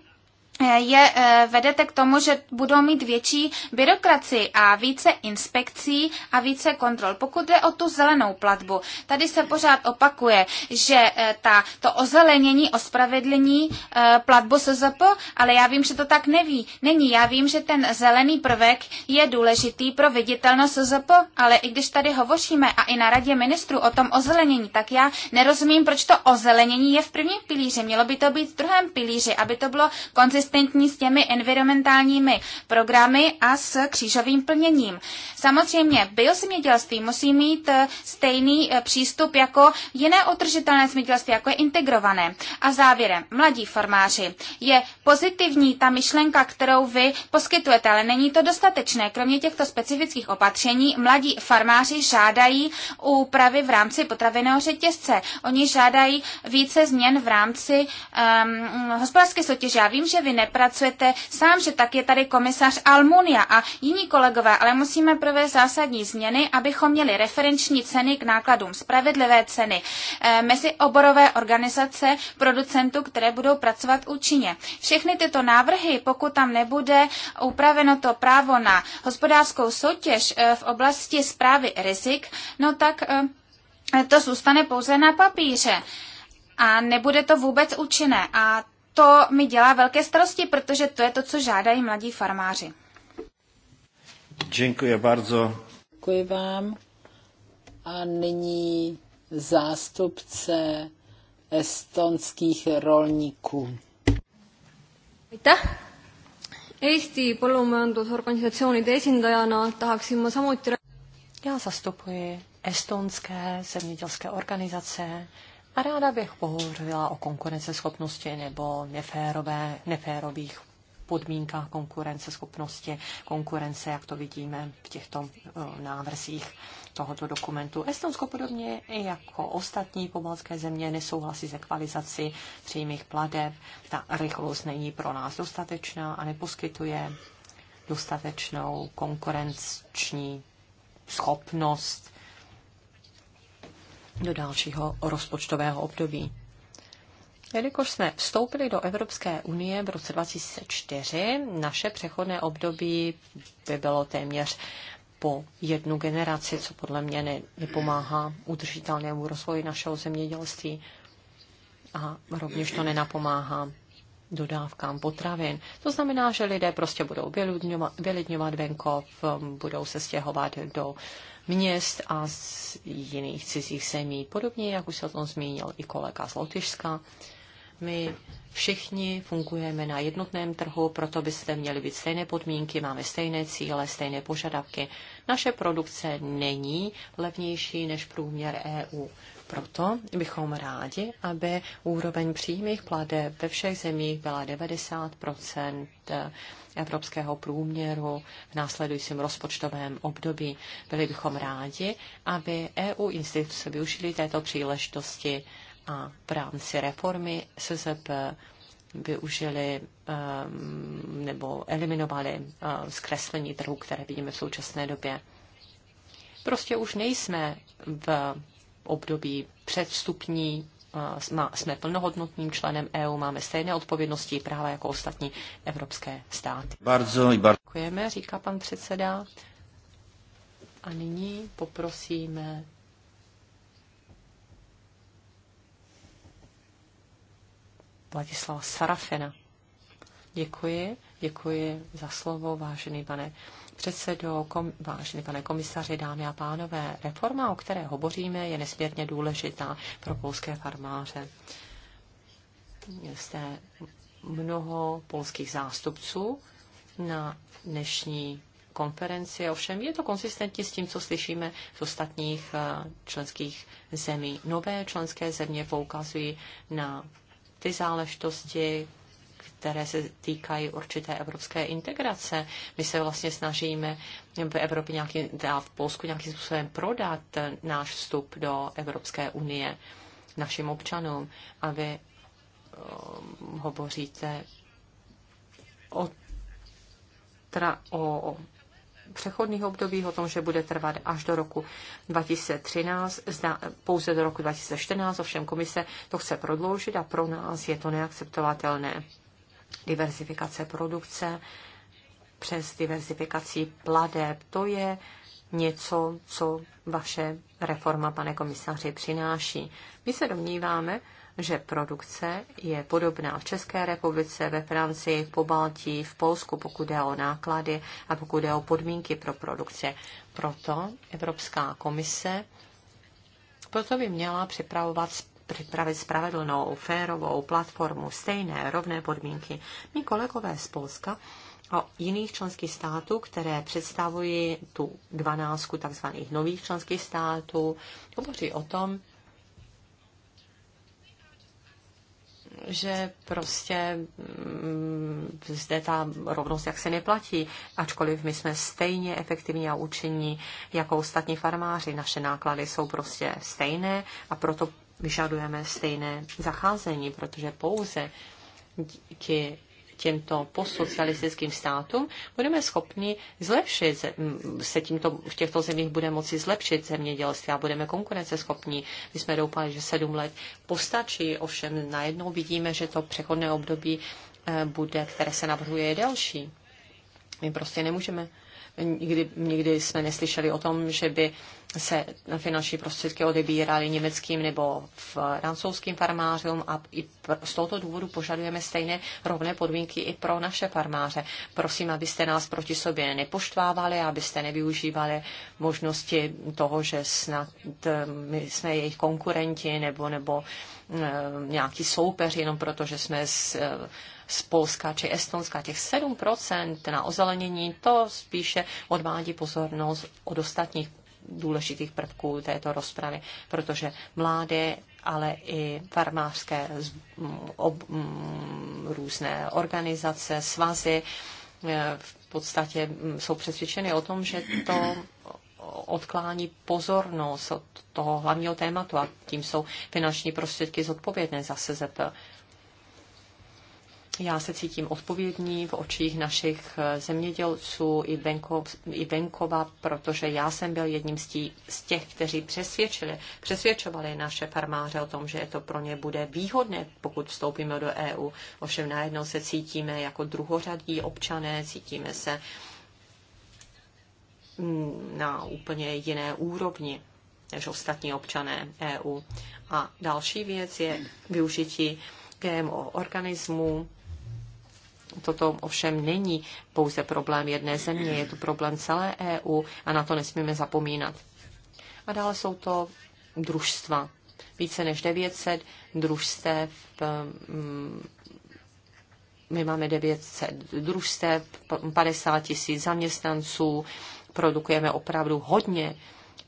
[SPEAKER 2] je eh, vedete k tomu, že budou mít větší byrokracii a více inspekcí a více kontrol. Pokud jde o tu zelenou platbu, tady se pořád opakuje, že eh, ta, to ozelenění, ospravedlnění eh, platbu SZP, ale já vím, že to tak neví. Není, já vím, že ten zelený prvek je důležitý pro viditelnost SZP, ale i když tady hovoříme a i na radě ministrů o tom ozelenění, tak já nerozumím, proč to ozelenění je v prvním pilíři. Mělo by to být v druhém pilíři, aby to bylo konzistentní konzistentní s těmi environmentálními programy a s křížovým plněním. Samozřejmě biozemědělství musí mít eh, stejný eh, přístup jako jiné otržitelné zemědělství, jako je integrované. A závěrem, mladí farmáři, je pozitivní ta myšlenka, kterou vy poskytujete, ale není to dostatečné. Kromě těchto specifických opatření mladí farmáři žádají úpravy v rámci potravinového řetězce. Oni žádají více změn v rámci um, hospodářské soutěže. Já vím, že vy nepracujete sám, že tak je tady komisař Almunia a jiní kolegové, ale musíme provést zásadní změny, abychom měli referenční ceny k nákladům, spravedlivé ceny eh, mezi oborové organizace producentů, které budou pracovat účinně. Všechny tyto návrhy, pokud tam nebude upraveno to právo na hospodářskou soutěž eh, v oblasti zprávy rizik, no tak eh, to zůstane pouze na papíře a nebude to vůbec účinné. A to mi dělá velké starosti, protože to je to, co žádají mladí farmáři.
[SPEAKER 1] Děkuji bardzo.
[SPEAKER 2] Děkuji vám. A
[SPEAKER 3] nyní zástupce estonských rolníků.
[SPEAKER 2] Aitäh! Eesti
[SPEAKER 4] põllumajandusorganisatsioonide esindajana tahaksin ma samuti Já zastupuji estonské zemědělské organizace a ráda bych pohovořila o konkurenceschopnosti nebo neférové, neférových podmínkách konkurenceschopnosti, konkurence, jak to vidíme v těchto e, návrzích tohoto dokumentu. Estonsko podobně jako ostatní pobalské země nesouhlasí se ekvalizací přímých pladeb. Ta rychlost není pro nás dostatečná a neposkytuje dostatečnou konkurenční schopnost do dalšího rozpočtového období. Jelikož jsme vstoupili do Evropské unie v roce 2004, naše přechodné období by bylo téměř po jednu generaci, co podle mě ne, nepomáhá udržitelnému rozvoji našeho zemědělství a rovněž to nenapomáhá dodávkám potravin. To znamená, že lidé prostě budou vylidňovat venkov, budou se stěhovat do měst a z jiných cizích zemí. Podobně, jak už se o tom zmínil i kolega z Lotyšska, my všichni fungujeme na jednotném trhu, proto byste měli být stejné podmínky, máme stejné cíle, stejné požadavky. Naše produkce není levnější než průměr EU. Proto bychom rádi, aby úroveň přímých pladeb ve všech zemích byla 90 eh, evropského průměru v následujícím rozpočtovém období. Byli bychom rádi, aby EU instituce využili této příležitosti a v rámci reformy SZP využili um, nebo eliminovali uh, zkreslení trhu, které vidíme v současné době. Prostě už nejsme v období předstupní eh, jsme plnohodnotným členem EU, máme stejné odpovědnosti práva jako ostatní evropské státy.
[SPEAKER 1] Bardzo i bardzo.
[SPEAKER 4] Děkujeme, říká pan předseda. A nyní poprosíme Vladislava Sarafena. Děkuji, děkuji za slovo, vážený pane předsedo, kom, vážený pane komisaři, dámy a pánové, reforma, o které hovoříme, je nesmírně důležitá pro polské farmáře. Jste mnoho polských zástupců na dnešní konferenci. Ovšem je to konsistentní s tím, co slyšíme z ostatních eh, členských zemí. Nové členské země poukazují na ty záležitosti, které se týkají určité evropské integrace. My se vlastně snažíme v Evropě nějaký, teda v Polsku nějakým způsobem prodat náš vstup do Evropské unie našim občanům. A vy um, hovoříte o, tra, o přechodných obdobích, o tom, že bude trvat až do roku 2013, zda, pouze do roku 2014, ovšem komise to chce prodloužit a pro nás je to neakceptovatelné diversifikace produkce přes diversifikaci pladeb. To je něco, co vaše reforma, pane komisaři, přináší. My se domníváme, že produkce je podobná v České republice, ve Francii, v Pobaltí, v Polsku, pokud jde o náklady a pokud jde o podmínky pro produkci. Proto Evropská komise proto by měla připravovat připravit spravedlnou, férovou platformu, stejné, rovné podmínky. Mí kolegové z Polska a jiných členských států, které představují tu dvanáctku tzv. nových členských států, hovoří o tom, že prostě mm, zde ta rovnost jak se neplatí, ačkoliv my jsme stejně efektivní a účinní jako ostatní farmáři. Naše náklady jsou prostě stejné a proto vyžadujeme stejné zacházení, protože pouze díky těmto postsocialistickým státům budeme schopni zlepšit, se tímto, v těchto zemích bude moci zlepšit zemědělství a budeme konkurenceschopní. My jsme doufali, že sedm let postačí, ovšem najednou vidíme, že to přechodné období eh, bude, které se navrhuje, je delší. My prostě nemůžeme Nikdy, nikdy jsme neslyšeli o tom, že by se finanční prostředky odebíraly německým nebo francouzským farmářům a i z tohoto důvodu požadujeme stejné rovné podmínky i pro naše farmáře. Prosím, abyste nás proti sobě nepoštvávali, abyste nevyužívali možnosti toho, že snad ehm, my jsme jejich konkurenti nebo, nebo ehm, nějaký soupeř jenom proto, že jsme s ehm, z Polska či Estonska. Těch 7% na ozelenění, to spíše odvádí pozornost od ostatních důležitých prvků této rozpravy, protože mládé ale i farmářské ob, různé organizace, svazy e, v podstatě jsou přesvědčeny o tom, že to odklání pozornost od toho hlavního tématu a tím jsou finanční prostředky zodpovědné za SZP. Já se cítím odpovědný v očích našich eh, zemědělců i, venkov, i venkova, protože já jsem byl jedním z, tí, z těch, kteří přesvědčili, přesvědčovali naše farmáře o tom, že to pro ně bude výhodné, pokud vstoupíme do EU. Ovšem najednou se cítíme jako druhořadí občané, cítíme se mm, na úplně jiné úrovni než ostatní občané EU. A další věc je využití GMO organismů Toto ovšem není pouze problém jedné země, je to problém celé EU a na to nesmíme zapomínat. A dále jsou to družstva. Více než 900 družstev mm, my máme 900 družstev, 50 tisíc zaměstnanců, produkujeme opravdu hodně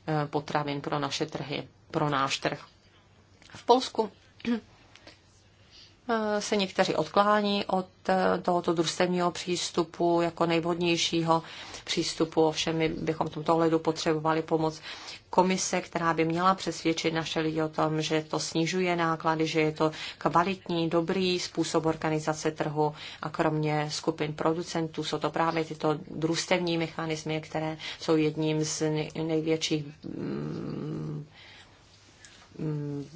[SPEAKER 4] eh, potravin pro naše trhy, pro náš trh. V Polsku Eh, se někteří odklání od eh, tohoto družstevního přístupu jako nejvhodnějšího přístupu. Ovšem my bychom v tomto ohledu potřebovali pomoc komise, která by měla přesvědčit naše lidi o tom, že to snižuje náklady, že je to kvalitní, dobrý způsob organizace trhu a kromě skupin producentů jsou to právě tyto družstevní mechanismy, které jsou jedním z největších mm, mm,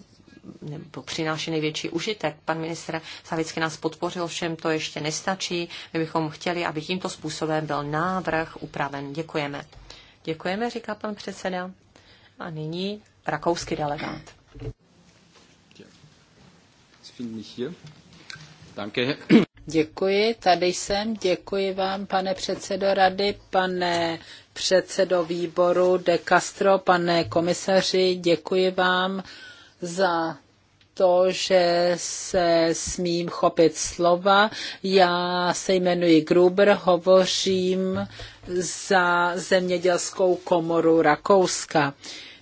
[SPEAKER 4] nebo přináší největší užitek. Pan ministr Savicky nás podpořil, všem to ještě nestačí. My bychom chtěli, aby tímto způsobem byl návrh upraven. Děkujeme. Děkujeme, říká pan předseda. A nyní rakouský
[SPEAKER 3] delegát. Děkuji, tady jsem. Děkuji vám, pane předsedo rady, pane předsedo výboru de Castro, pane komisaři, děkuji vám za to, že se smím chopit slova. Já se jmenuji Gruber, hovořím za zemědělskou komoru Rakouska.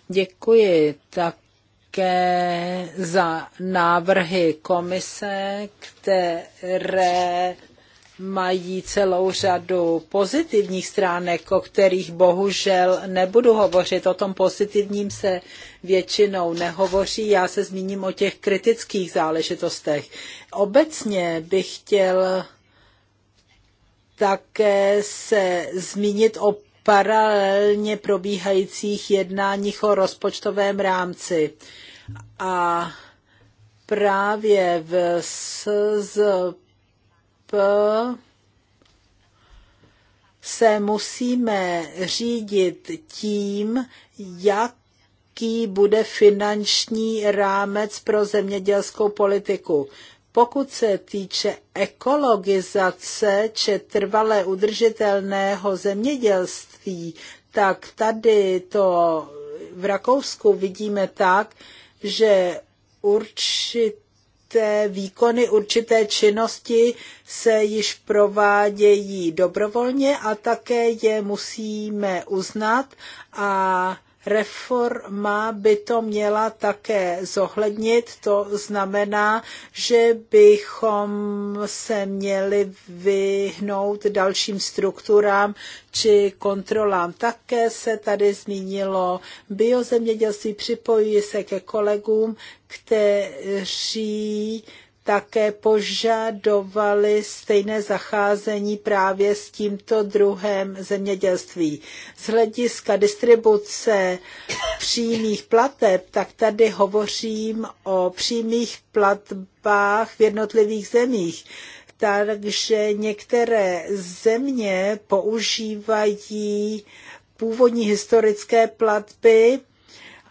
[SPEAKER 3] Děkuji také za návrhy komise, které mají celou řadu pozitivních stránek, o kterých bohužel nebudu hovořit. O tom pozitivním se většinou nehovoří. Já se zmíním o těch kritických záležitostech. Obecně bych chtěl také se zmínit o paralelně probíhajících jednáních o rozpočtovém rámci. A právě v SZP se musíme řídit tím, jaký bude finanční rámec pro zemědělskou politiku. Pokud se týče ekologizace či trvalé udržitelného zemědělství, tak tady to v Rakousku vidíme tak, že určitě určité výkony, určité činnosti se již provádějí dobrovolně a také je musíme uznat a Reforma by to měla také zohlednit, to znamená, že bychom se měli vyhnout dalším strukturám či kontrolám. Také se tady zmínilo biozemědělství, připojuji se ke kolegům, kteří také požadovali stejné zacházení právě s tímto druhem zemědělství. Z hlediska distribuce přímých plateb, tak tady hovořím o přímých platbách v jednotlivých zemích. Takže některé země používají původní historické platby,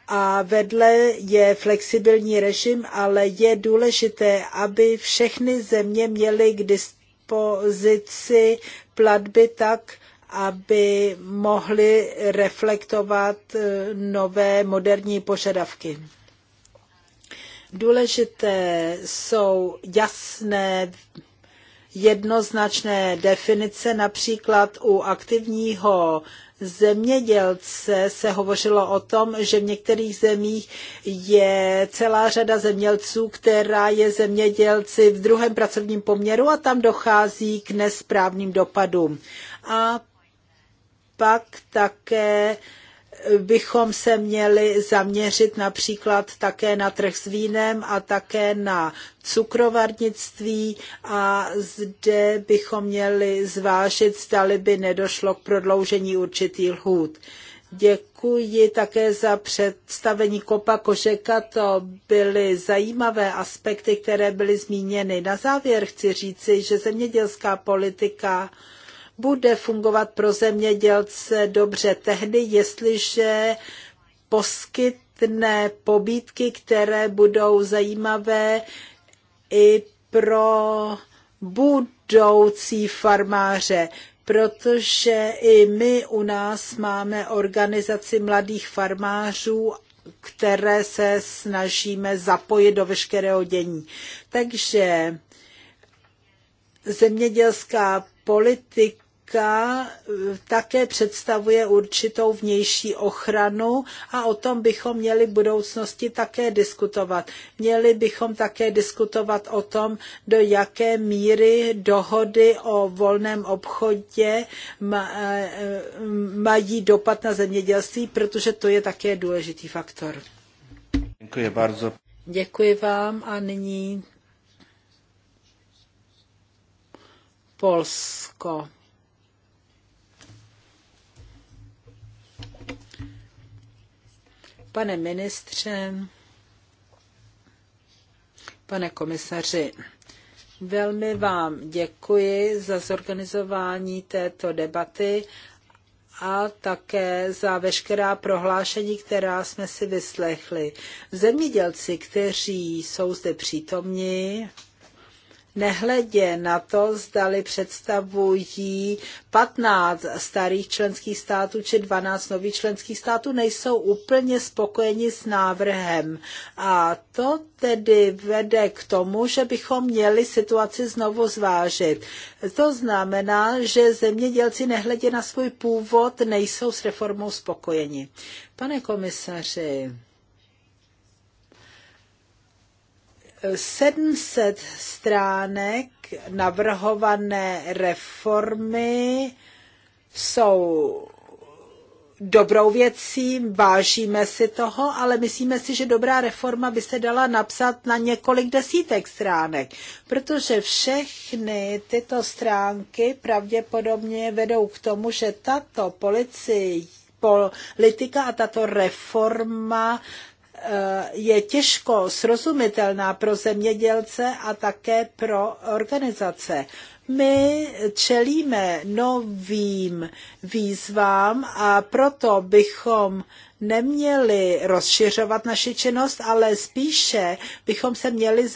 [SPEAKER 3] a vedle je flexibilní režim, ale je důležité, aby všechny země měly k dispozici platby tak, aby mohly reflektovat eh, nové moderní požadavky. Důležité jsou jasné jednoznačné definice, například u aktivního zemědělce se hovořilo o tom, že v některých zemích je celá řada zemědělců, která je zemědělci v druhém pracovním poměru a tam dochází k nesprávným dopadům. A pak také bychom se měli zaměřit například také na trh s vínem a také na cukrovarnictví a zde bychom měli zvážit, zdali by nedošlo k prodloužení určitých lhůt. Děkuji také za představení Kopa Kožeka. To byly zajímavé aspekty, které byly zmíněny. Na závěr chci říci, že zemědělská politika bude fungovat pro zemědělce dobře tehdy, jestliže poskytne pobídky, které budou zajímavé i pro budoucí farmáře, protože i my u nás máme organizaci mladých farmářů které se snažíme zapojit do veškerého dění. Takže zemědělská politika banka eh, také představuje určitou vnější ochranu a o tom bychom měli v budoucnosti také diskutovat. Měli bychom také diskutovat o tom, do jaké míry dohody o volném obchodě eh, mají dopad na zemědělství, protože to je také důležitý faktor.
[SPEAKER 1] Děkuji bardzo.
[SPEAKER 3] Děkuji vám a nyní Polsko. Pane ministře, pane komisaři, velmi vám děkuji za zorganizování této debaty a také za veškerá prohlášení, která jsme si vyslechli. Zemědělci, kteří jsou zde přítomni, nehledě na to, zdali představují 15 starých členských států či 12 nových členských států, nejsou úplně spokojeni s návrhem. A to tedy vede k tomu, že bychom měli situaci znovu zvážit. To znamená, že zemědělci nehledě na svůj původ nejsou s reformou spokojeni. Pane komisaři, 700 stránek navrhované reformy jsou dobrou věcí, vážíme si toho, ale myslíme si, že dobrá reforma by se dala napsat na několik desítek stránek, protože všechny tyto stránky pravděpodobně vedou k tomu, že tato policie politika a tato reforma Eh, je těžko srozumitelná pro zemědělce a také pro organizace. My čelíme novým výzvám a proto bychom neměli rozšiřovat naši činnost, ale spíše bychom se měli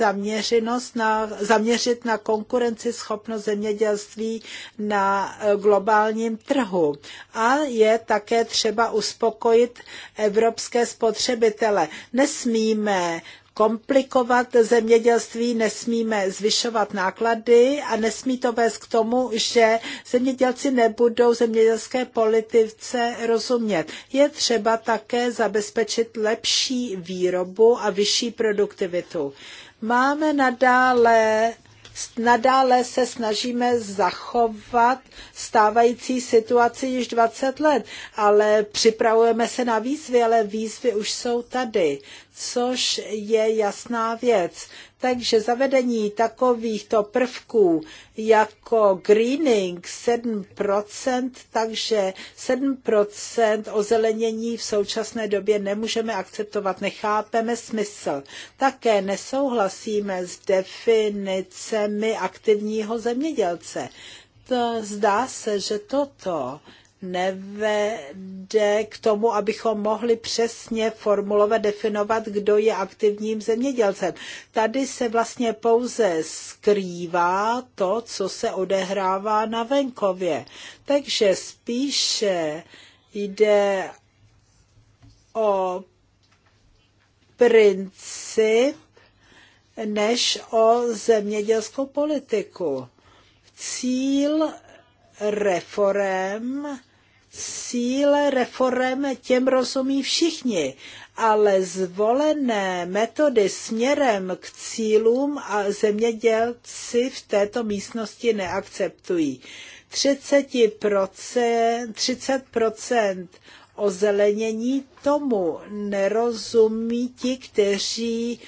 [SPEAKER 3] na, zaměřit na konkurenceschopnost zemědělství na eh, globálním trhu. A je také třeba uspokojit evropské spotřebitele. Nesmíme komplikovat zemědělství, nesmíme zvyšovat náklady a nesmí to vést k tomu, že zemědělci nebudou zemědělské politice rozumět. Je třeba také zabezpečit lepší výrobu a vyšší produktivitu. Máme nadále Nadále se snažíme zachovat stávající situaci již 20 let, ale připravujeme se na výzvy, ale výzvy už jsou tady, což je jasná věc. Takže zavedení takovýchto prvků jako greening 7%, takže 7% ozelenění v současné době nemůžeme akceptovat, nechápeme smysl. Také nesouhlasíme s definicemi aktivního zemědělce. To zdá se, že toto nevede k tomu, abychom mohli přesně formulovat, definovat, kdo je aktivním zemědělcem. Tady se vlastně pouze skrývá to, co se odehrává na venkově. Takže spíše jde o princip než o zemědělskou politiku. Cíl reform cíle reform těm rozumí všichni, ale zvolené metody směrem k cílům a zemědělci v této místnosti neakceptují. 30%, 30% ozelenění tomu nerozumí ti, kteří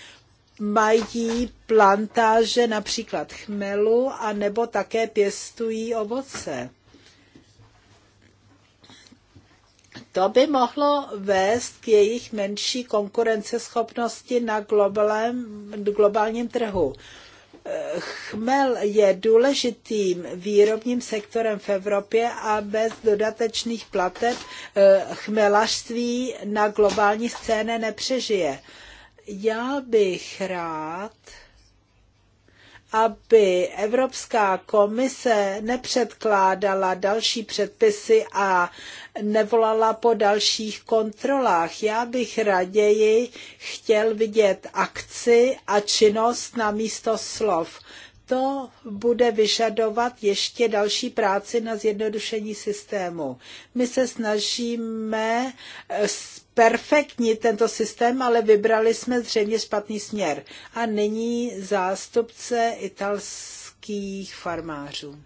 [SPEAKER 3] mají plantáže například chmelu a nebo také pěstují ovoce. To by mohlo vést k jejich menší konkurenceschopnosti na globálním, globálním trhu. Chmel je důležitým výrobním sektorem v Evropě a bez dodatečných plateb eh, chmelařství na globální scéně nepřežije. Já bych rád aby Evropská komise nepředkládala další předpisy a nevolala po dalších kontrolách. Já bych raději chtěl vidět akci a činnost na místo slov. To bude vyžadovat ještě další práci na zjednodušení systému. My se snažíme perfektní tento systém, ale vybrali jsme zřejmě špatný směr. A nyní zástupce italských farmářů.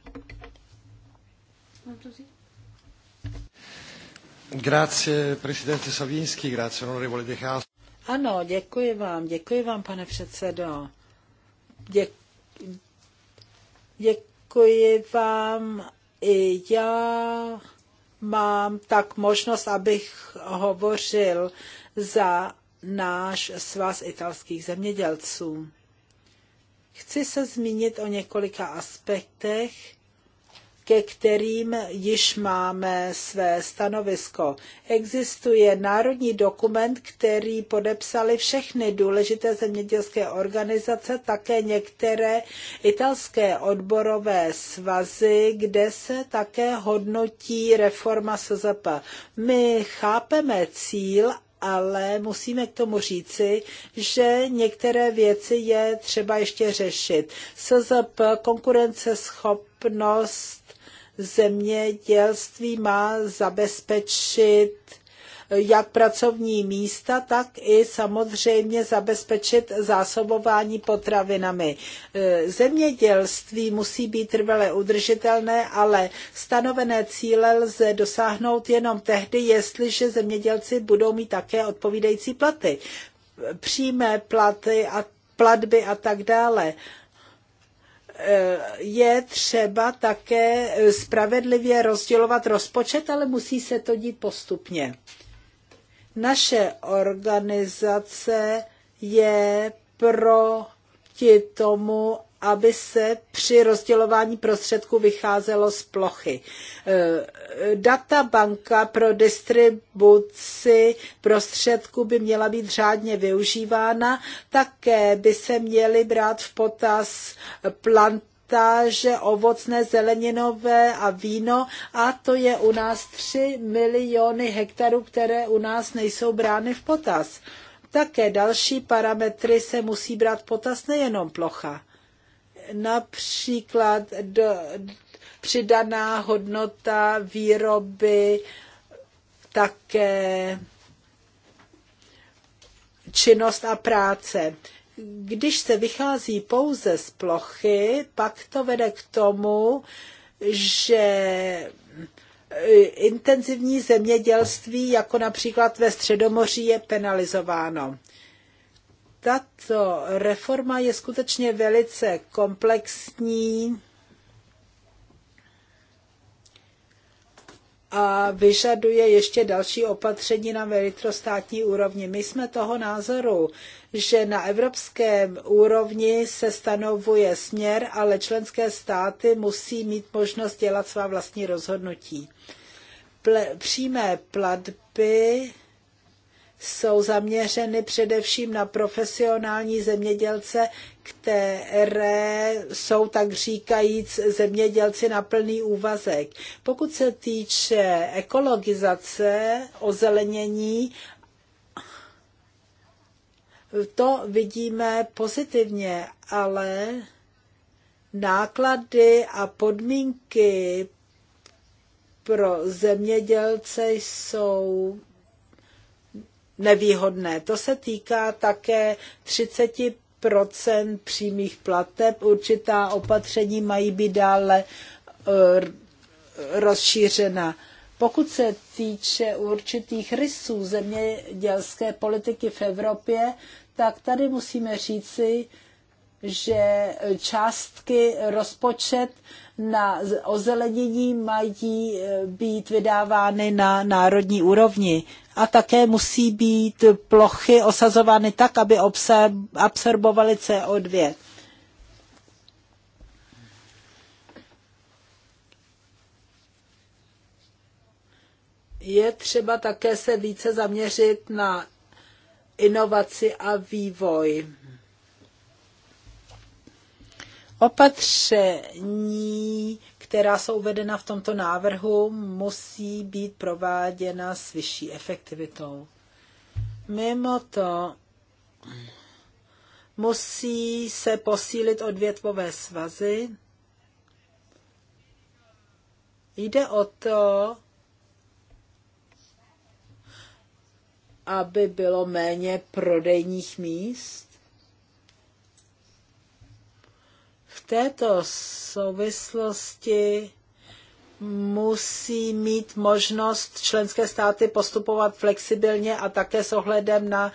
[SPEAKER 1] Grazie, prezidente Savinski, grazie, onorevole De Castro.
[SPEAKER 3] Ano, děkuji vám, děkuji vám, pane předsedo. děkuji vám i já mám tak možnost, abych hovořil za náš svaz italských zemědělců. Chci se zmínit o několika aspektech, ke kterým již máme své stanovisko. Existuje národní dokument, který podepsali všechny důležité zemědělské organizace, také některé italské odborové svazy, kde se také hodnotí reforma SZP. My chápeme cíl, ale musíme k tomu říci, že některé věci je třeba ještě řešit. SZP, konkurenceschopnost, zemědělství má zabezpečit jak pracovní místa, tak i samozřejmě zabezpečit zásobování potravinami. E, zemědělství musí být trvale udržitelné, ale stanovené cíle lze dosáhnout jenom tehdy, jestliže zemědělci budou mít také odpovídající platy. Přímé platy a platby a tak dále je třeba také spravedlivě rozdělovat rozpočet, ale musí se to dít postupně. Naše organizace je proti tomu, aby se při rozdělování prostředků vycházelo z plochy. E, databanka pro distribuci prostředků by měla být řádně využívána, také by se měly brát v potaz plant plantáže, ovocné, zeleninové a víno a to je u nás 3 miliony hektarů, které u nás nejsou brány v potaz. Také další parametry se musí brát potaz nejenom plocha například do, přidaná hodnota výroby, také činnost a práce. Když se vychází pouze z plochy, pak to vede k tomu, že e, intenzivní zemědělství, jako například ve Středomoří, je penalizováno tato reforma je skutečně velice komplexní a vyžaduje ještě další opatření na velitrostátní úrovni. My jsme toho názoru, že na evropské úrovni se stanovuje směr, ale členské státy musí mít možnost dělat svá vlastní rozhodnutí. Ple, přímé platby jsou zaměřeny především na profesionální zemědělce, které jsou tak říkajíc zemědělci na plný úvazek. Pokud se týče ekologizace, ozelenění, to vidíme pozitivně, ale náklady a podmínky pro zemědělce jsou nevýhodné. To se týká také 30 procent přímých plateb. Určitá opatření mají být dále eh, rozšířena. Pokud se týče určitých rysů zemědělské politiky v Evropě, tak tady musíme říci, že částky rozpočet na ozelenění mají eh, být vydávány na národní úrovni a také musí být plochy osazovány tak, aby absorbovaly CO2. Je třeba také se více zaměřit na inovaci a vývoj. Opatření, která jsou uvedena v tomto návrhu, musí být prováděna s vyšší efektivitou. Mimo to musí se posílit odvětvové svazy. Jde o to, aby bylo méně prodejních míst. této souvislosti musí mít možnost členské státy postupovat flexibilně a také s ohledem na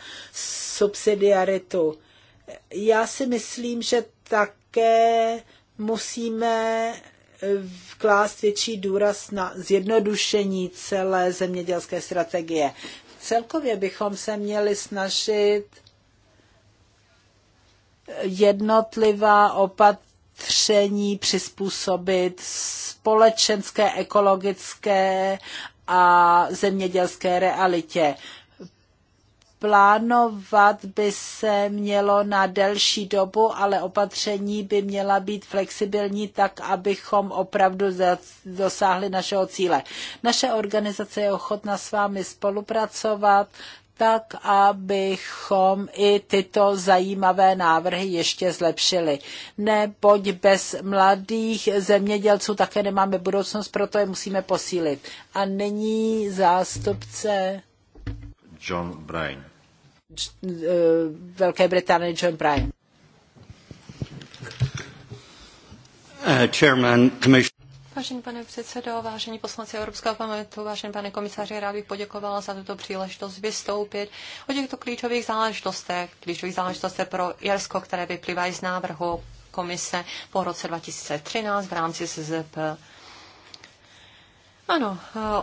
[SPEAKER 3] subsidiaritu. Já si myslím, že také musíme klást větší důraz na zjednodušení celé zemědělské strategie. Celkově bychom se měli snažit jednotlivá opat opatření přizpůsobit společenské, ekologické a zemědělské realitě. Plánovat by se mělo na delší dobu, ale opatření by měla být flexibilní tak, abychom opravdu dosáhli našeho cíle. Naše organizace je ochotna s vámi spolupracovat tak abychom i tyto zajímavé návrhy ještě zlepšili. Neboť bez mladých zemědělců také nemáme budoucnost, proto je musíme posílit. A není zástupce
[SPEAKER 1] John Bryan.
[SPEAKER 3] Eh, Velké Británie John Bryan.
[SPEAKER 4] Uh,
[SPEAKER 1] chairman, commission.
[SPEAKER 4] Vážený pane předsedo, vážení poslanci Evropského parlamentu, vážený pane komisaři, rád bych poděkovala za tuto příležitost vystoupit o těchto klíčových záležitostech, klíčových záležitostech pro Jersko, které vyplývají z návrhu komise po roce 2013 v rámci SZP. Ano,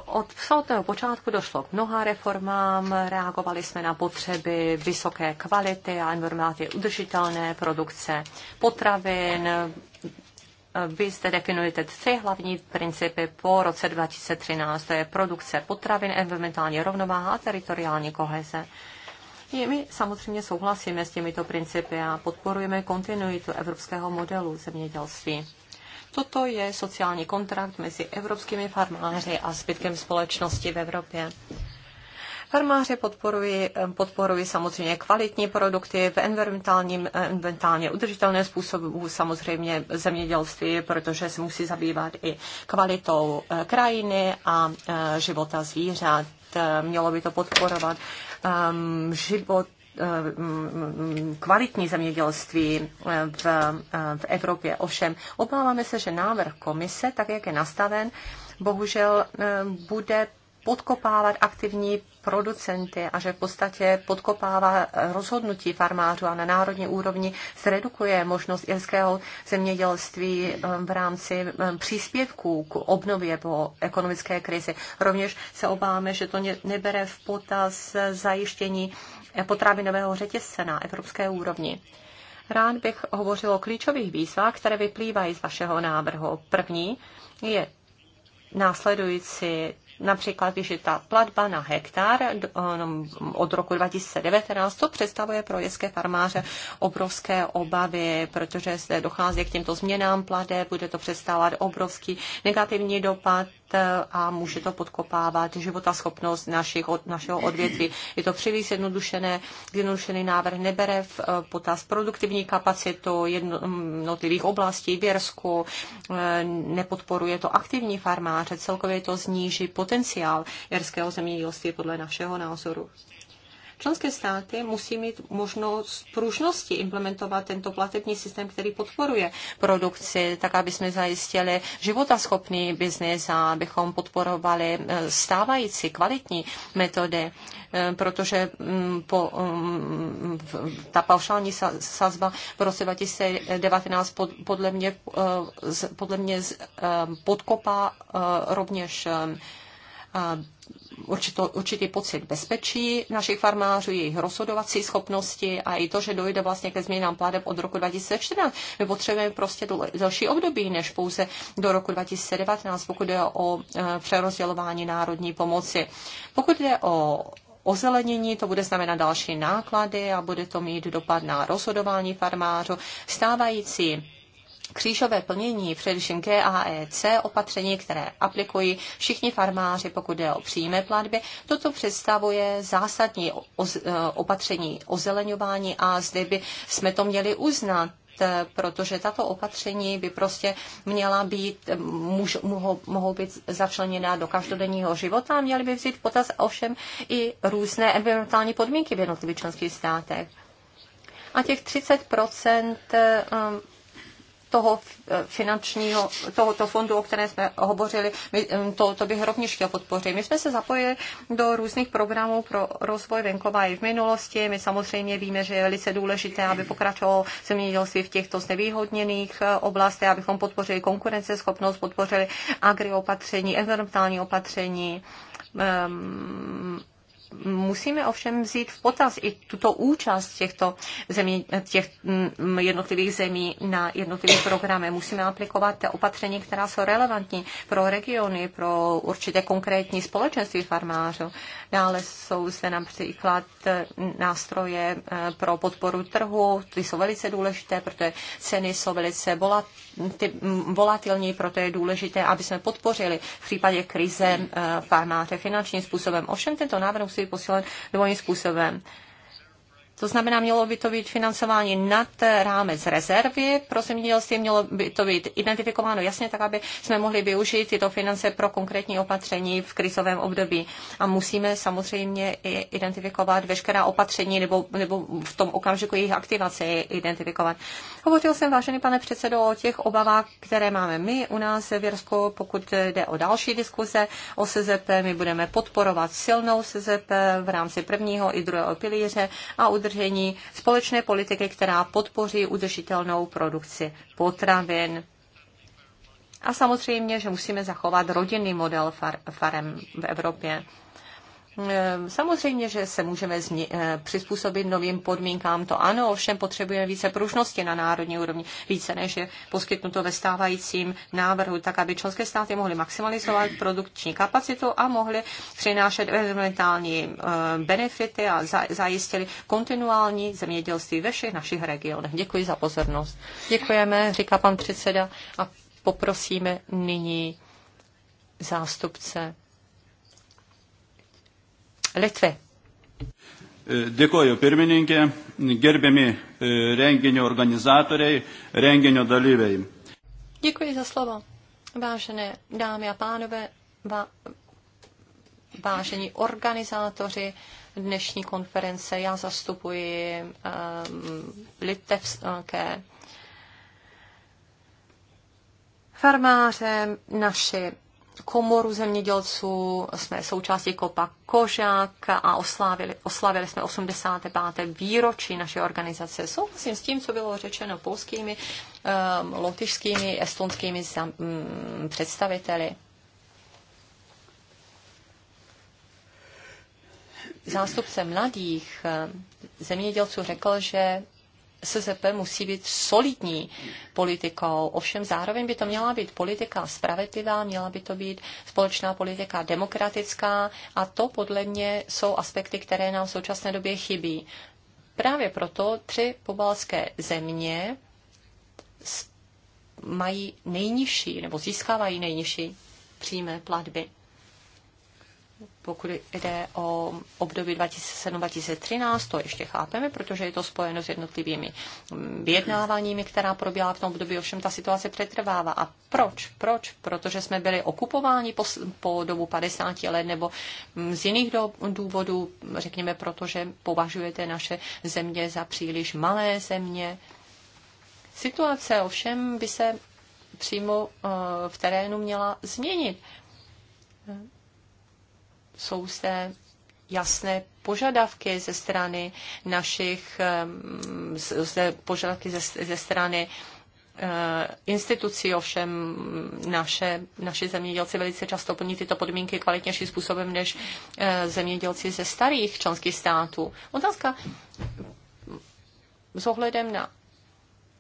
[SPEAKER 4] od samotného počátku došlo k mnoha reformám, reagovali jsme na potřeby vysoké kvality a environmentálně udržitelné produkce potravin, vy zde definujete tři hlavní principy po roce 2013. To je produkce potravin, environmentální rovnováha a teritoriální koheze. My samozřejmě souhlasíme s těmito principy a podporujeme kontinuitu evropského modelu zemědělství. Toto je sociální kontrakt mezi evropskými farmáři a zbytkem společnosti v Evropě. Farmáře podporují, eh, podporují samozřejmě kvalitní produkty v environmentálním, eh, environmentálně udržitelné způsobu, samozřejmě zemědělství, protože se musí zabývat i kvalitou eh, krajiny a života zvířat. Mělo by to podporovat ehm, život kvalitní zemědělství v, v Evropě. Ovšem, obáváme se, že návrh komise, tak jak je nastaven, bohužel bude podkopávat aktivní producenty a že v podstatě podkopává rozhodnutí farmářů a na národní úrovni zredukuje možnost irského zemědělství v rámci příspěvků k obnově po ekonomické krizi. Rovněž se obáváme, že to nebere v potaz zajištění eh, potravinového řetězce na evropské úrovni. Rád bych hovořil o klíčových výzvách, které vyplývají z vašeho návrhu. První je následující Například, když je ta platba na hektar od roku 2019, to představuje pro jeské farmáře obrovské obavy, protože se dochází k těmto změnám plade, bude to představovat obrovský negativní dopad Eh, a může to podkopávat životaschopnost našich, od, našeho odvětví. Je to příliš jednodušené, jednodušený návrh nebere v eh, potaz produktivní kapacitu mm, jednotlivých oblastí věrsku, eh, nepodporuje to aktivní farmáře, celkově to zníží potenciál jerského zemědělství podle našeho názoru. Členské státy musí mít možnost pružnosti implementovat tento platební systém, který podporuje produkci, tak aby jsme zajistili životaschopný biznis a abychom podporovali eh, stávající kvalitní metody, eh, protože mm, po, mm, ta paušální sazba v roce 2019 podle mě, eh, podle mě podkopá rovněž určito, určitý pocit bezpečí našich farmářů, jejich rozhodovací schopnosti a i to, že dojde vlastně ke změnám pládeb od roku 2014. My potřebujeme prostě další období než pouze do roku 2019, pokud jde o eh, přerozdělování národní pomoci. Pokud jde o ozelenění, to bude znamenat další náklady a bude to mít dopad na rozhodování farmářů. Stávající křížové plnění, především GAEC, opatření, které aplikují všichni farmáři, pokud jde o přímé platby, toto představuje zásadní eh, opatření ozeleňování a zde by jsme to měli uznat eh, protože tato opatření by prostě měla být, eh, muž, mohou, mohou být začleněná do každodenního života a měly by vzít potaz ovšem i různé environmentální podmínky v jednotlivých členských státech. A těch 30 toho eh, finančního, tohoto fondu, o kterém jsme hovořili, my, eh, to, to bych rovněž chtěl podpořit. My jsme se zapojili do různých programů pro rozvoj venkova i v minulosti. My samozřejmě víme, že je velice důležité, aby pokračovalo zemědělství v těchto znevýhodněných eh, oblastech, abychom podpořili konkurenceschopnost, podpořili agriopatření, environmentální opatření, um, Musíme ovšem vzít v potaz i tuto účast těchto zemí, těch mm, jednotlivých zemí na jednotlivých programech. Musíme aplikovat ta opatření, která jsou relevantní pro regiony, pro určité konkrétní společenství farmářů. Dále jsou zde například mm, nástroje eh, pro podporu trhu, ty jsou velice důležité, protože ceny jsou velice mm, volatilní, proto je důležité, aby jsme podpořili v případě krize eh, farmáře finančním způsobem. Ovšem tento návrh musí posílat dvojím způsobem. To znamená, mělo by to být financování nad rámec rezervy pro zemědělství, mělo by to být identifikováno jasně tak, aby jsme mohli využít tyto finance pro konkrétní opatření v krizovém období. A musíme samozřejmě i identifikovat veškerá opatření nebo, nebo v tom okamžiku jejich aktivace identifikovat. Hovořil jsem, vážený pane předsedo, o těch obavách, které máme my u nás v Jirsku, pokud jde o další diskuze o SZP. My budeme podporovat silnou SZP v rámci prvního i druhého pilíře a u udržení společné politiky, která podpoří udržitelnou produkci potravin. A samozřejmě, že musíme zachovat rodinný model farem v Evropě. Eh, samozřejmě, že se můžeme zni- eh, přizpůsobit novým podmínkám, to ano, ovšem potřebujeme více pružnosti na národní úrovni, více než je poskytnuto ve stávajícím návrhu, tak aby členské státy mohly maximalizovat produkční kapacitu a mohly přinášet elementální eh, benefity a za- zajistili kontinuální zemědělství ve všech našich regionech. Děkuji za pozornost. Děkujeme, říká pan předseda a poprosíme nyní zástupce Děkuji.
[SPEAKER 1] Dėkoju pirmininkė, gerbiami e, renginio organizátorej, renginio dalyviai.
[SPEAKER 4] Děkuji za slovo. Vážené dámy a pánové, vá, vážení organizátoři dnešní konference, já zastupuji um, litevské farmáře, naši komoru zemědělců, jsme součástí kopa Kožák a oslavili, oslavili jsme 85. výročí naší organizace. Souhlasím s tím, co bylo řečeno polskými, um, lotyšskými, estonskými um, představiteli. Zástupce mladých ehm, zemědělců řekl, že SZP musí být solidní politikou, ovšem zároveň by to měla být politika spravedlivá, měla by to být společná politika demokratická a to podle mě jsou aspekty, které nám v současné době chybí. Právě proto tři pobalské země mají nejnižší nebo získávají nejnižší přímé platby pokud jde o období 2007-2013, to ještě chápeme, protože je to spojeno s jednotlivými mm, vyjednáváními, která probíhala v tom období, ovšem ta situace přetrvává. A proč? Proč? Protože jsme byli okupováni po, po dobu 50 let nebo mm, z jiných do, důvodů, řekněme, protože považujete naše země za příliš malé země. Situace ovšem by se přímo eh, v terénu měla změnit jsou zde jasné požadavky ze strany našich, zde požadavky ze, ze strany eh, institucí, ovšem naše, naše zemědělci velice často plní tyto podmínky kvalitnějším způsobem než eh, zemědělci ze starých členských států. Otázka s ohledem na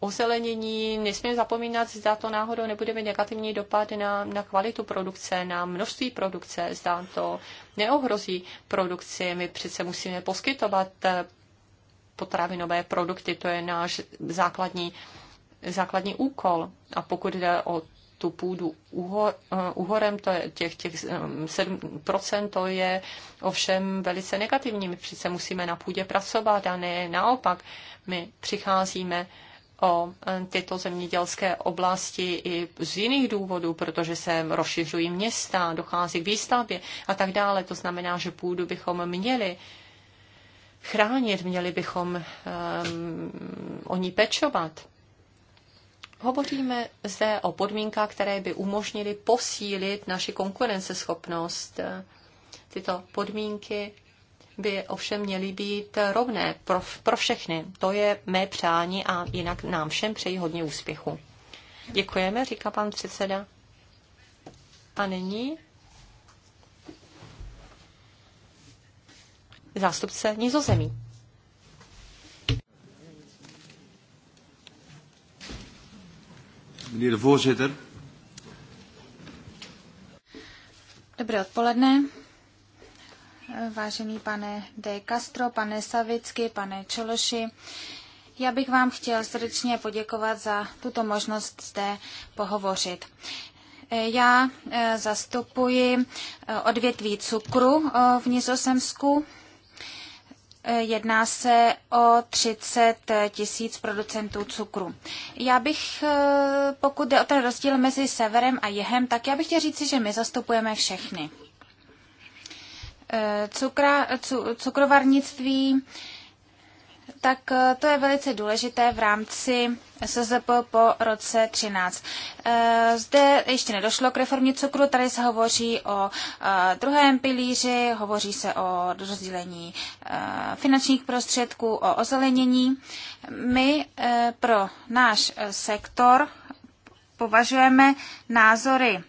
[SPEAKER 4] ozelenění. Nesmíme zapomínat, zda to náhodou nebude mít negativní dopad na, na kvalitu produkce, na množství produkce, zda to neohrozí produkci. My přece musíme poskytovat eh, potravinové produkty, to je náš základní, základní úkol. A pokud jde o tu půdu uhor, eh, uhorem, to je těch, těch 7%, eh, to je ovšem velice negativní. My přece musíme na půdě pracovat a ne naopak. My přicházíme o e, tyto zemědělské oblasti i z jiných důvodů, protože se rozšiřují města, dochází k výstavbě a tak dále. To znamená, že půdu bychom měli chránit, měli bychom um, o ní pečovat. Hovoříme zde o podmínkách, které by umožnily posílit naši konkurenceschopnost. E, tyto podmínky by ovšem měly být rovné pro, pro všechny. To je mé přání a jinak nám všem přeji hodně úspěchu. Děkujeme, říká pan předseda. A nyní zástupce Nizozemí.
[SPEAKER 2] Dobré odpoledne vážený pane De Castro, pane Savicky, pane Čološi. Já bych vám chtěl srdečně poděkovat za tuto možnost zde pohovořit. Já eh, zastupuji eh, odvětví cukru eh, v Nizozemsku. Jedná se o 30 tisíc producentů cukru. Já bych, pokud jde o ten rozdíl mezi severem a jehem, tak já bych chtěl říci, že my zastupujeme všechny. Eh, cukra, cukrovarnictví, tak eh, to je velice důležité v rámci SZP po roce 13. Eh, zde ještě nedošlo k reformě cukru, tady se hovoří o druhém pilíři, hovoří se o rozdělení finančních prostředků, o ozelenění. My pro náš sektor považujeme názory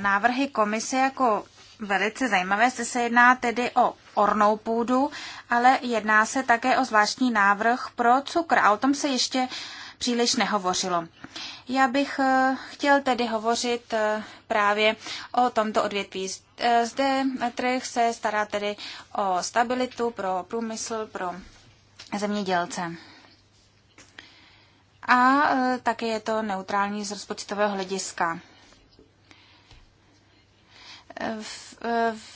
[SPEAKER 2] návrhy komise jako velice zajímavé. Zde se jedná tedy o ornou půdu, ale jedná se také o zvláštní návrh pro cukr a o tom se ještě příliš nehovořilo. Já bych eh, chtěl tedy hovořit eh, právě o tomto odvětví. Eh, zde trh se stará tedy o stabilitu pro průmysl, pro zemědělce. A také je to neutrální z rozpočtového hlediska. V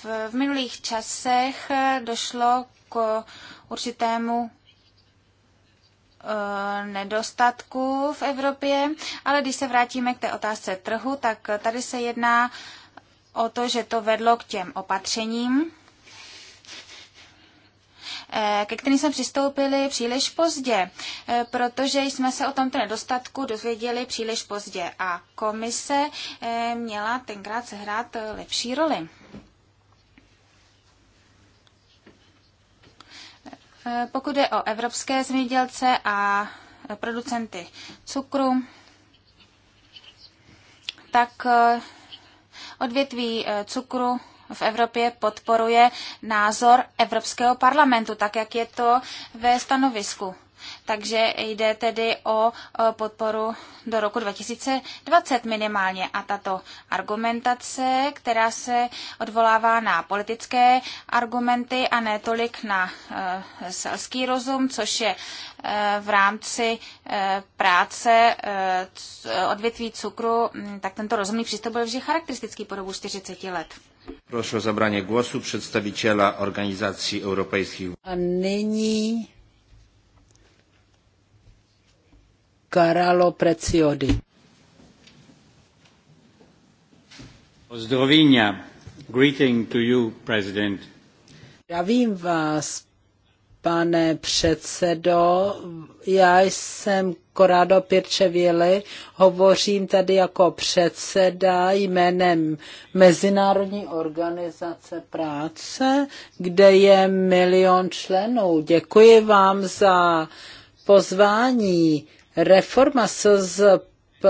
[SPEAKER 2] v, v minulých časech došlo k určitému eh, nedostatku v Evropě, ale když se vrátíme k té otázce trhu, tak tady se jedná o to, že to vedlo k těm opatřením, Eh, ke kterým jsme přistoupili příliš pozdě, eh, protože jsme se o tomto nedostatku dozvěděli příliš pozdě a komise eh, měla tenkrát sehrát lepší roli. Pokud je o evropské zemědělce a producenty cukru, tak odvětví cukru v Evropě podporuje názor Evropského parlamentu, tak jak je to ve stanovisku. Takže jde tedy o podporu do roku 2020 minimálně. A tato argumentace, která se odvolává na politické argumenty a ne tolik na e, selský rozum, což je e, v rámci e, práce e, odvětví cukru, tak tento rozumný přístup byl vždy charakteristický po dobu 40 let.
[SPEAKER 1] Proszę o zabranie głosu przedstawiciela organizacji europejskich.
[SPEAKER 2] A nyní
[SPEAKER 3] Karalo Preciody.
[SPEAKER 1] Zdrovíňa. Greeting to you, president.
[SPEAKER 3] Zdravím vás, Pane předsedo, já jsem Corrado Pirčevili, hovořím tady jako předseda jménem Mezinárodní organizace práce, kde je milion členů. Děkuji vám za pozvání. Reforma SZP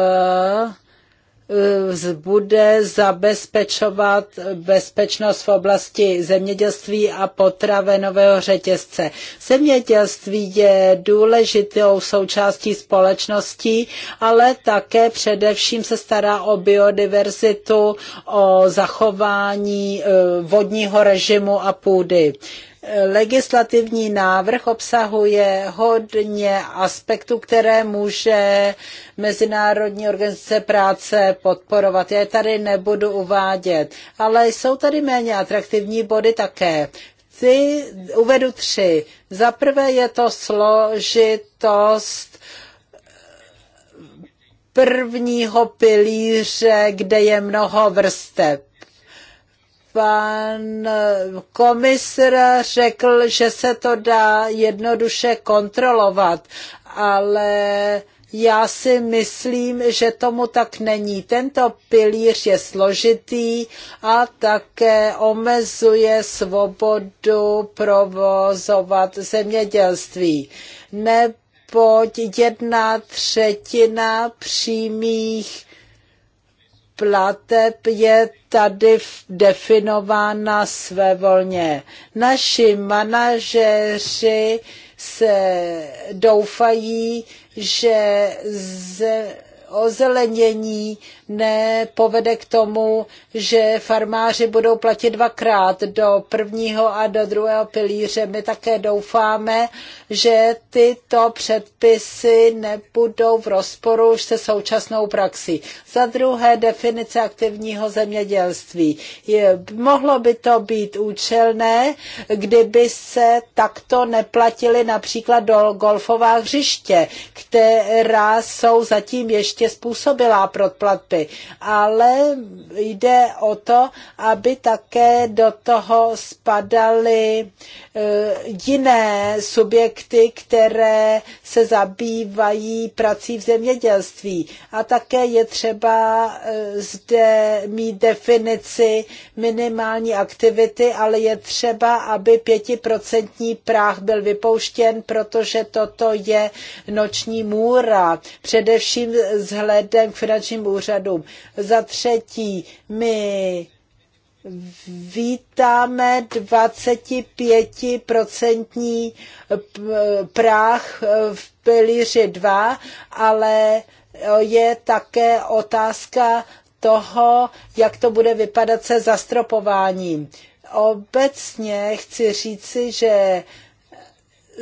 [SPEAKER 3] bude zabezpečovat bezpečnost v oblasti zemědělství a potravenového řetězce. Zemědělství je důležitou součástí společnosti, ale také především se stará o biodiverzitu, o zachování eh, vodního režimu a půdy legislativní návrh obsahuje hodně aspektů, které může Mezinárodní organizace práce podporovat. Já je tady nebudu uvádět, ale jsou tady méně atraktivní body také. Ty uvedu tři. Za prvé je to složitost prvního pilíře, kde je mnoho vrstev pan eh, komisr řekl, že se to dá jednoduše kontrolovat, ale já si myslím, že tomu tak není. Tento pilíř je složitý a také omezuje svobodu provozovat zemědělství. Neboť jedna třetina přímých plateb je tady definována svévolně. Naši manažeři se doufají, že ze ozelenění nepovede k tomu, že farmáři budou platit dvakrát do prvního a do druhého pilíře. My také doufáme, že tyto předpisy nebudou v rozporu už se současnou praxí. Za druhé definice aktivního zemědělství. Je, mohlo by to být účelné, kdyby se takto neplatily například do golfová hřiště, která jsou zatím ještě ještě způsobilá pro platby, ale jde o to, aby také do toho spadaly e, jiné subjekty, které se zabývají prací v zemědělství. A také je třeba e, zde mít definici minimální aktivity, ale je třeba, aby pětiprocentní práh byl vypouštěn, protože toto je noční můra, především vzhledem k finančním úřadům. Za třetí, my vítáme 25% eh, práh eh, v pilíři 2, ale eh, je také otázka toho, jak to bude vypadat se zastropováním. Obecně chci říci, že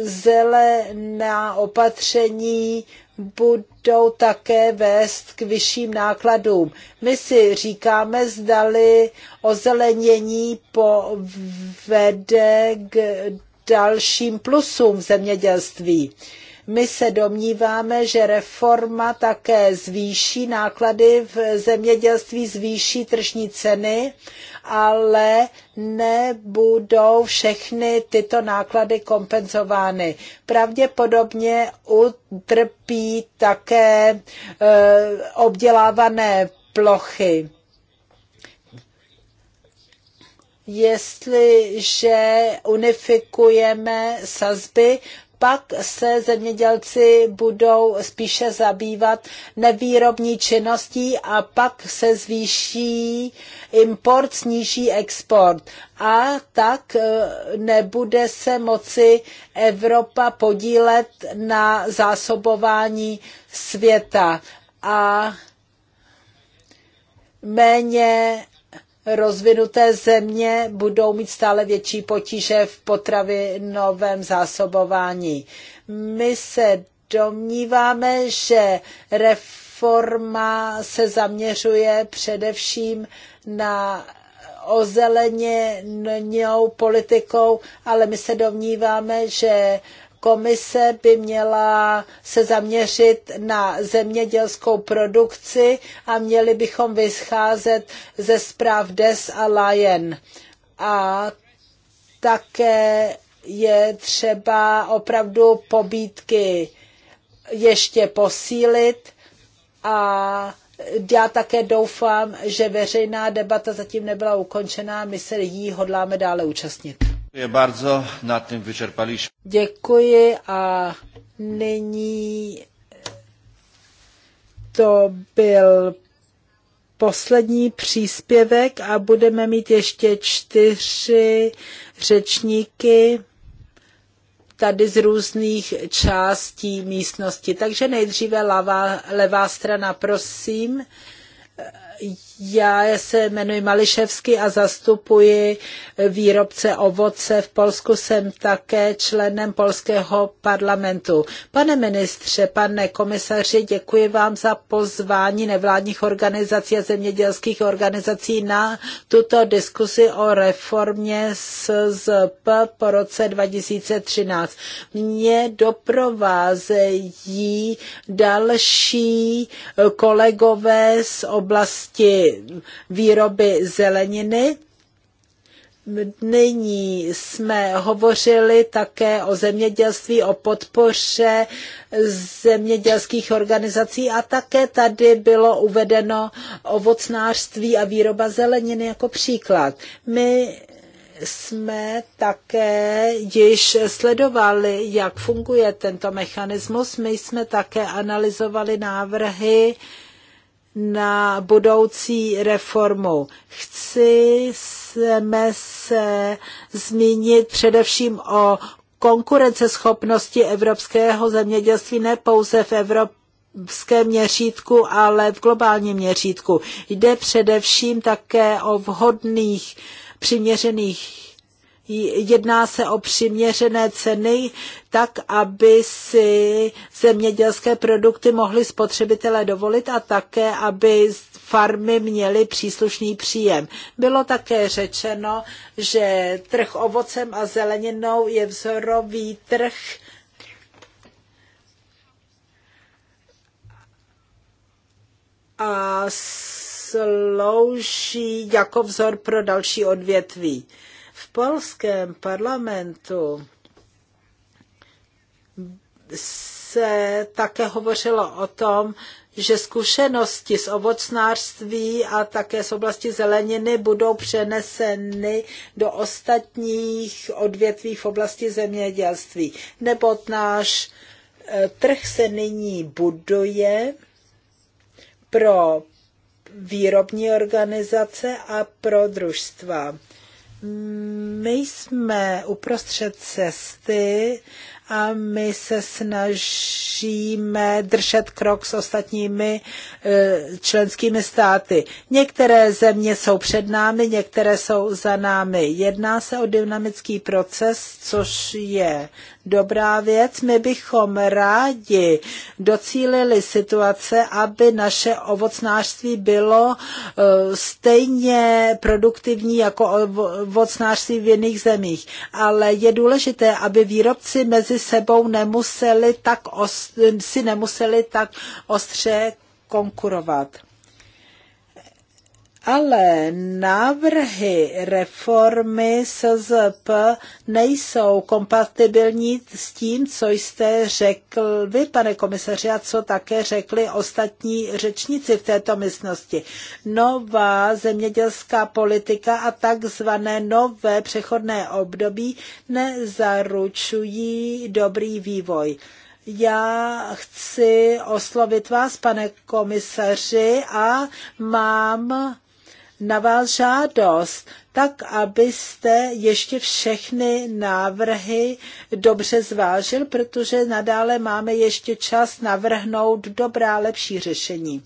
[SPEAKER 3] zelená opatření budou budou také vést k vyšším nákladům. My si říkáme, zdali ozelenění povede k dalším plusům v zemědělství. My se domníváme, že reforma také zvýší náklady v zemědělství, zvýší tržní ceny ale nebudou všechny tyto náklady kompenzovány. Pravděpodobně utrpí také e, obdělávané plochy. Jestliže unifikujeme sazby, pak se zemědělci budou spíše zabývat nevýrobní činností a pak se zvýší import, sníží export. A tak e, nebude se moci Evropa podílet na zásobování světa. A méně rozvinuté země budou mít stále větší potíže v potravinovém zásobování. My se domníváme, že reforma se zaměřuje především na ozeleněnou politikou, ale my se domníváme, že komise by měla se zaměřit na zemědělskou produkci a měli bychom vycházet ze zpráv DES a Lion. A také je třeba opravdu pobídky ještě posílit a já také doufám, že veřejná debata zatím nebyla ukončená, my se jí hodláme dále účastnit.
[SPEAKER 1] Děkuji bardzo, na tím vyčerpali.
[SPEAKER 3] Děkuji a nyní e, to byl poslední příspěvek a budeme mít ještě čtyři řečníky tady z různých částí místnosti. Takže nejdříve levá, levá strana, prosím já se jmenuji Mališevský a zastupuji výrobce ovoce. V Polsku jsem také členem polského parlamentu. Pane ministře, pane komisaři, děkuji vám za pozvání nevládních organizací a zemědělských organizací na tuto diskusi o reformě SZP po roce 2013. Mě doprovázejí další kolegové z oblasti výroby zeleniny. Nyní jsme hovořili také o zemědělství, o podpoře zemědělských organizací a také tady bylo uvedeno ovocnářství a výroba zeleniny jako příklad. My jsme také již sledovali, jak funguje tento mechanismus. My jsme také analyzovali návrhy na budoucí reformu. Chci se zmínit především o konkurenceschopnosti evropského zemědělství ne pouze v Evropě, v měřítku, ale v globálním měřítku. Jde především také o vhodných, přiměřených jedná se o přiměřené ceny, tak aby si zemědělské produkty mohli spotřebitelé dovolit a také, aby farmy měly příslušný příjem. Bylo také řečeno, že trh ovocem a zeleninou je vzorový trh a slouží jako vzor pro další odvětví polském parlamentu se také hovořilo o tom, že zkušenosti z ovocnářství a také z oblasti zeleniny budou přeneseny do ostatních odvětví v oblasti zemědělství. Nebo náš e, trh se nyní buduje pro výrobní organizace a pro družstva. My jsme uprostřed cesty a my se snažíme držet krok s ostatními eh, členskými státy. Některé země jsou před námi, některé jsou za námi. Jedná se o dynamický proces, což je dobrá věc. My bychom rádi docílili situace, aby naše ovocnářství bylo eh, stejně produktivní jako ovocnářství v jiných zemích. Ale je důležité, aby výrobci mezi sebou nemuseli tak os- si nemuseli tak ostře konkurovat ale návrhy reformy SZP nejsou kompatibilní s tím, co jste řekl vy, pane komisaři, a co také řekli ostatní řečníci v této místnosti. Nová zemědělská politika a takzvané nové přechodné období nezaručují dobrý vývoj. Já chci oslovit vás, pane komisaři, a mám na vás žádost, tak abyste ještě všechny návrhy dobře zvážil, protože nadále máme ještě čas navrhnout dobrá lepší řešení.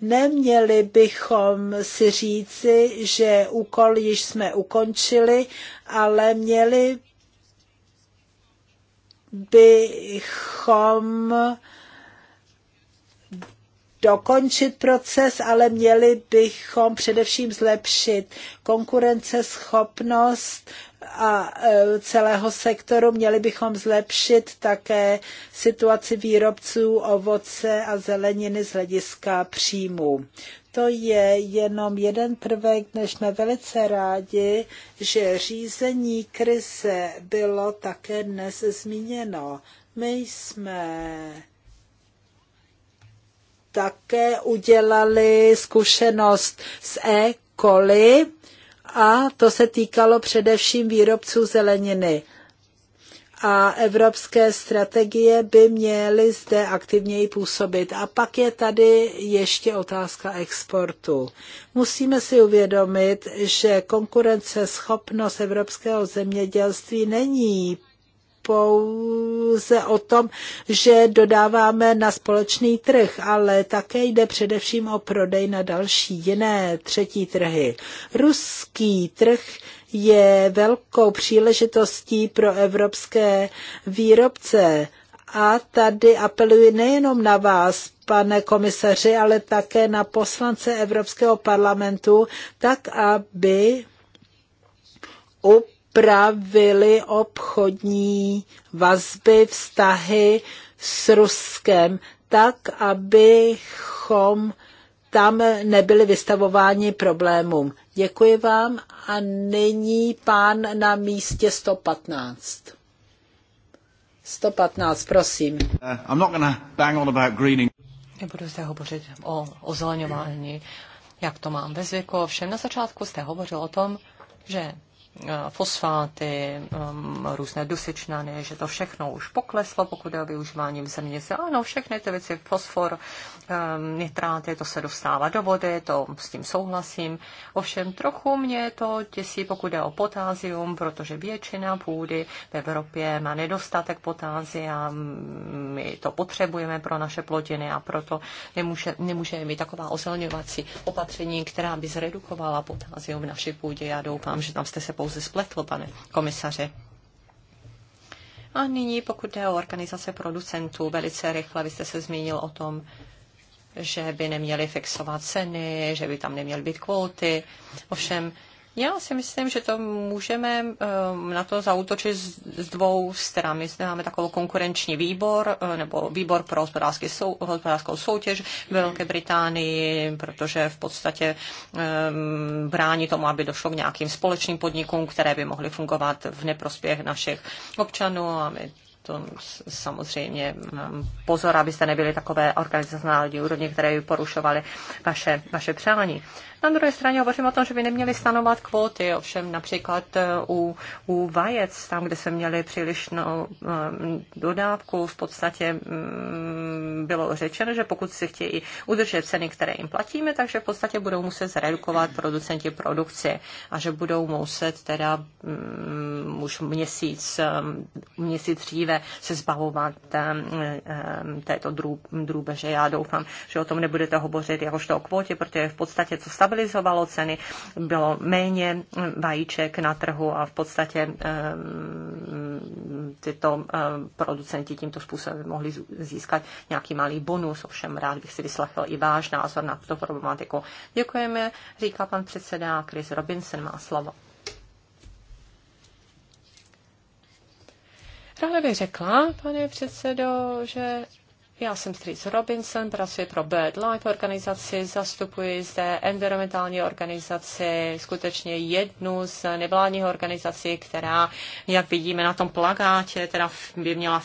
[SPEAKER 3] Neměli bychom si říci, že úkol již jsme ukončili, ale měli bychom dokončit proces, ale měli bychom především zlepšit konkurenceschopnost a e, celého sektoru. Měli bychom zlepšit také situaci výrobců ovoce a zeleniny z hlediska příjmů. To je jenom jeden prvek, než jsme velice rádi, že řízení krize bylo také dnes zmíněno. My jsme také udělali zkušenost s e-koli a to se týkalo především výrobců zeleniny. A evropské strategie by měly zde aktivněji působit. A pak je tady ještě otázka exportu. Musíme si uvědomit, že konkurenceschopnost evropského zemědělství není pouze o tom, že dodáváme na společný trh, ale také jde především o prodej na další jiné třetí trhy. Ruský trh je velkou příležitostí pro evropské výrobce. A tady apeluji nejenom na vás, pane komisaři, ale také na poslance Evropského parlamentu, tak aby upravili obchodní vazby, vztahy s Ruskem, tak, abychom tam nebyli vystavováni problémům. Děkuji vám a nyní pán na místě 115. 115, prosím. Uh, I'm not gonna bang on about greening. Nebudu zde hovořit o ozeleňování,
[SPEAKER 4] jak to mám ve zvyku. Všem na začátku jste hovořil o tom, že Eh, fosfáty, eh, různé dusičnany, že to všechno už pokleslo, pokud je o využívání v země. Ano, všechny ty věci, fosfor, eh, nitráty, to se dostává do vody, to s tím souhlasím. Ovšem trochu mě to těsí, pokud je o potázium, protože většina půdy v Evropě má nedostatek potázia, my to potřebujeme pro naše plodiny a proto nemůže, nemůžeme mít taková ozelňovací opatření, která by zredukovala potázium v naší půdě. Já doufám, že tam jste se pouze spletl, pane komisaře. A nyní, pokud jde o organizace producentů, velice rychle, byste se zmínil o tom, že by neměli fixovat ceny, že by tam neměly být kvóty. Ovšem, já si myslím, že to můžeme eh, na to zautočit z dvou stran. My zde máme takovou konkurenční výbor, eh, nebo výbor pro hospodářskou soutěž v Velké Británii, protože v podstatě eh, brání tomu, aby došlo k nějakým společným podnikům, které by mohly fungovat v neprospěch našich občanů a my to samozřejmě pozor, abyste nebyli takové organizace na národní úrovni, které by porušovaly vaše, vaše přání. Na druhé straně hovořím o tom, že by neměli stanovat kvóty, ovšem například eh, u, u vajec, tam, kde se měli přílišnou eh, dodávku, v podstatě mm, bylo řečeno, že pokud si chtějí udržet ceny, které jim platíme, takže v podstatě budou muset zredukovat producenti produkci a že budou muset teda um, už měsíc, um, měsíc dříve se zbavovat um, této drů, drůbeže. Já doufám, že o tom nebudete hovořit jakožto o kvótě, protože v podstatě to stabilizuje stabilizovalo ceny, bylo méně eh, vajíček na trhu a v podstatě eh, tyto eh, producenti tímto způsobem mohli získat nějaký malý bonus. Ovšem rád bych si vyslechl i váš názor na tuto problematiku. Děkujeme, říká pan předseda Chris Robinson má slovo. Ráda bych řekla, pane předsedo, že já jsem Stric Robinson, pracuji pro Bird Life organizaci, zastupuji zde environmentální organizaci, skutečně jednu z nevládních organizací, která, jak vidíme na tom plagátě, teda by měla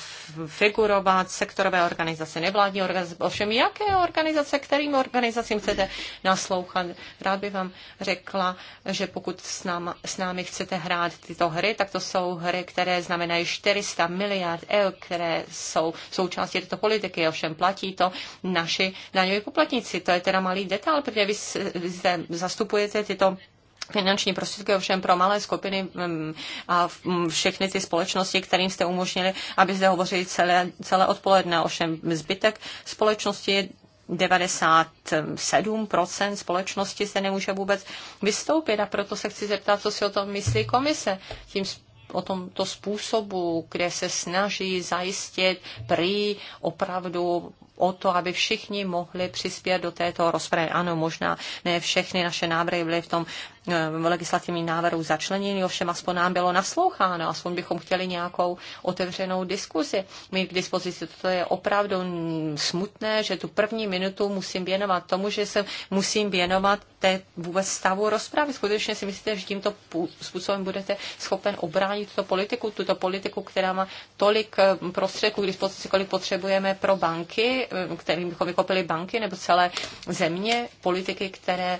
[SPEAKER 4] figurovat sektorové organizace, nevládní organizace, ovšem jaké organizace, kterým organizacím chcete naslouchat. Rád bych vám řekla, že pokud s, nám, s námi chcete hrát tyto hry, tak to jsou hry, které znamenají 400 miliard eur, které jsou součástí této politiky banky, ovšem platí to naši daňoví poplatníci. To je teda malý detail, protože vy zde zastupujete tyto finanční prostředky ovšem pro malé skupiny mm, a mm, všechny ty společnosti, kterým jste umožnili, aby zde hovořili celé, celé odpoledne. Ovšem zbytek společnosti je 97% společnosti se nemůže vůbec vystoupit a proto se chci zeptat, co si o tom myslí komise. Tím o tomto způsobu, kde se snaží zajistit prý opravdu o to, aby všichni mohli přispět do této rozpravy. Ano, možná ne všechny naše návrhy byly v tom Eh, legislativních návrhů začleněny, ovšem aspoň nám bylo nasloucháno, aspoň bychom chtěli nějakou otevřenou diskuzi My k dispozici. To je opravdu smutné, že tu první minutu musím věnovat tomu, že se musím věnovat té vůbec stavu rozpravy. Skutečně si myslíte, že tímto způsobem budete schopen obránit tuto politiku, tuto politiku, která má tolik eh, prostředků k dispozici, kolik potřebujeme pro banky, eh, kterým bychom vykopili banky nebo celé země, politiky, které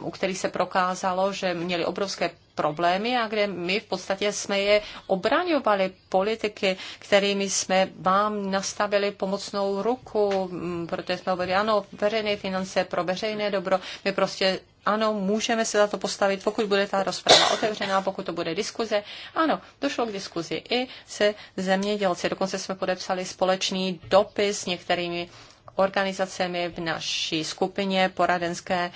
[SPEAKER 4] u kterých se prokázalo, že měli obrovské problémy a kde my v podstatě jsme je obraňovali politiky, kterými jsme vám nastavili pomocnou ruku, protože jsme hovorili, ano, veřejné finance pro veřejné dobro, my prostě ano, můžeme se za to postavit, pokud bude ta rozprava otevřená, pokud to bude diskuze. Ano, došlo k diskuzi i se zemědělci. Dokonce jsme podepsali společný dopis s některými organizacemi v naší skupině poradenské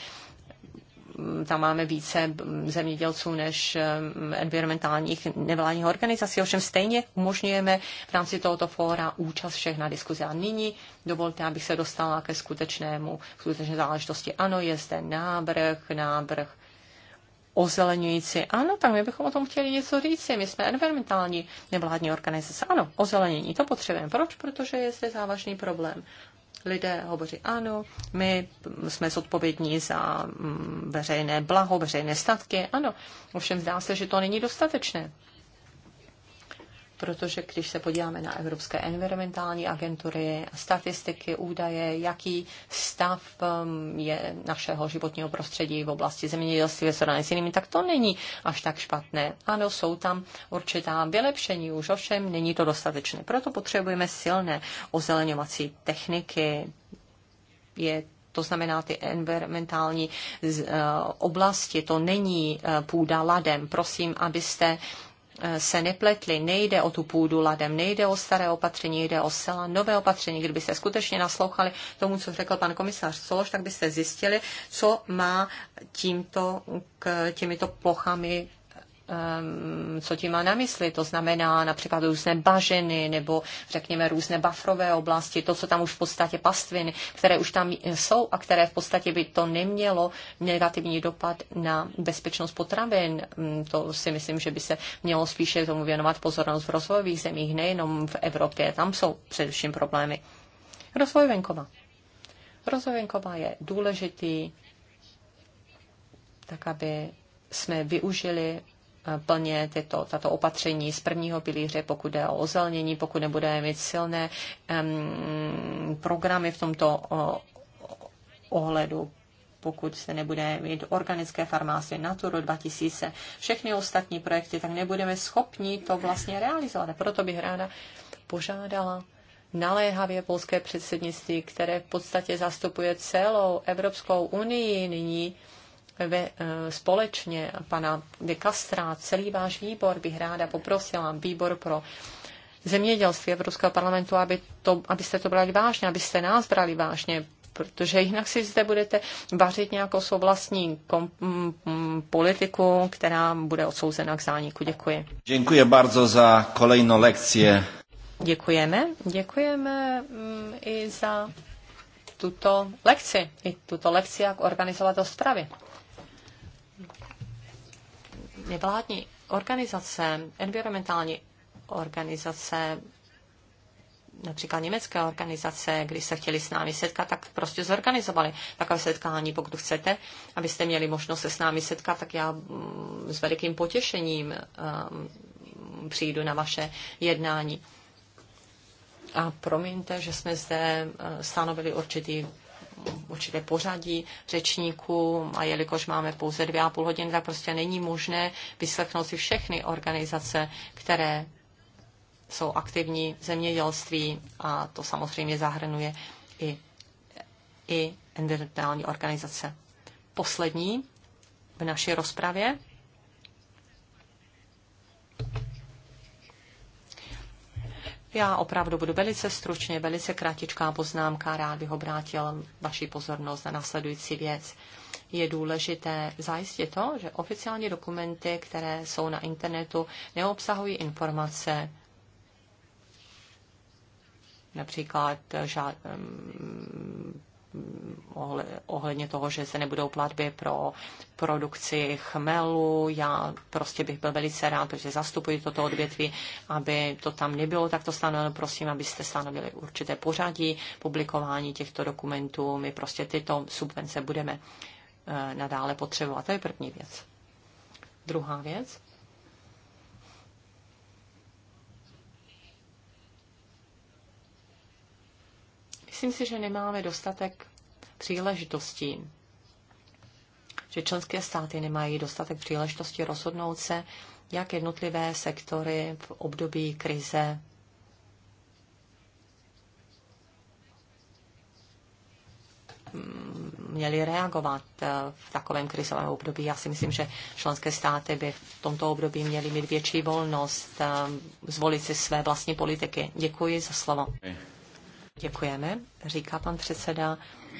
[SPEAKER 4] Mm, tam máme více mm, zemědělců než mm, environmentálních nevládních organizací, ovšem stejně umožňujeme v rámci tohoto fóra účast všech na diskuzi. A nyní dovolte, abych se dostala ke skutečnému, skutečné záležitosti. Ano, je zde návrh, návrh ozeleňující. Ano, tak my bychom o tom chtěli něco říct. My jsme environmentální nevládní organizace. Ano, ozelenění, to potřebujeme. Proč? Protože je zde závažný problém lidé hovoří ano, my jsme zodpovědní za mm, veřejné blaho, veřejné statky, ano. Ovšem zdá se, že to není dostatečné protože když se podíváme na evropské environmentální agentury, statistiky, údaje, jaký stav um, je našeho životního prostředí v oblasti zemědělství ve srovnání s jinými, tak to není až tak špatné. Ano, jsou tam určitá vylepšení, už ovšem není to dostatečné. Proto potřebujeme silné ozeleňovací techniky. Je to znamená ty environmentální eh, oblasti, to není eh, půda ladem. Prosím, abyste Eh, se nepletli. Nejde o tu půdu ladem, nejde o staré opatření, jde o zcela nové opatření. Kdyby se skutečně naslouchali tomu, co řekl pan komisář Sološ, tak byste zjistili, co má tímto, k těmito plochami Ehm, co tím má na mysli. To znamená například různé bažiny nebo řekněme různé bafrové oblasti, to, co tam už v podstatě pastviny, které už tam jsou a které v podstatě by to nemělo negativní dopad na bezpečnost potravin. Ehm, to si myslím, že by se mělo spíše tomu věnovat pozornost v rozvojových zemích, nejenom v Evropě. Tam jsou především problémy. Rozvoj venkova. Rozvoj venkova je důležitý, tak aby jsme využili plně tyto, tato opatření z prvního pilíře, pokud jde o ozelnění, pokud nebudeme mít silné um, programy v tomto ohledu, pokud se nebude mít organické farmácie Naturu 2000, všechny ostatní projekty, tak nebudeme schopni to vlastně realizovat. A proto bych ráda požádala naléhavě polské předsednictví, které v podstatě zastupuje celou Evropskou unii nyní, ve, eh, společně pana de Castra, celý váš výbor bych ráda poprosila, výbor pro zemědělství Evropského parlamentu, aby to, abyste to brali vážně, abyste nás brali vážně, protože jinak si zde budete vařit nějakou svou vlastní kom, m, mm, mm, politiku, která bude odsouzena k zániku. Děkuji.
[SPEAKER 1] Děkuji bardzo za kolejnou lekci.
[SPEAKER 4] Děkujeme. Děkujeme mm, i za tuto lekci, i tuto lekci, jak organizovat rozpravy nevládní organizace, environmentální organizace, například německé organizace, když se chtěli s námi setkat, tak prostě zorganizovali takové setkání. Pokud chcete, abyste měli možnost se s námi setkat, tak já mm, s velikým potěšením um, přijdu na vaše jednání. A promiňte, že jsme zde mm, stanovili určitý určité pořadí řečníků a jelikož máme pouze dvě a půl hodiny, tak prostě není možné vyslechnout si všechny organizace, které jsou aktivní v zemědělství a to samozřejmě zahrnuje i, i environmentální organizace. Poslední v naší rozpravě já opravdu budu velice stručně, velice kratičká poznámka, rád bych obrátil vaši pozornost na následující věc. Je důležité zajistit to, že oficiální dokumenty, které jsou na internetu, neobsahují informace, například žád, ohledně toho, že se nebudou platby pro produkci chmelu. Já prostě bych byl velice rád, protože zastupuji toto odvětví, aby to tam nebylo takto stanoveno. Prosím, abyste stanovili určité pořadí publikování těchto dokumentů. My prostě tyto subvence budeme eh, nadále potřebovat. To je první věc. Druhá věc. Myslím si, že nemáme dostatek příležitostí, že členské státy nemají dostatek příležitosti rozhodnout se, jak jednotlivé sektory v období krize měli reagovat v takovém krizovém období. Já si myslím, že členské státy by v tomto období měly mít větší volnost eh, zvolit si své vlastní politiky. Děkuji za slovo. Okay. Děkujeme, říká pan předseda,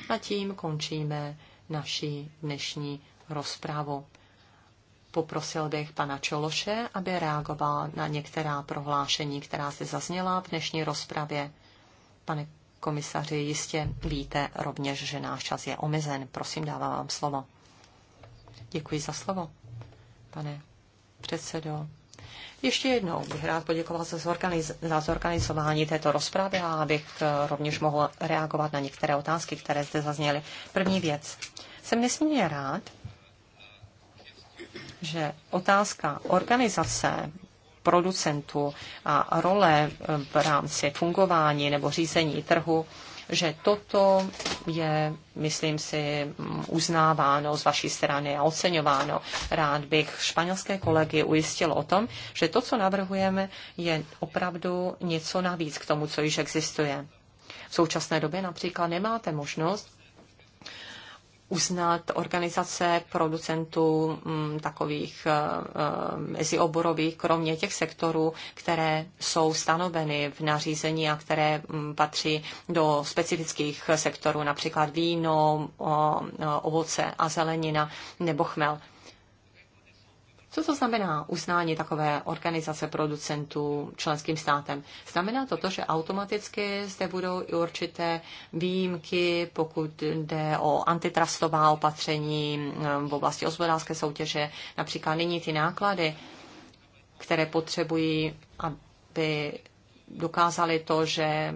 [SPEAKER 4] a tím končíme naši dnešní rozpravu. Poprosil bych pana Čološe, aby reagoval na některá prohlášení, která se zazněla v dnešní rozpravě. Pane komisaři, jistě víte rovněž, že náš čas je omezen. Prosím, dávám vám slovo. Děkuji za slovo, pane předsedo. Ještě jednou bych rád poděkoval za, zorganiz- za zorganizování této rozpravy a abych eh, rovněž mohl reagovat na některé otázky, které zde zazněly. První věc. Jsem nesmírně rád, že otázka organizace producentů a role eh, v rámci fungování nebo řízení trhu že toto je, myslím si, uznáváno z vaší strany a oceňováno. Rád bych španělské kolegy ujistil o tom, že to, co navrhujeme, je opravdu něco navíc k tomu, co již existuje. V současné době například nemáte možnost uznat organizace producentů mm, takových eh, eh, mezioborových, kromě těch sektorů, které jsou stanoveny v nařízení a které mm, patří do specifických sektorů, například víno, ovoce a zelenina nebo chmel. Co to znamená uznání takové organizace producentů členským státem? Znamená to to, že automaticky zde budou i určité výjimky, pokud jde o antitrustová opatření v oblasti hospodářské soutěže, například nyní ty náklady, které potřebují, aby dokázali to, že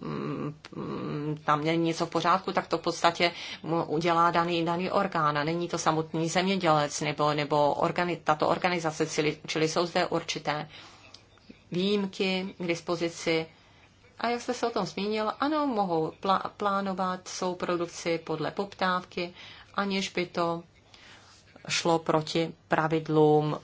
[SPEAKER 4] Mm, tam není něco v pořádku, tak to v podstatě udělá daný, daný orgán. A není to samotný zemědělec nebo, nebo organi, tato organizace, čili, čili jsou zde určité výjimky k dispozici. A jak jste se o tom zmínil, ano, mohou plánovat svou produkci podle poptávky, aniž by to šlo proti pravidlům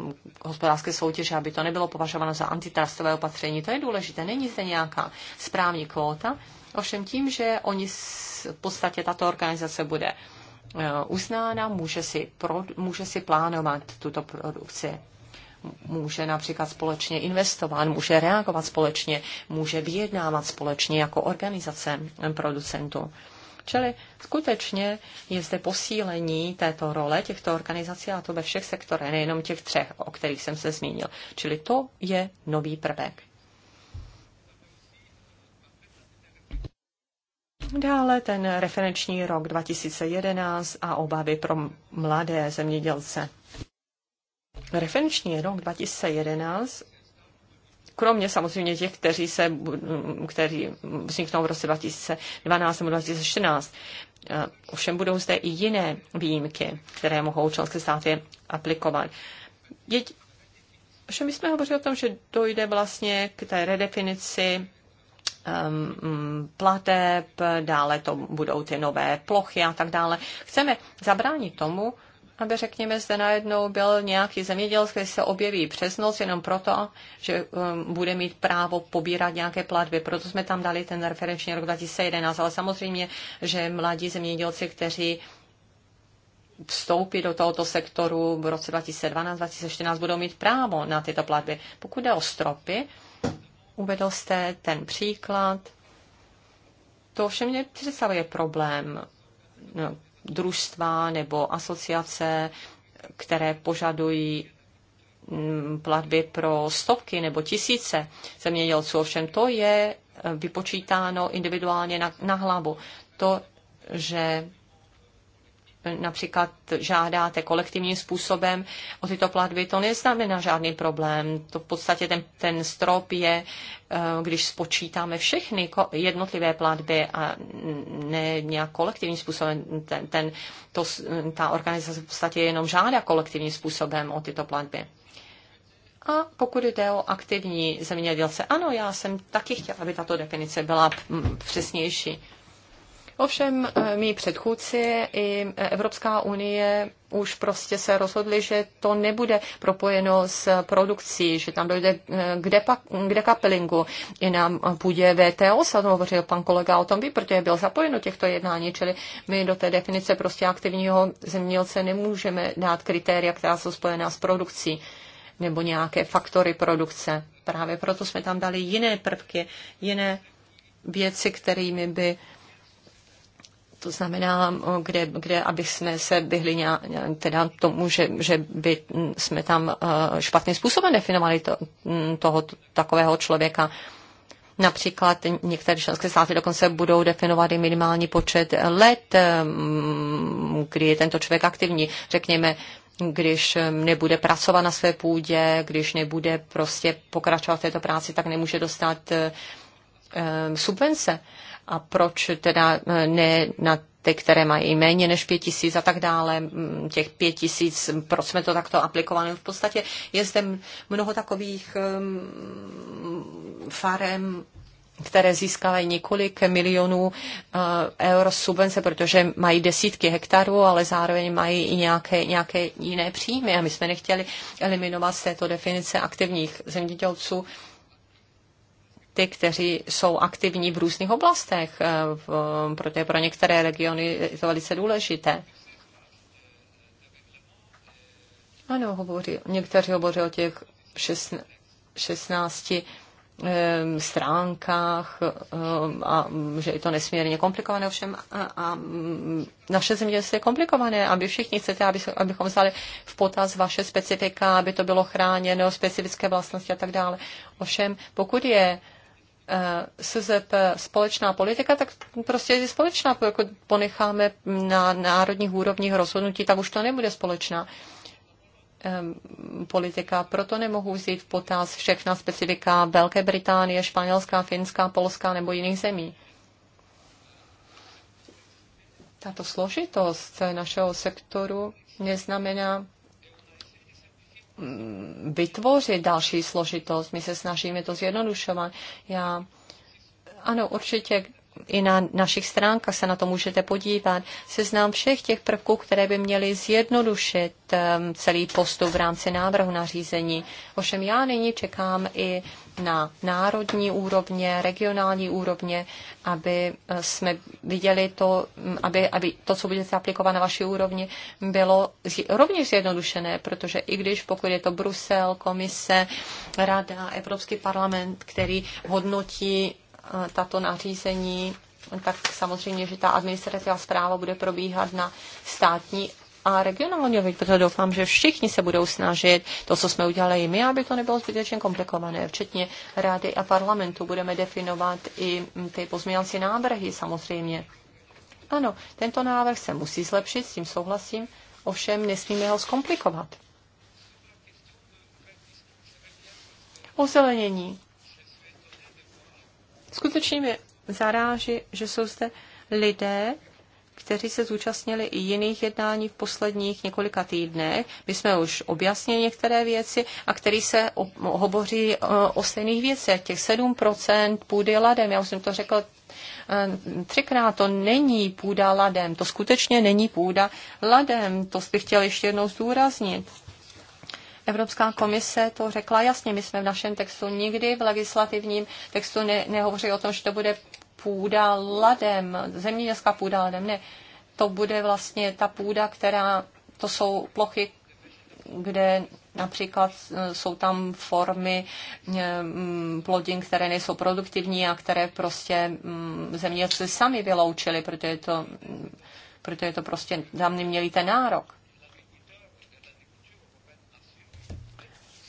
[SPEAKER 4] um, hospodářské soutěže, aby to nebylo považováno za antitrustové opatření. To je důležité. Není zde nějaká správní kvóta. Ovšem tím, že oni v podstatě tato organizace bude uh, uznána, může si, pro, může si plánovat tuto produkci může například společně investovat, může reagovat společně, může vyjednávat společně jako organizace producentů. Čili skutečně je zde posílení této role těchto organizací a to ve všech sektorech, nejenom těch třech, o kterých jsem se zmínil. Čili to je nový prvek. Dále ten referenční rok 2011 a obavy pro mladé zemědělce. Referenční rok 2011 kromě samozřejmě těch, kteří, se, kteří vzniknou v roce 2012 nebo 2014. Eh, ovšem budou zde i jiné výjimky, které mohou členské státy aplikovat. Je, ovšem my jsme hovořili o tom, že dojde vlastně k té redefinici um, plateb, dále to budou ty nové plochy a tak dále. Chceme zabránit tomu, aby, řekněme, zde najednou byl nějaký zemědělec, který se objeví přes noc jenom proto, že um, bude mít právo pobírat nějaké platby. Proto jsme tam dali ten referenční rok 2011. Ale samozřejmě, že mladí zemědělci, kteří vstoupí do tohoto sektoru v roce 2012-2014 budou mít právo na tyto platby. Pokud jde o stropy, uvedl jste ten příklad. To ovšem mě představuje problém, no, družstva nebo asociace, které požadují mm, platby pro stovky nebo tisíce zemědělců. Ovšem to je eh, vypočítáno individuálně na, na hlavu. To, že například žádáte kolektivním způsobem o tyto platby, to neznamená žádný problém. To v podstatě ten, ten strop je, eh, když spočítáme všechny jednotlivé platby a ne nějak kolektivním způsobem. Ten, ten, to, ta organizace v podstatě jenom žádá kolektivním způsobem o tyto platby. A pokud jde o aktivní zemědělce, ano, já jsem taky chtěla, aby tato definice byla mm, přesnější. Ovšem, eh, mý předchůdci i eh, Evropská unie už prostě se rozhodli, že to nebude propojeno s produkcí, že tam dojde eh, k, dekapelingu. I na půdě VTO se to hovořil pan kolega o tom, by, protože byl zapojen do těchto jednání, čili my do té definice prostě aktivního zemědělce nemůžeme dát kritéria, která jsou spojená s produkcí nebo nějaké faktory produkce. Právě proto jsme tam dali jiné prvky, jiné věci, kterými by to znamená, kde, kde aby jsme se vyhli teda tomu, že, že by jsme tam e, špatným způsobem definovali to, toho takového člověka. Například některé členské státy dokonce budou definovat i minimální počet let, e, kdy je tento člověk aktivní. Řekněme, když nebude pracovat na své půdě, když nebude prostě pokračovat v této práci, tak nemůže dostat e, subvence a proč teda e, ne na ty, které mají méně než pět tisíc a tak dále, těch pět tisíc, proč jsme to takto aplikovali. V podstatě je zde mnoho takových e, farem, které získaly několik milionů e, eur subvence, protože mají desítky hektarů, ale zároveň mají i nějaké, nějaké jiné příjmy. A my jsme nechtěli eliminovat z této definice aktivních zemědělců ty, kteří jsou aktivní v různých oblastech, eh, protože pro některé regiony je to velice důležité. Ano, hovoří, někteří hovoří o těch 16 eh, stránkách eh, a že je to nesmírně komplikované ovšem a, a mm, naše zemědělství je komplikované a vy všichni chcete, aby, abychom vzali v potaz vaše specifika, aby to bylo chráněno, specifické vlastnosti a tak dále. Ovšem, pokud je Eh, SZP společná politika, tak prostě je společná. Pokud jako ponecháme na národních úrovních rozhodnutí, tak už to nebude společná eh, politika. Proto nemohu vzít v potaz všechna specifika Velké Británie, Španělská, Finská, Polská nebo jiných zemí. Tato složitost našeho sektoru neznamená
[SPEAKER 1] Mm,
[SPEAKER 4] vytvořit další složitost. My se snažíme to zjednodušovat. Já, ano, určitě i na našich stránkách se na to můžete podívat. Seznám všech těch prvků, které by měly zjednodušit um, celý postup v rámci návrhu nařízení. Ovšem já nyní čekám i na národní úrovně, regionální úrovně, aby eh, jsme viděli to, mm, aby, aby to, co budete aplikovat na vaší úrovni, bylo rovněž zjednodušené, protože i když pokud je to Brusel, komise, rada, Evropský parlament, který hodnotí tato nařízení, tak samozřejmě, že ta administrativa zpráva bude probíhat na státní a regionální úrovni. protože doufám, že všichni se budou snažit to, co jsme udělali i my, aby to nebylo zbytečně komplikované, včetně rády a parlamentu. Budeme definovat i ty pozměňovací návrhy samozřejmě. Ano, tento návrh se musí zlepšit, s tím souhlasím, ovšem nesmíme ho zkomplikovat. Ozelenění. Skutečně mě zaráží, že jsou zde lidé, kteří se zúčastnili i jiných jednání v posledních několika týdnech. My jsme už objasnili některé věci a který se o, hovoří o, e, o stejných věcech. Těch 7% půdy ladem, já už jsem to řekl e, třikrát, to není půda ladem, to skutečně není půda ladem, to bych chtěl ještě jednou zdůraznit. Evropská komise to řekla jasně. My jsme v našem textu nikdy v legislativním textu ne, nehovořili o tom, že to bude půda ladem, zemědělská půda ladem. Ne, to bude vlastně ta půda, která, to jsou plochy, kde například e, jsou tam formy e, plodin, které nejsou produktivní a které prostě zemědělci sami vyloučili, protože to, protože to prostě tam neměli ten nárok.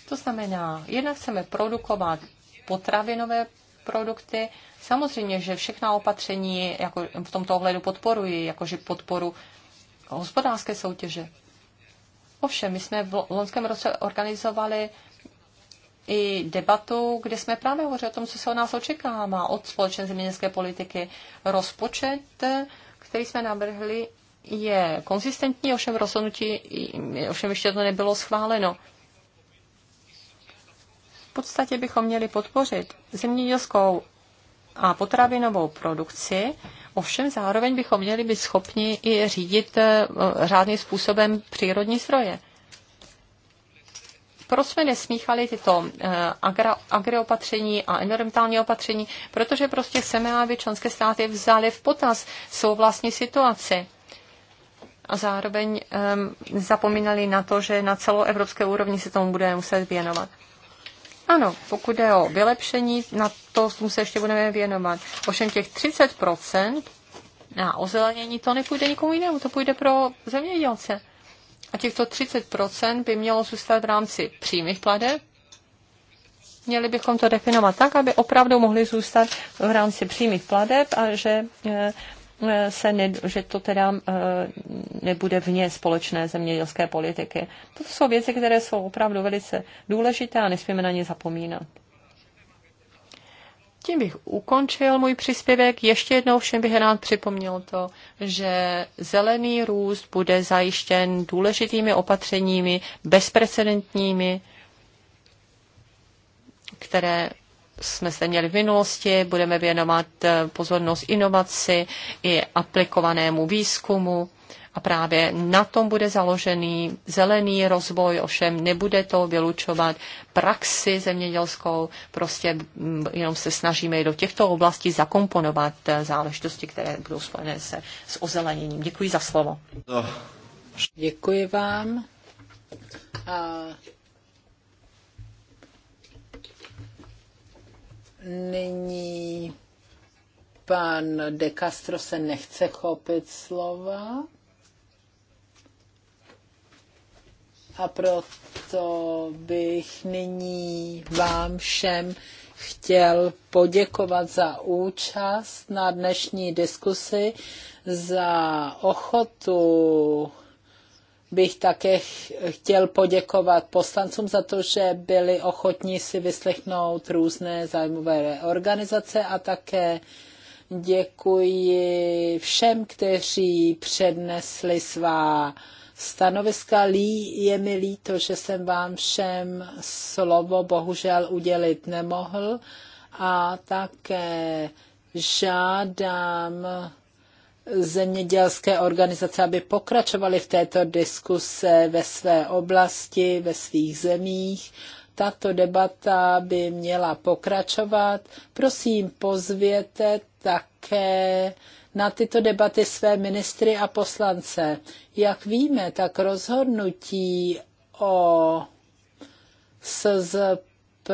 [SPEAKER 4] To znamená, jednak chceme produkovat potravinové produkty. Samozřejmě, že všechna opatření jako v tomto ohledu podporuji, jakože podporu hospodářské soutěže. Ovšem, my jsme v loňském roce organizovali i debatu, kde jsme právě hovořili o tom, co se od nás očekává od společné zemědělské politiky. Rozpočet, který jsme navrhli, je konzistentní, ovšem rozhodnutí, ovšem ještě to nebylo schváleno podstatě bychom měli podpořit zemědělskou a potravinovou produkci, ovšem zároveň bychom měli být schopni i řídit eh, řádným způsobem přírodní zdroje. Proč jsme nesmíchali tyto eh, agra, agriopatření a environmentální opatření? Protože prostě chceme, aby členské státy vzaly v potaz svou vlastní situaci a zároveň um, zapomínali na to, že na celou evropské úrovni se tomu bude muset věnovat. Ano, pokud jde o vylepšení, na to se ještě budeme věnovat. Ovšem těch 30% na ozelenění to nepůjde nikomu jinému, to půjde pro zemědělce. A těchto 30% by mělo zůstat v rámci přímých pladeb. Měli bychom to definovat tak, aby opravdu mohli zůstat v rámci přímých pladeb a že eh, Eh, se ne, že to teda eh, nebude vně společné zemědělské politiky. To jsou věci, které jsou opravdu velice důležité a nesmíme na ně zapomínat. Tím bych ukončil můj příspěvek. Ještě jednou všem bych rád připomněl to, že zelený růst bude zajištěn důležitými opatřeními, bezprecedentními, které jsme zde měli v minulosti, budeme věnovat eh, pozornost inovaci i aplikovanému výzkumu. A právě na tom bude založený zelený rozvoj, ovšem nebude to vylučovat praxi zemědělskou, prostě mm, jenom se snažíme i do těchto oblastí zakomponovat eh, záležitosti, které budou spojené se s ozeleněním. Děkuji za slovo.
[SPEAKER 3] No. Děkuji vám. A Nyní pan De Castro se nechce chopit slova. A proto bych nyní vám všem chtěl poděkovat za účast na dnešní diskusi, za ochotu bych také chtěl poděkovat poslancům za to, že byli ochotní si vyslechnout různé zájmové organizace a také děkuji všem, kteří přednesli svá stanoviska. Lí, je mi líto, že jsem vám všem slovo bohužel udělit nemohl a také žádám zemědělské organizace, aby pokračovaly v této diskuse ve své oblasti, ve svých zemích. Tato debata by měla pokračovat. Prosím, pozvěte také na tyto debaty své ministry a poslance. Jak víme, tak rozhodnutí o SZP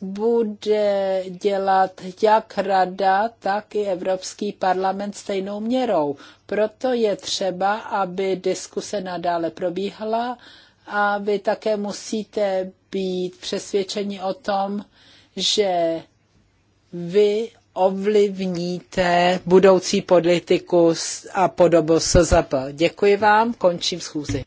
[SPEAKER 3] bude dělat jak Rada, tak i Evropský parlament stejnou měrou. Proto je třeba, aby diskuse nadále probíhala a vy také musíte být přesvědčeni o tom, že vy ovlivníte budoucí politiku a podobu SZP. Děkuji vám, končím schůzi.